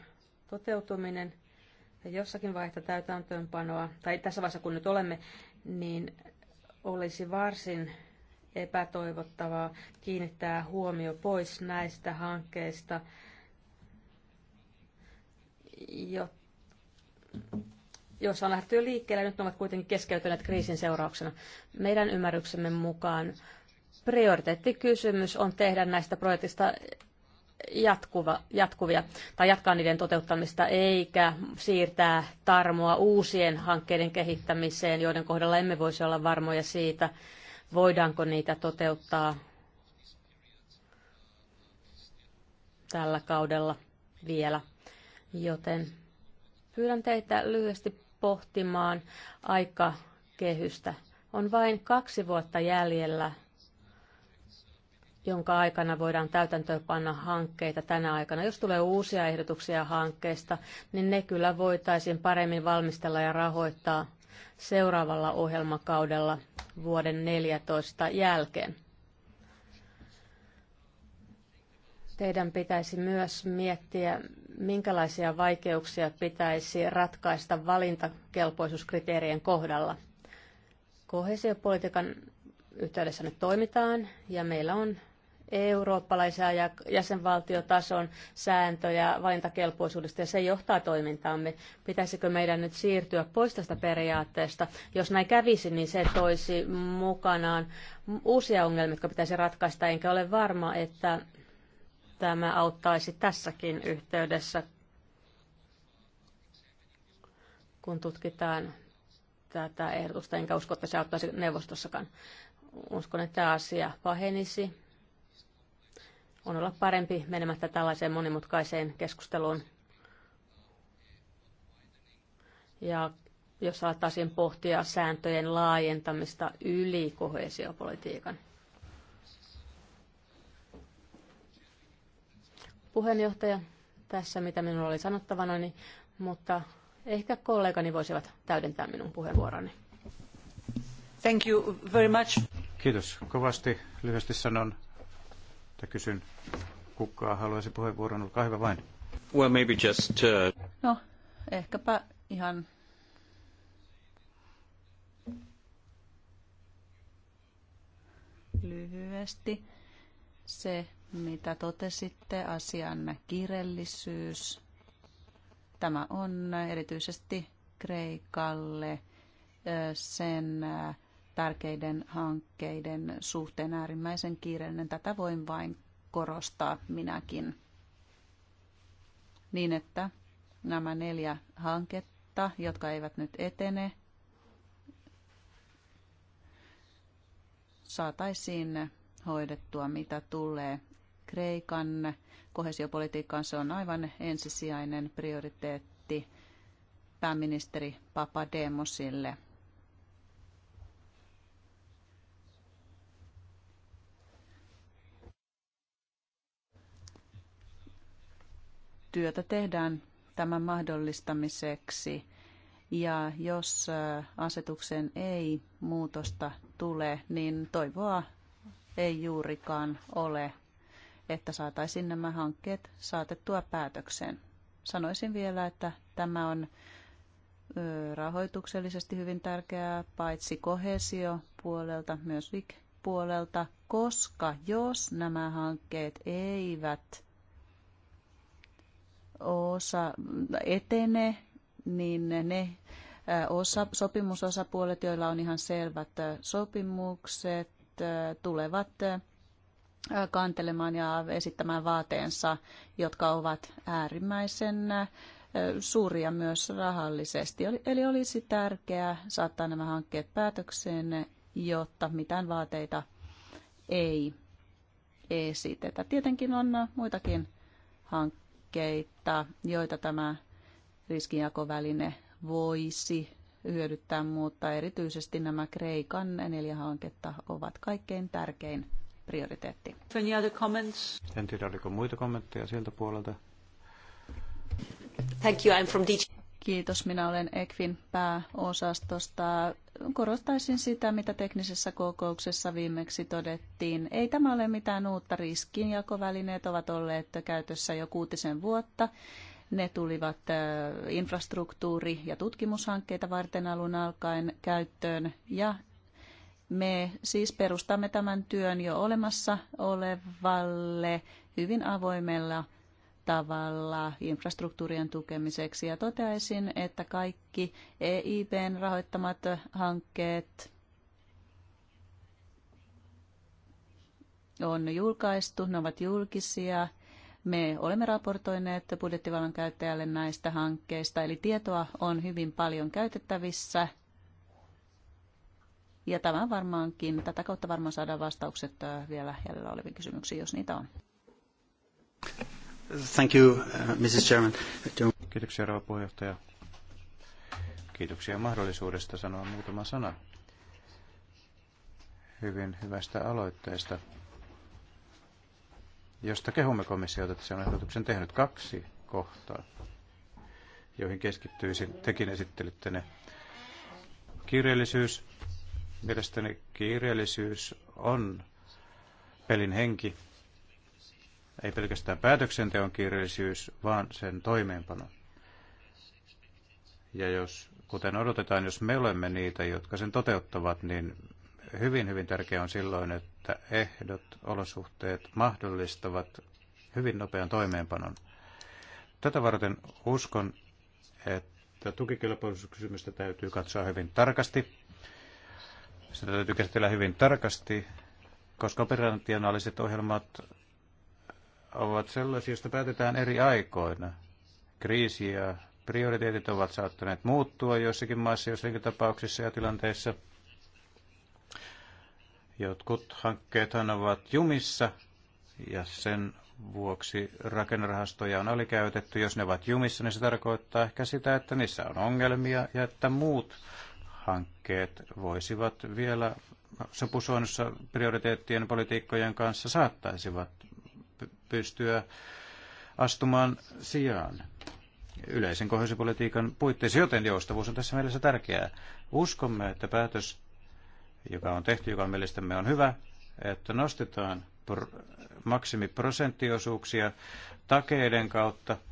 toteutuminen ja jossakin vaiheessa täytäntöönpanoa, tai tässä vaiheessa kun nyt olemme, niin olisi varsin epätoivottavaa kiinnittää huomio pois näistä hankkeista, jos on lähdetty jo liikkeelle, nyt ne ovat kuitenkin keskeytyneet kriisin seurauksena. Meidän ymmärryksemme mukaan prioriteettikysymys on tehdä näistä projektista jatkuva, jatkuvia tai jatkaa niiden toteuttamista eikä siirtää tarmoa uusien hankkeiden kehittämiseen, joiden kohdalla emme voisi olla varmoja siitä, voidaanko niitä toteuttaa tällä kaudella vielä. Joten pyydän teitä lyhyesti pohtimaan aikakehystä. On vain kaksi vuotta jäljellä jonka aikana voidaan panna hankkeita tänä aikana. Jos tulee uusia ehdotuksia hankkeista, niin ne kyllä voitaisiin paremmin valmistella ja rahoittaa seuraavalla ohjelmakaudella vuoden 14 jälkeen. Teidän pitäisi myös miettiä, minkälaisia vaikeuksia pitäisi ratkaista valintakelpoisuuskriteerien kohdalla. Kohesiopolitiikan yhteydessä nyt toimitaan ja meillä on eurooppalaisia ja jäsenvaltiotason sääntöjä valintakelpoisuudesta ja se johtaa toimintaamme. Pitäisikö meidän nyt siirtyä pois tästä periaatteesta? Jos näin kävisi, niin se toisi mukanaan uusia ongelmia, jotka pitäisi ratkaista, enkä ole varma, että tämä auttaisi tässäkin yhteydessä, kun tutkitaan tätä ehdotusta, enkä usko, että se auttaisi neuvostossakaan. Uskon, että tämä asia pahenisi on olla parempi menemättä tällaiseen monimutkaiseen keskusteluun. Ja jos saattaisiin pohtia sääntöjen laajentamista yli kohesiopolitiikan. Puheenjohtaja, tässä mitä minulla oli sanottavana, niin, mutta ehkä kollegani voisivat täydentää minun puheenvuoroni. Thank you very much. Kiitos kovasti. Lyhyesti sanon mutta kysyn, kuka haluaisi puheenvuoron, olkaa hyvä vain. Well, maybe just, uh... No, ehkäpä ihan lyhyesti se, mitä totesitte, asian kiireellisyys. Tämä on erityisesti Kreikalle sen tärkeiden hankkeiden suhteen äärimmäisen kiireellinen. Tätä voin vain korostaa minäkin niin, että nämä neljä hanketta, jotka eivät nyt etene, saataisiin hoidettua, mitä tulee Kreikan kohesiopolitiikkaan. Se on aivan ensisijainen prioriteetti pääministeri Papademosille. työtä tehdään tämän mahdollistamiseksi. Ja jos asetukseen ei muutosta tule, niin toivoa ei juurikaan ole, että saataisiin nämä hankkeet saatettua päätökseen. Sanoisin vielä, että tämä on rahoituksellisesti hyvin tärkeää paitsi kohesio puolelta, myös VIK puolelta, koska jos nämä hankkeet eivät osa etene, niin ne osa, sopimusosapuolet, joilla on ihan selvät sopimukset, tulevat kantelemaan ja esittämään vaateensa, jotka ovat äärimmäisen suuria myös rahallisesti. Eli olisi tärkeää saattaa nämä hankkeet päätökseen, jotta mitään vaateita ei esitetä. Tietenkin on muitakin hankkeita hankkeita, joita tämä riskinjakoväline voisi hyödyttää, mutta erityisesti nämä Kreikan neljä hanketta ovat kaikkein tärkein prioriteetti. Any other comments? En tiedä, oliko muita kommentteja sieltä puolelta. Thank you, I'm from DG. Kiitos, minä olen Ekvin pääosastosta. Korostaisin sitä, mitä teknisessä kokouksessa viimeksi todettiin. Ei tämä ole mitään uutta. Riskinjakovälineet ovat olleet käytössä jo kuutisen vuotta. Ne tulivat infrastruktuuri- ja tutkimushankkeita varten alun alkaen käyttöön ja me siis perustamme tämän työn jo olemassa olevalle hyvin avoimella tavalla infrastruktuurien tukemiseksi. Ja toteaisin, että kaikki EIP:n rahoittamat hankkeet on julkaistu, ne ovat julkisia. Me olemme raportoineet budjettivallan käyttäjälle näistä hankkeista, eli tietoa on hyvin paljon käytettävissä. Ja tämä varmaankin, tätä kautta varmaan saadaan vastaukset äh, vielä jäljellä oleviin kysymyksiin, jos niitä on. Thank you, uh, Mrs. Chairman. Kiitoksia, rouva puheenjohtaja. Kiitoksia mahdollisuudesta sanoa muutama sana hyvin hyvästä aloitteesta, josta kehumme komissiota, että se on ehdotuksen tehnyt kaksi kohtaa, joihin keskittyisin. Tekin esittelitte ne. Kiireellisyys. Mielestäni kiireellisyys on pelin henki ei pelkästään päätöksenteon kiireellisyys, vaan sen toimeenpano. Ja jos, kuten odotetaan, jos me olemme niitä, jotka sen toteuttavat, niin hyvin, hyvin tärkeää on silloin, että ehdot, olosuhteet mahdollistavat hyvin nopean toimeenpanon. Tätä varten uskon, että tukikelpoisuuskysymystä täytyy katsoa hyvin tarkasti. Sitä täytyy käsitellä hyvin tarkasti, koska operationaaliset ohjelmat ovat sellaisia, joista päätetään eri aikoina. Kriisi ja prioriteetit ovat saattaneet muuttua joissakin maissa, joissakin tapauksissa ja tilanteissa. Jotkut hankkeethan ovat jumissa ja sen vuoksi rakennerahastoja on alikäytetty. Jos ne ovat jumissa, niin se tarkoittaa ehkä sitä, että niissä on ongelmia ja että muut hankkeet voisivat vielä sopusoinnussa prioriteettien politiikkojen kanssa saattaisivat pystyä astumaan sijaan yleisen kohdallisen puitteissa, joten joustavuus on tässä mielessä tärkeää. Uskomme, että päätös, joka on tehty, joka mielestämme on hyvä, että nostetaan maksimiprosenttiosuuksia takeiden kautta –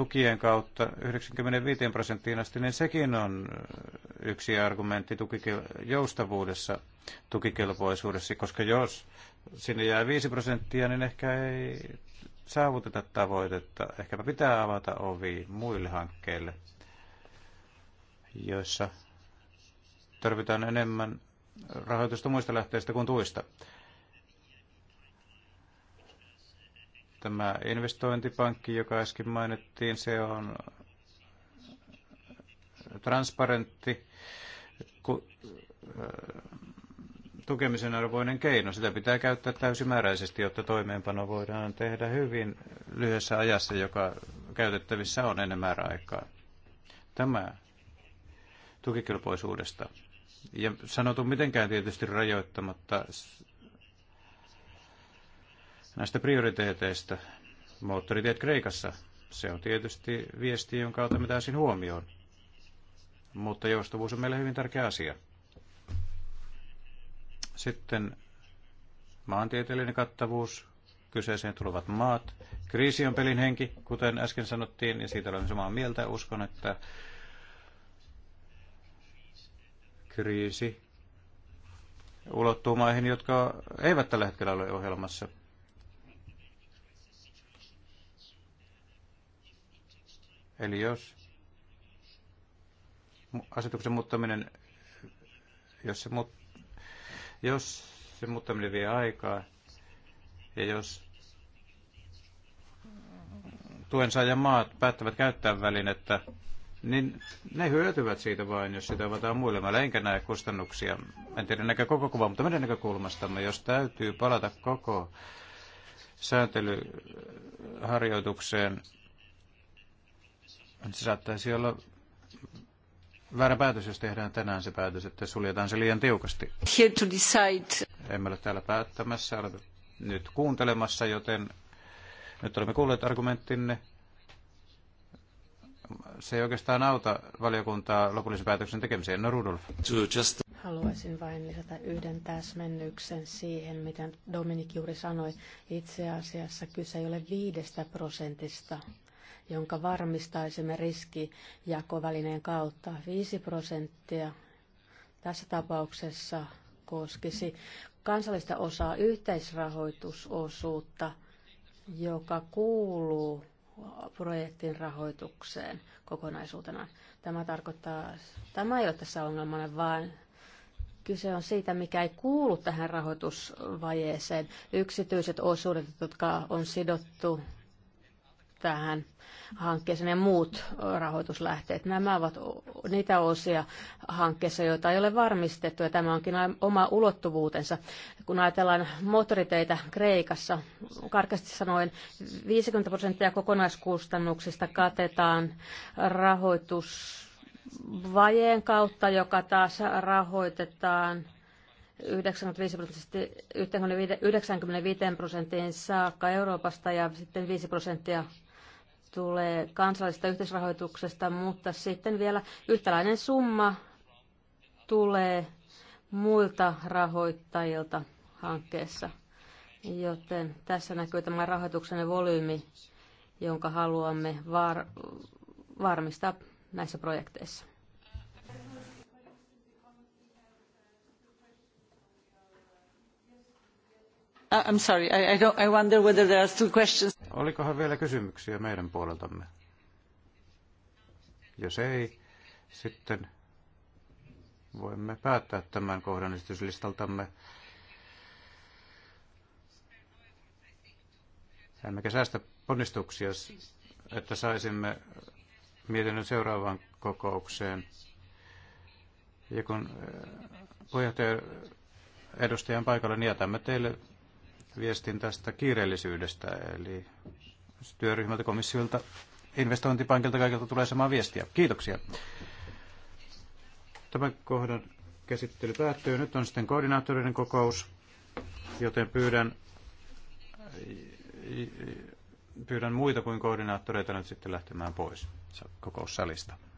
tukien kautta 95 prosenttiin asti, niin sekin on äh, yksi argumentti tukikel- joustavuudessa tukikelpoisuudessa, koska jos sinne jää 5 prosenttia, niin ehkä ei saavuteta tavoitetta. Ehkäpä pitää avata ovi muille hankkeille, joissa tarvitaan enemmän rahoitusta muista lähteistä kuin tuista. Tämä investointipankki, joka äsken mainittiin, se on transparentti tukemisen arvoinen keino. Sitä pitää käyttää täysimääräisesti, jotta toimeenpano voidaan tehdä hyvin lyhyessä ajassa, joka käytettävissä on ennen määräaikaa. Tämä tukikelpoisuudesta. Ja sanotun mitenkään tietysti rajoittamatta näistä prioriteeteista. Moottoritiet Kreikassa. Se on tietysti viesti, jonka otamme täysin huomioon. Mutta joustavuus on meille hyvin tärkeä asia. Sitten maantieteellinen kattavuus, kyseeseen tulevat maat. Kriisi on pelin henki, kuten äsken sanottiin, ja siitä olen samaa mieltä. Uskon, että kriisi ulottuu maihin, jotka eivät tällä hetkellä ole ohjelmassa. Eli jos asetuksen muuttaminen, jos se, mu- jos se muuttaminen vie aikaa ja jos tuen saajan maat päättävät käyttää välinettä, niin ne hyötyvät siitä vain, jos sitä avataan muille. Mä enkä näe kustannuksia. En tiedä näkö koko kuva, mutta meidän näkökulmastamme, jos täytyy palata koko sääntelyharjoitukseen, se saattaisi olla väärä päätös, jos tehdään tänään se päätös, että suljetaan se liian tiukasti. Here to decide. Emme ole täällä päättämässä, olemme nyt kuuntelemassa, joten nyt olemme kuulleet argumenttinne. Se ei oikeastaan auta valiokuntaa lopullisen päätöksen tekemiseen. No Rudolf. Just... Haluaisin vain lisätä yhden täsmennyksen siihen, mitä Dominik juuri sanoi. Itse asiassa kyse ei ole viidestä prosentista jonka varmistaisimme riskijakovälineen kautta. 5 prosenttia tässä tapauksessa koskisi kansallista osaa yhteisrahoitusosuutta, joka kuuluu projektin rahoitukseen kokonaisuutena. Tämä tarkoittaa, tämä ei ole tässä ongelmana, vaan kyse on siitä, mikä ei kuulu tähän rahoitusvajeeseen. Yksityiset osuudet, jotka on sidottu tähän hankkeeseen ja muut rahoituslähteet. Nämä ovat niitä osia hankkeessa, joita ei ole varmistettu, ja tämä onkin oma ulottuvuutensa. Kun ajatellaan moottoriteitä Kreikassa, karkeasti sanoen 50 prosenttia kokonaiskustannuksista katetaan rahoitusvajeen kautta, joka taas rahoitetaan 95 prosenttia, 95 prosenttiin saakka Euroopasta ja sitten 5 prosenttia tulee kansallisesta yhteisrahoituksesta, mutta sitten vielä yhtäläinen summa tulee muilta rahoittajilta hankkeessa. Joten tässä näkyy tämä rahoituksen volyymi, jonka haluamme var- varmistaa näissä projekteissa. Uh, I'm sorry, I, I, don't, I wonder whether there are two questions. Olikohan vielä kysymyksiä meidän puoleltamme? Jos ei, sitten voimme päättää tämän kohdan esityslistaltamme. Emmekä säästä ponnistuksia, että saisimme mietinnön seuraavaan kokoukseen. Ja kun eh, puheenjohtaja edustajan paikalla, niin jätämme teille viestin tästä kiireellisyydestä, eli työryhmältä, komissiolta, investointipankilta kaikilta tulee samaa viestiä. Kiitoksia. Tämän kohdan käsittely päättyy. Nyt on sitten koordinaattoreiden kokous, joten pyydän, pyydän muita kuin koordinaattoreita nyt sitten lähtemään pois kokoussalista.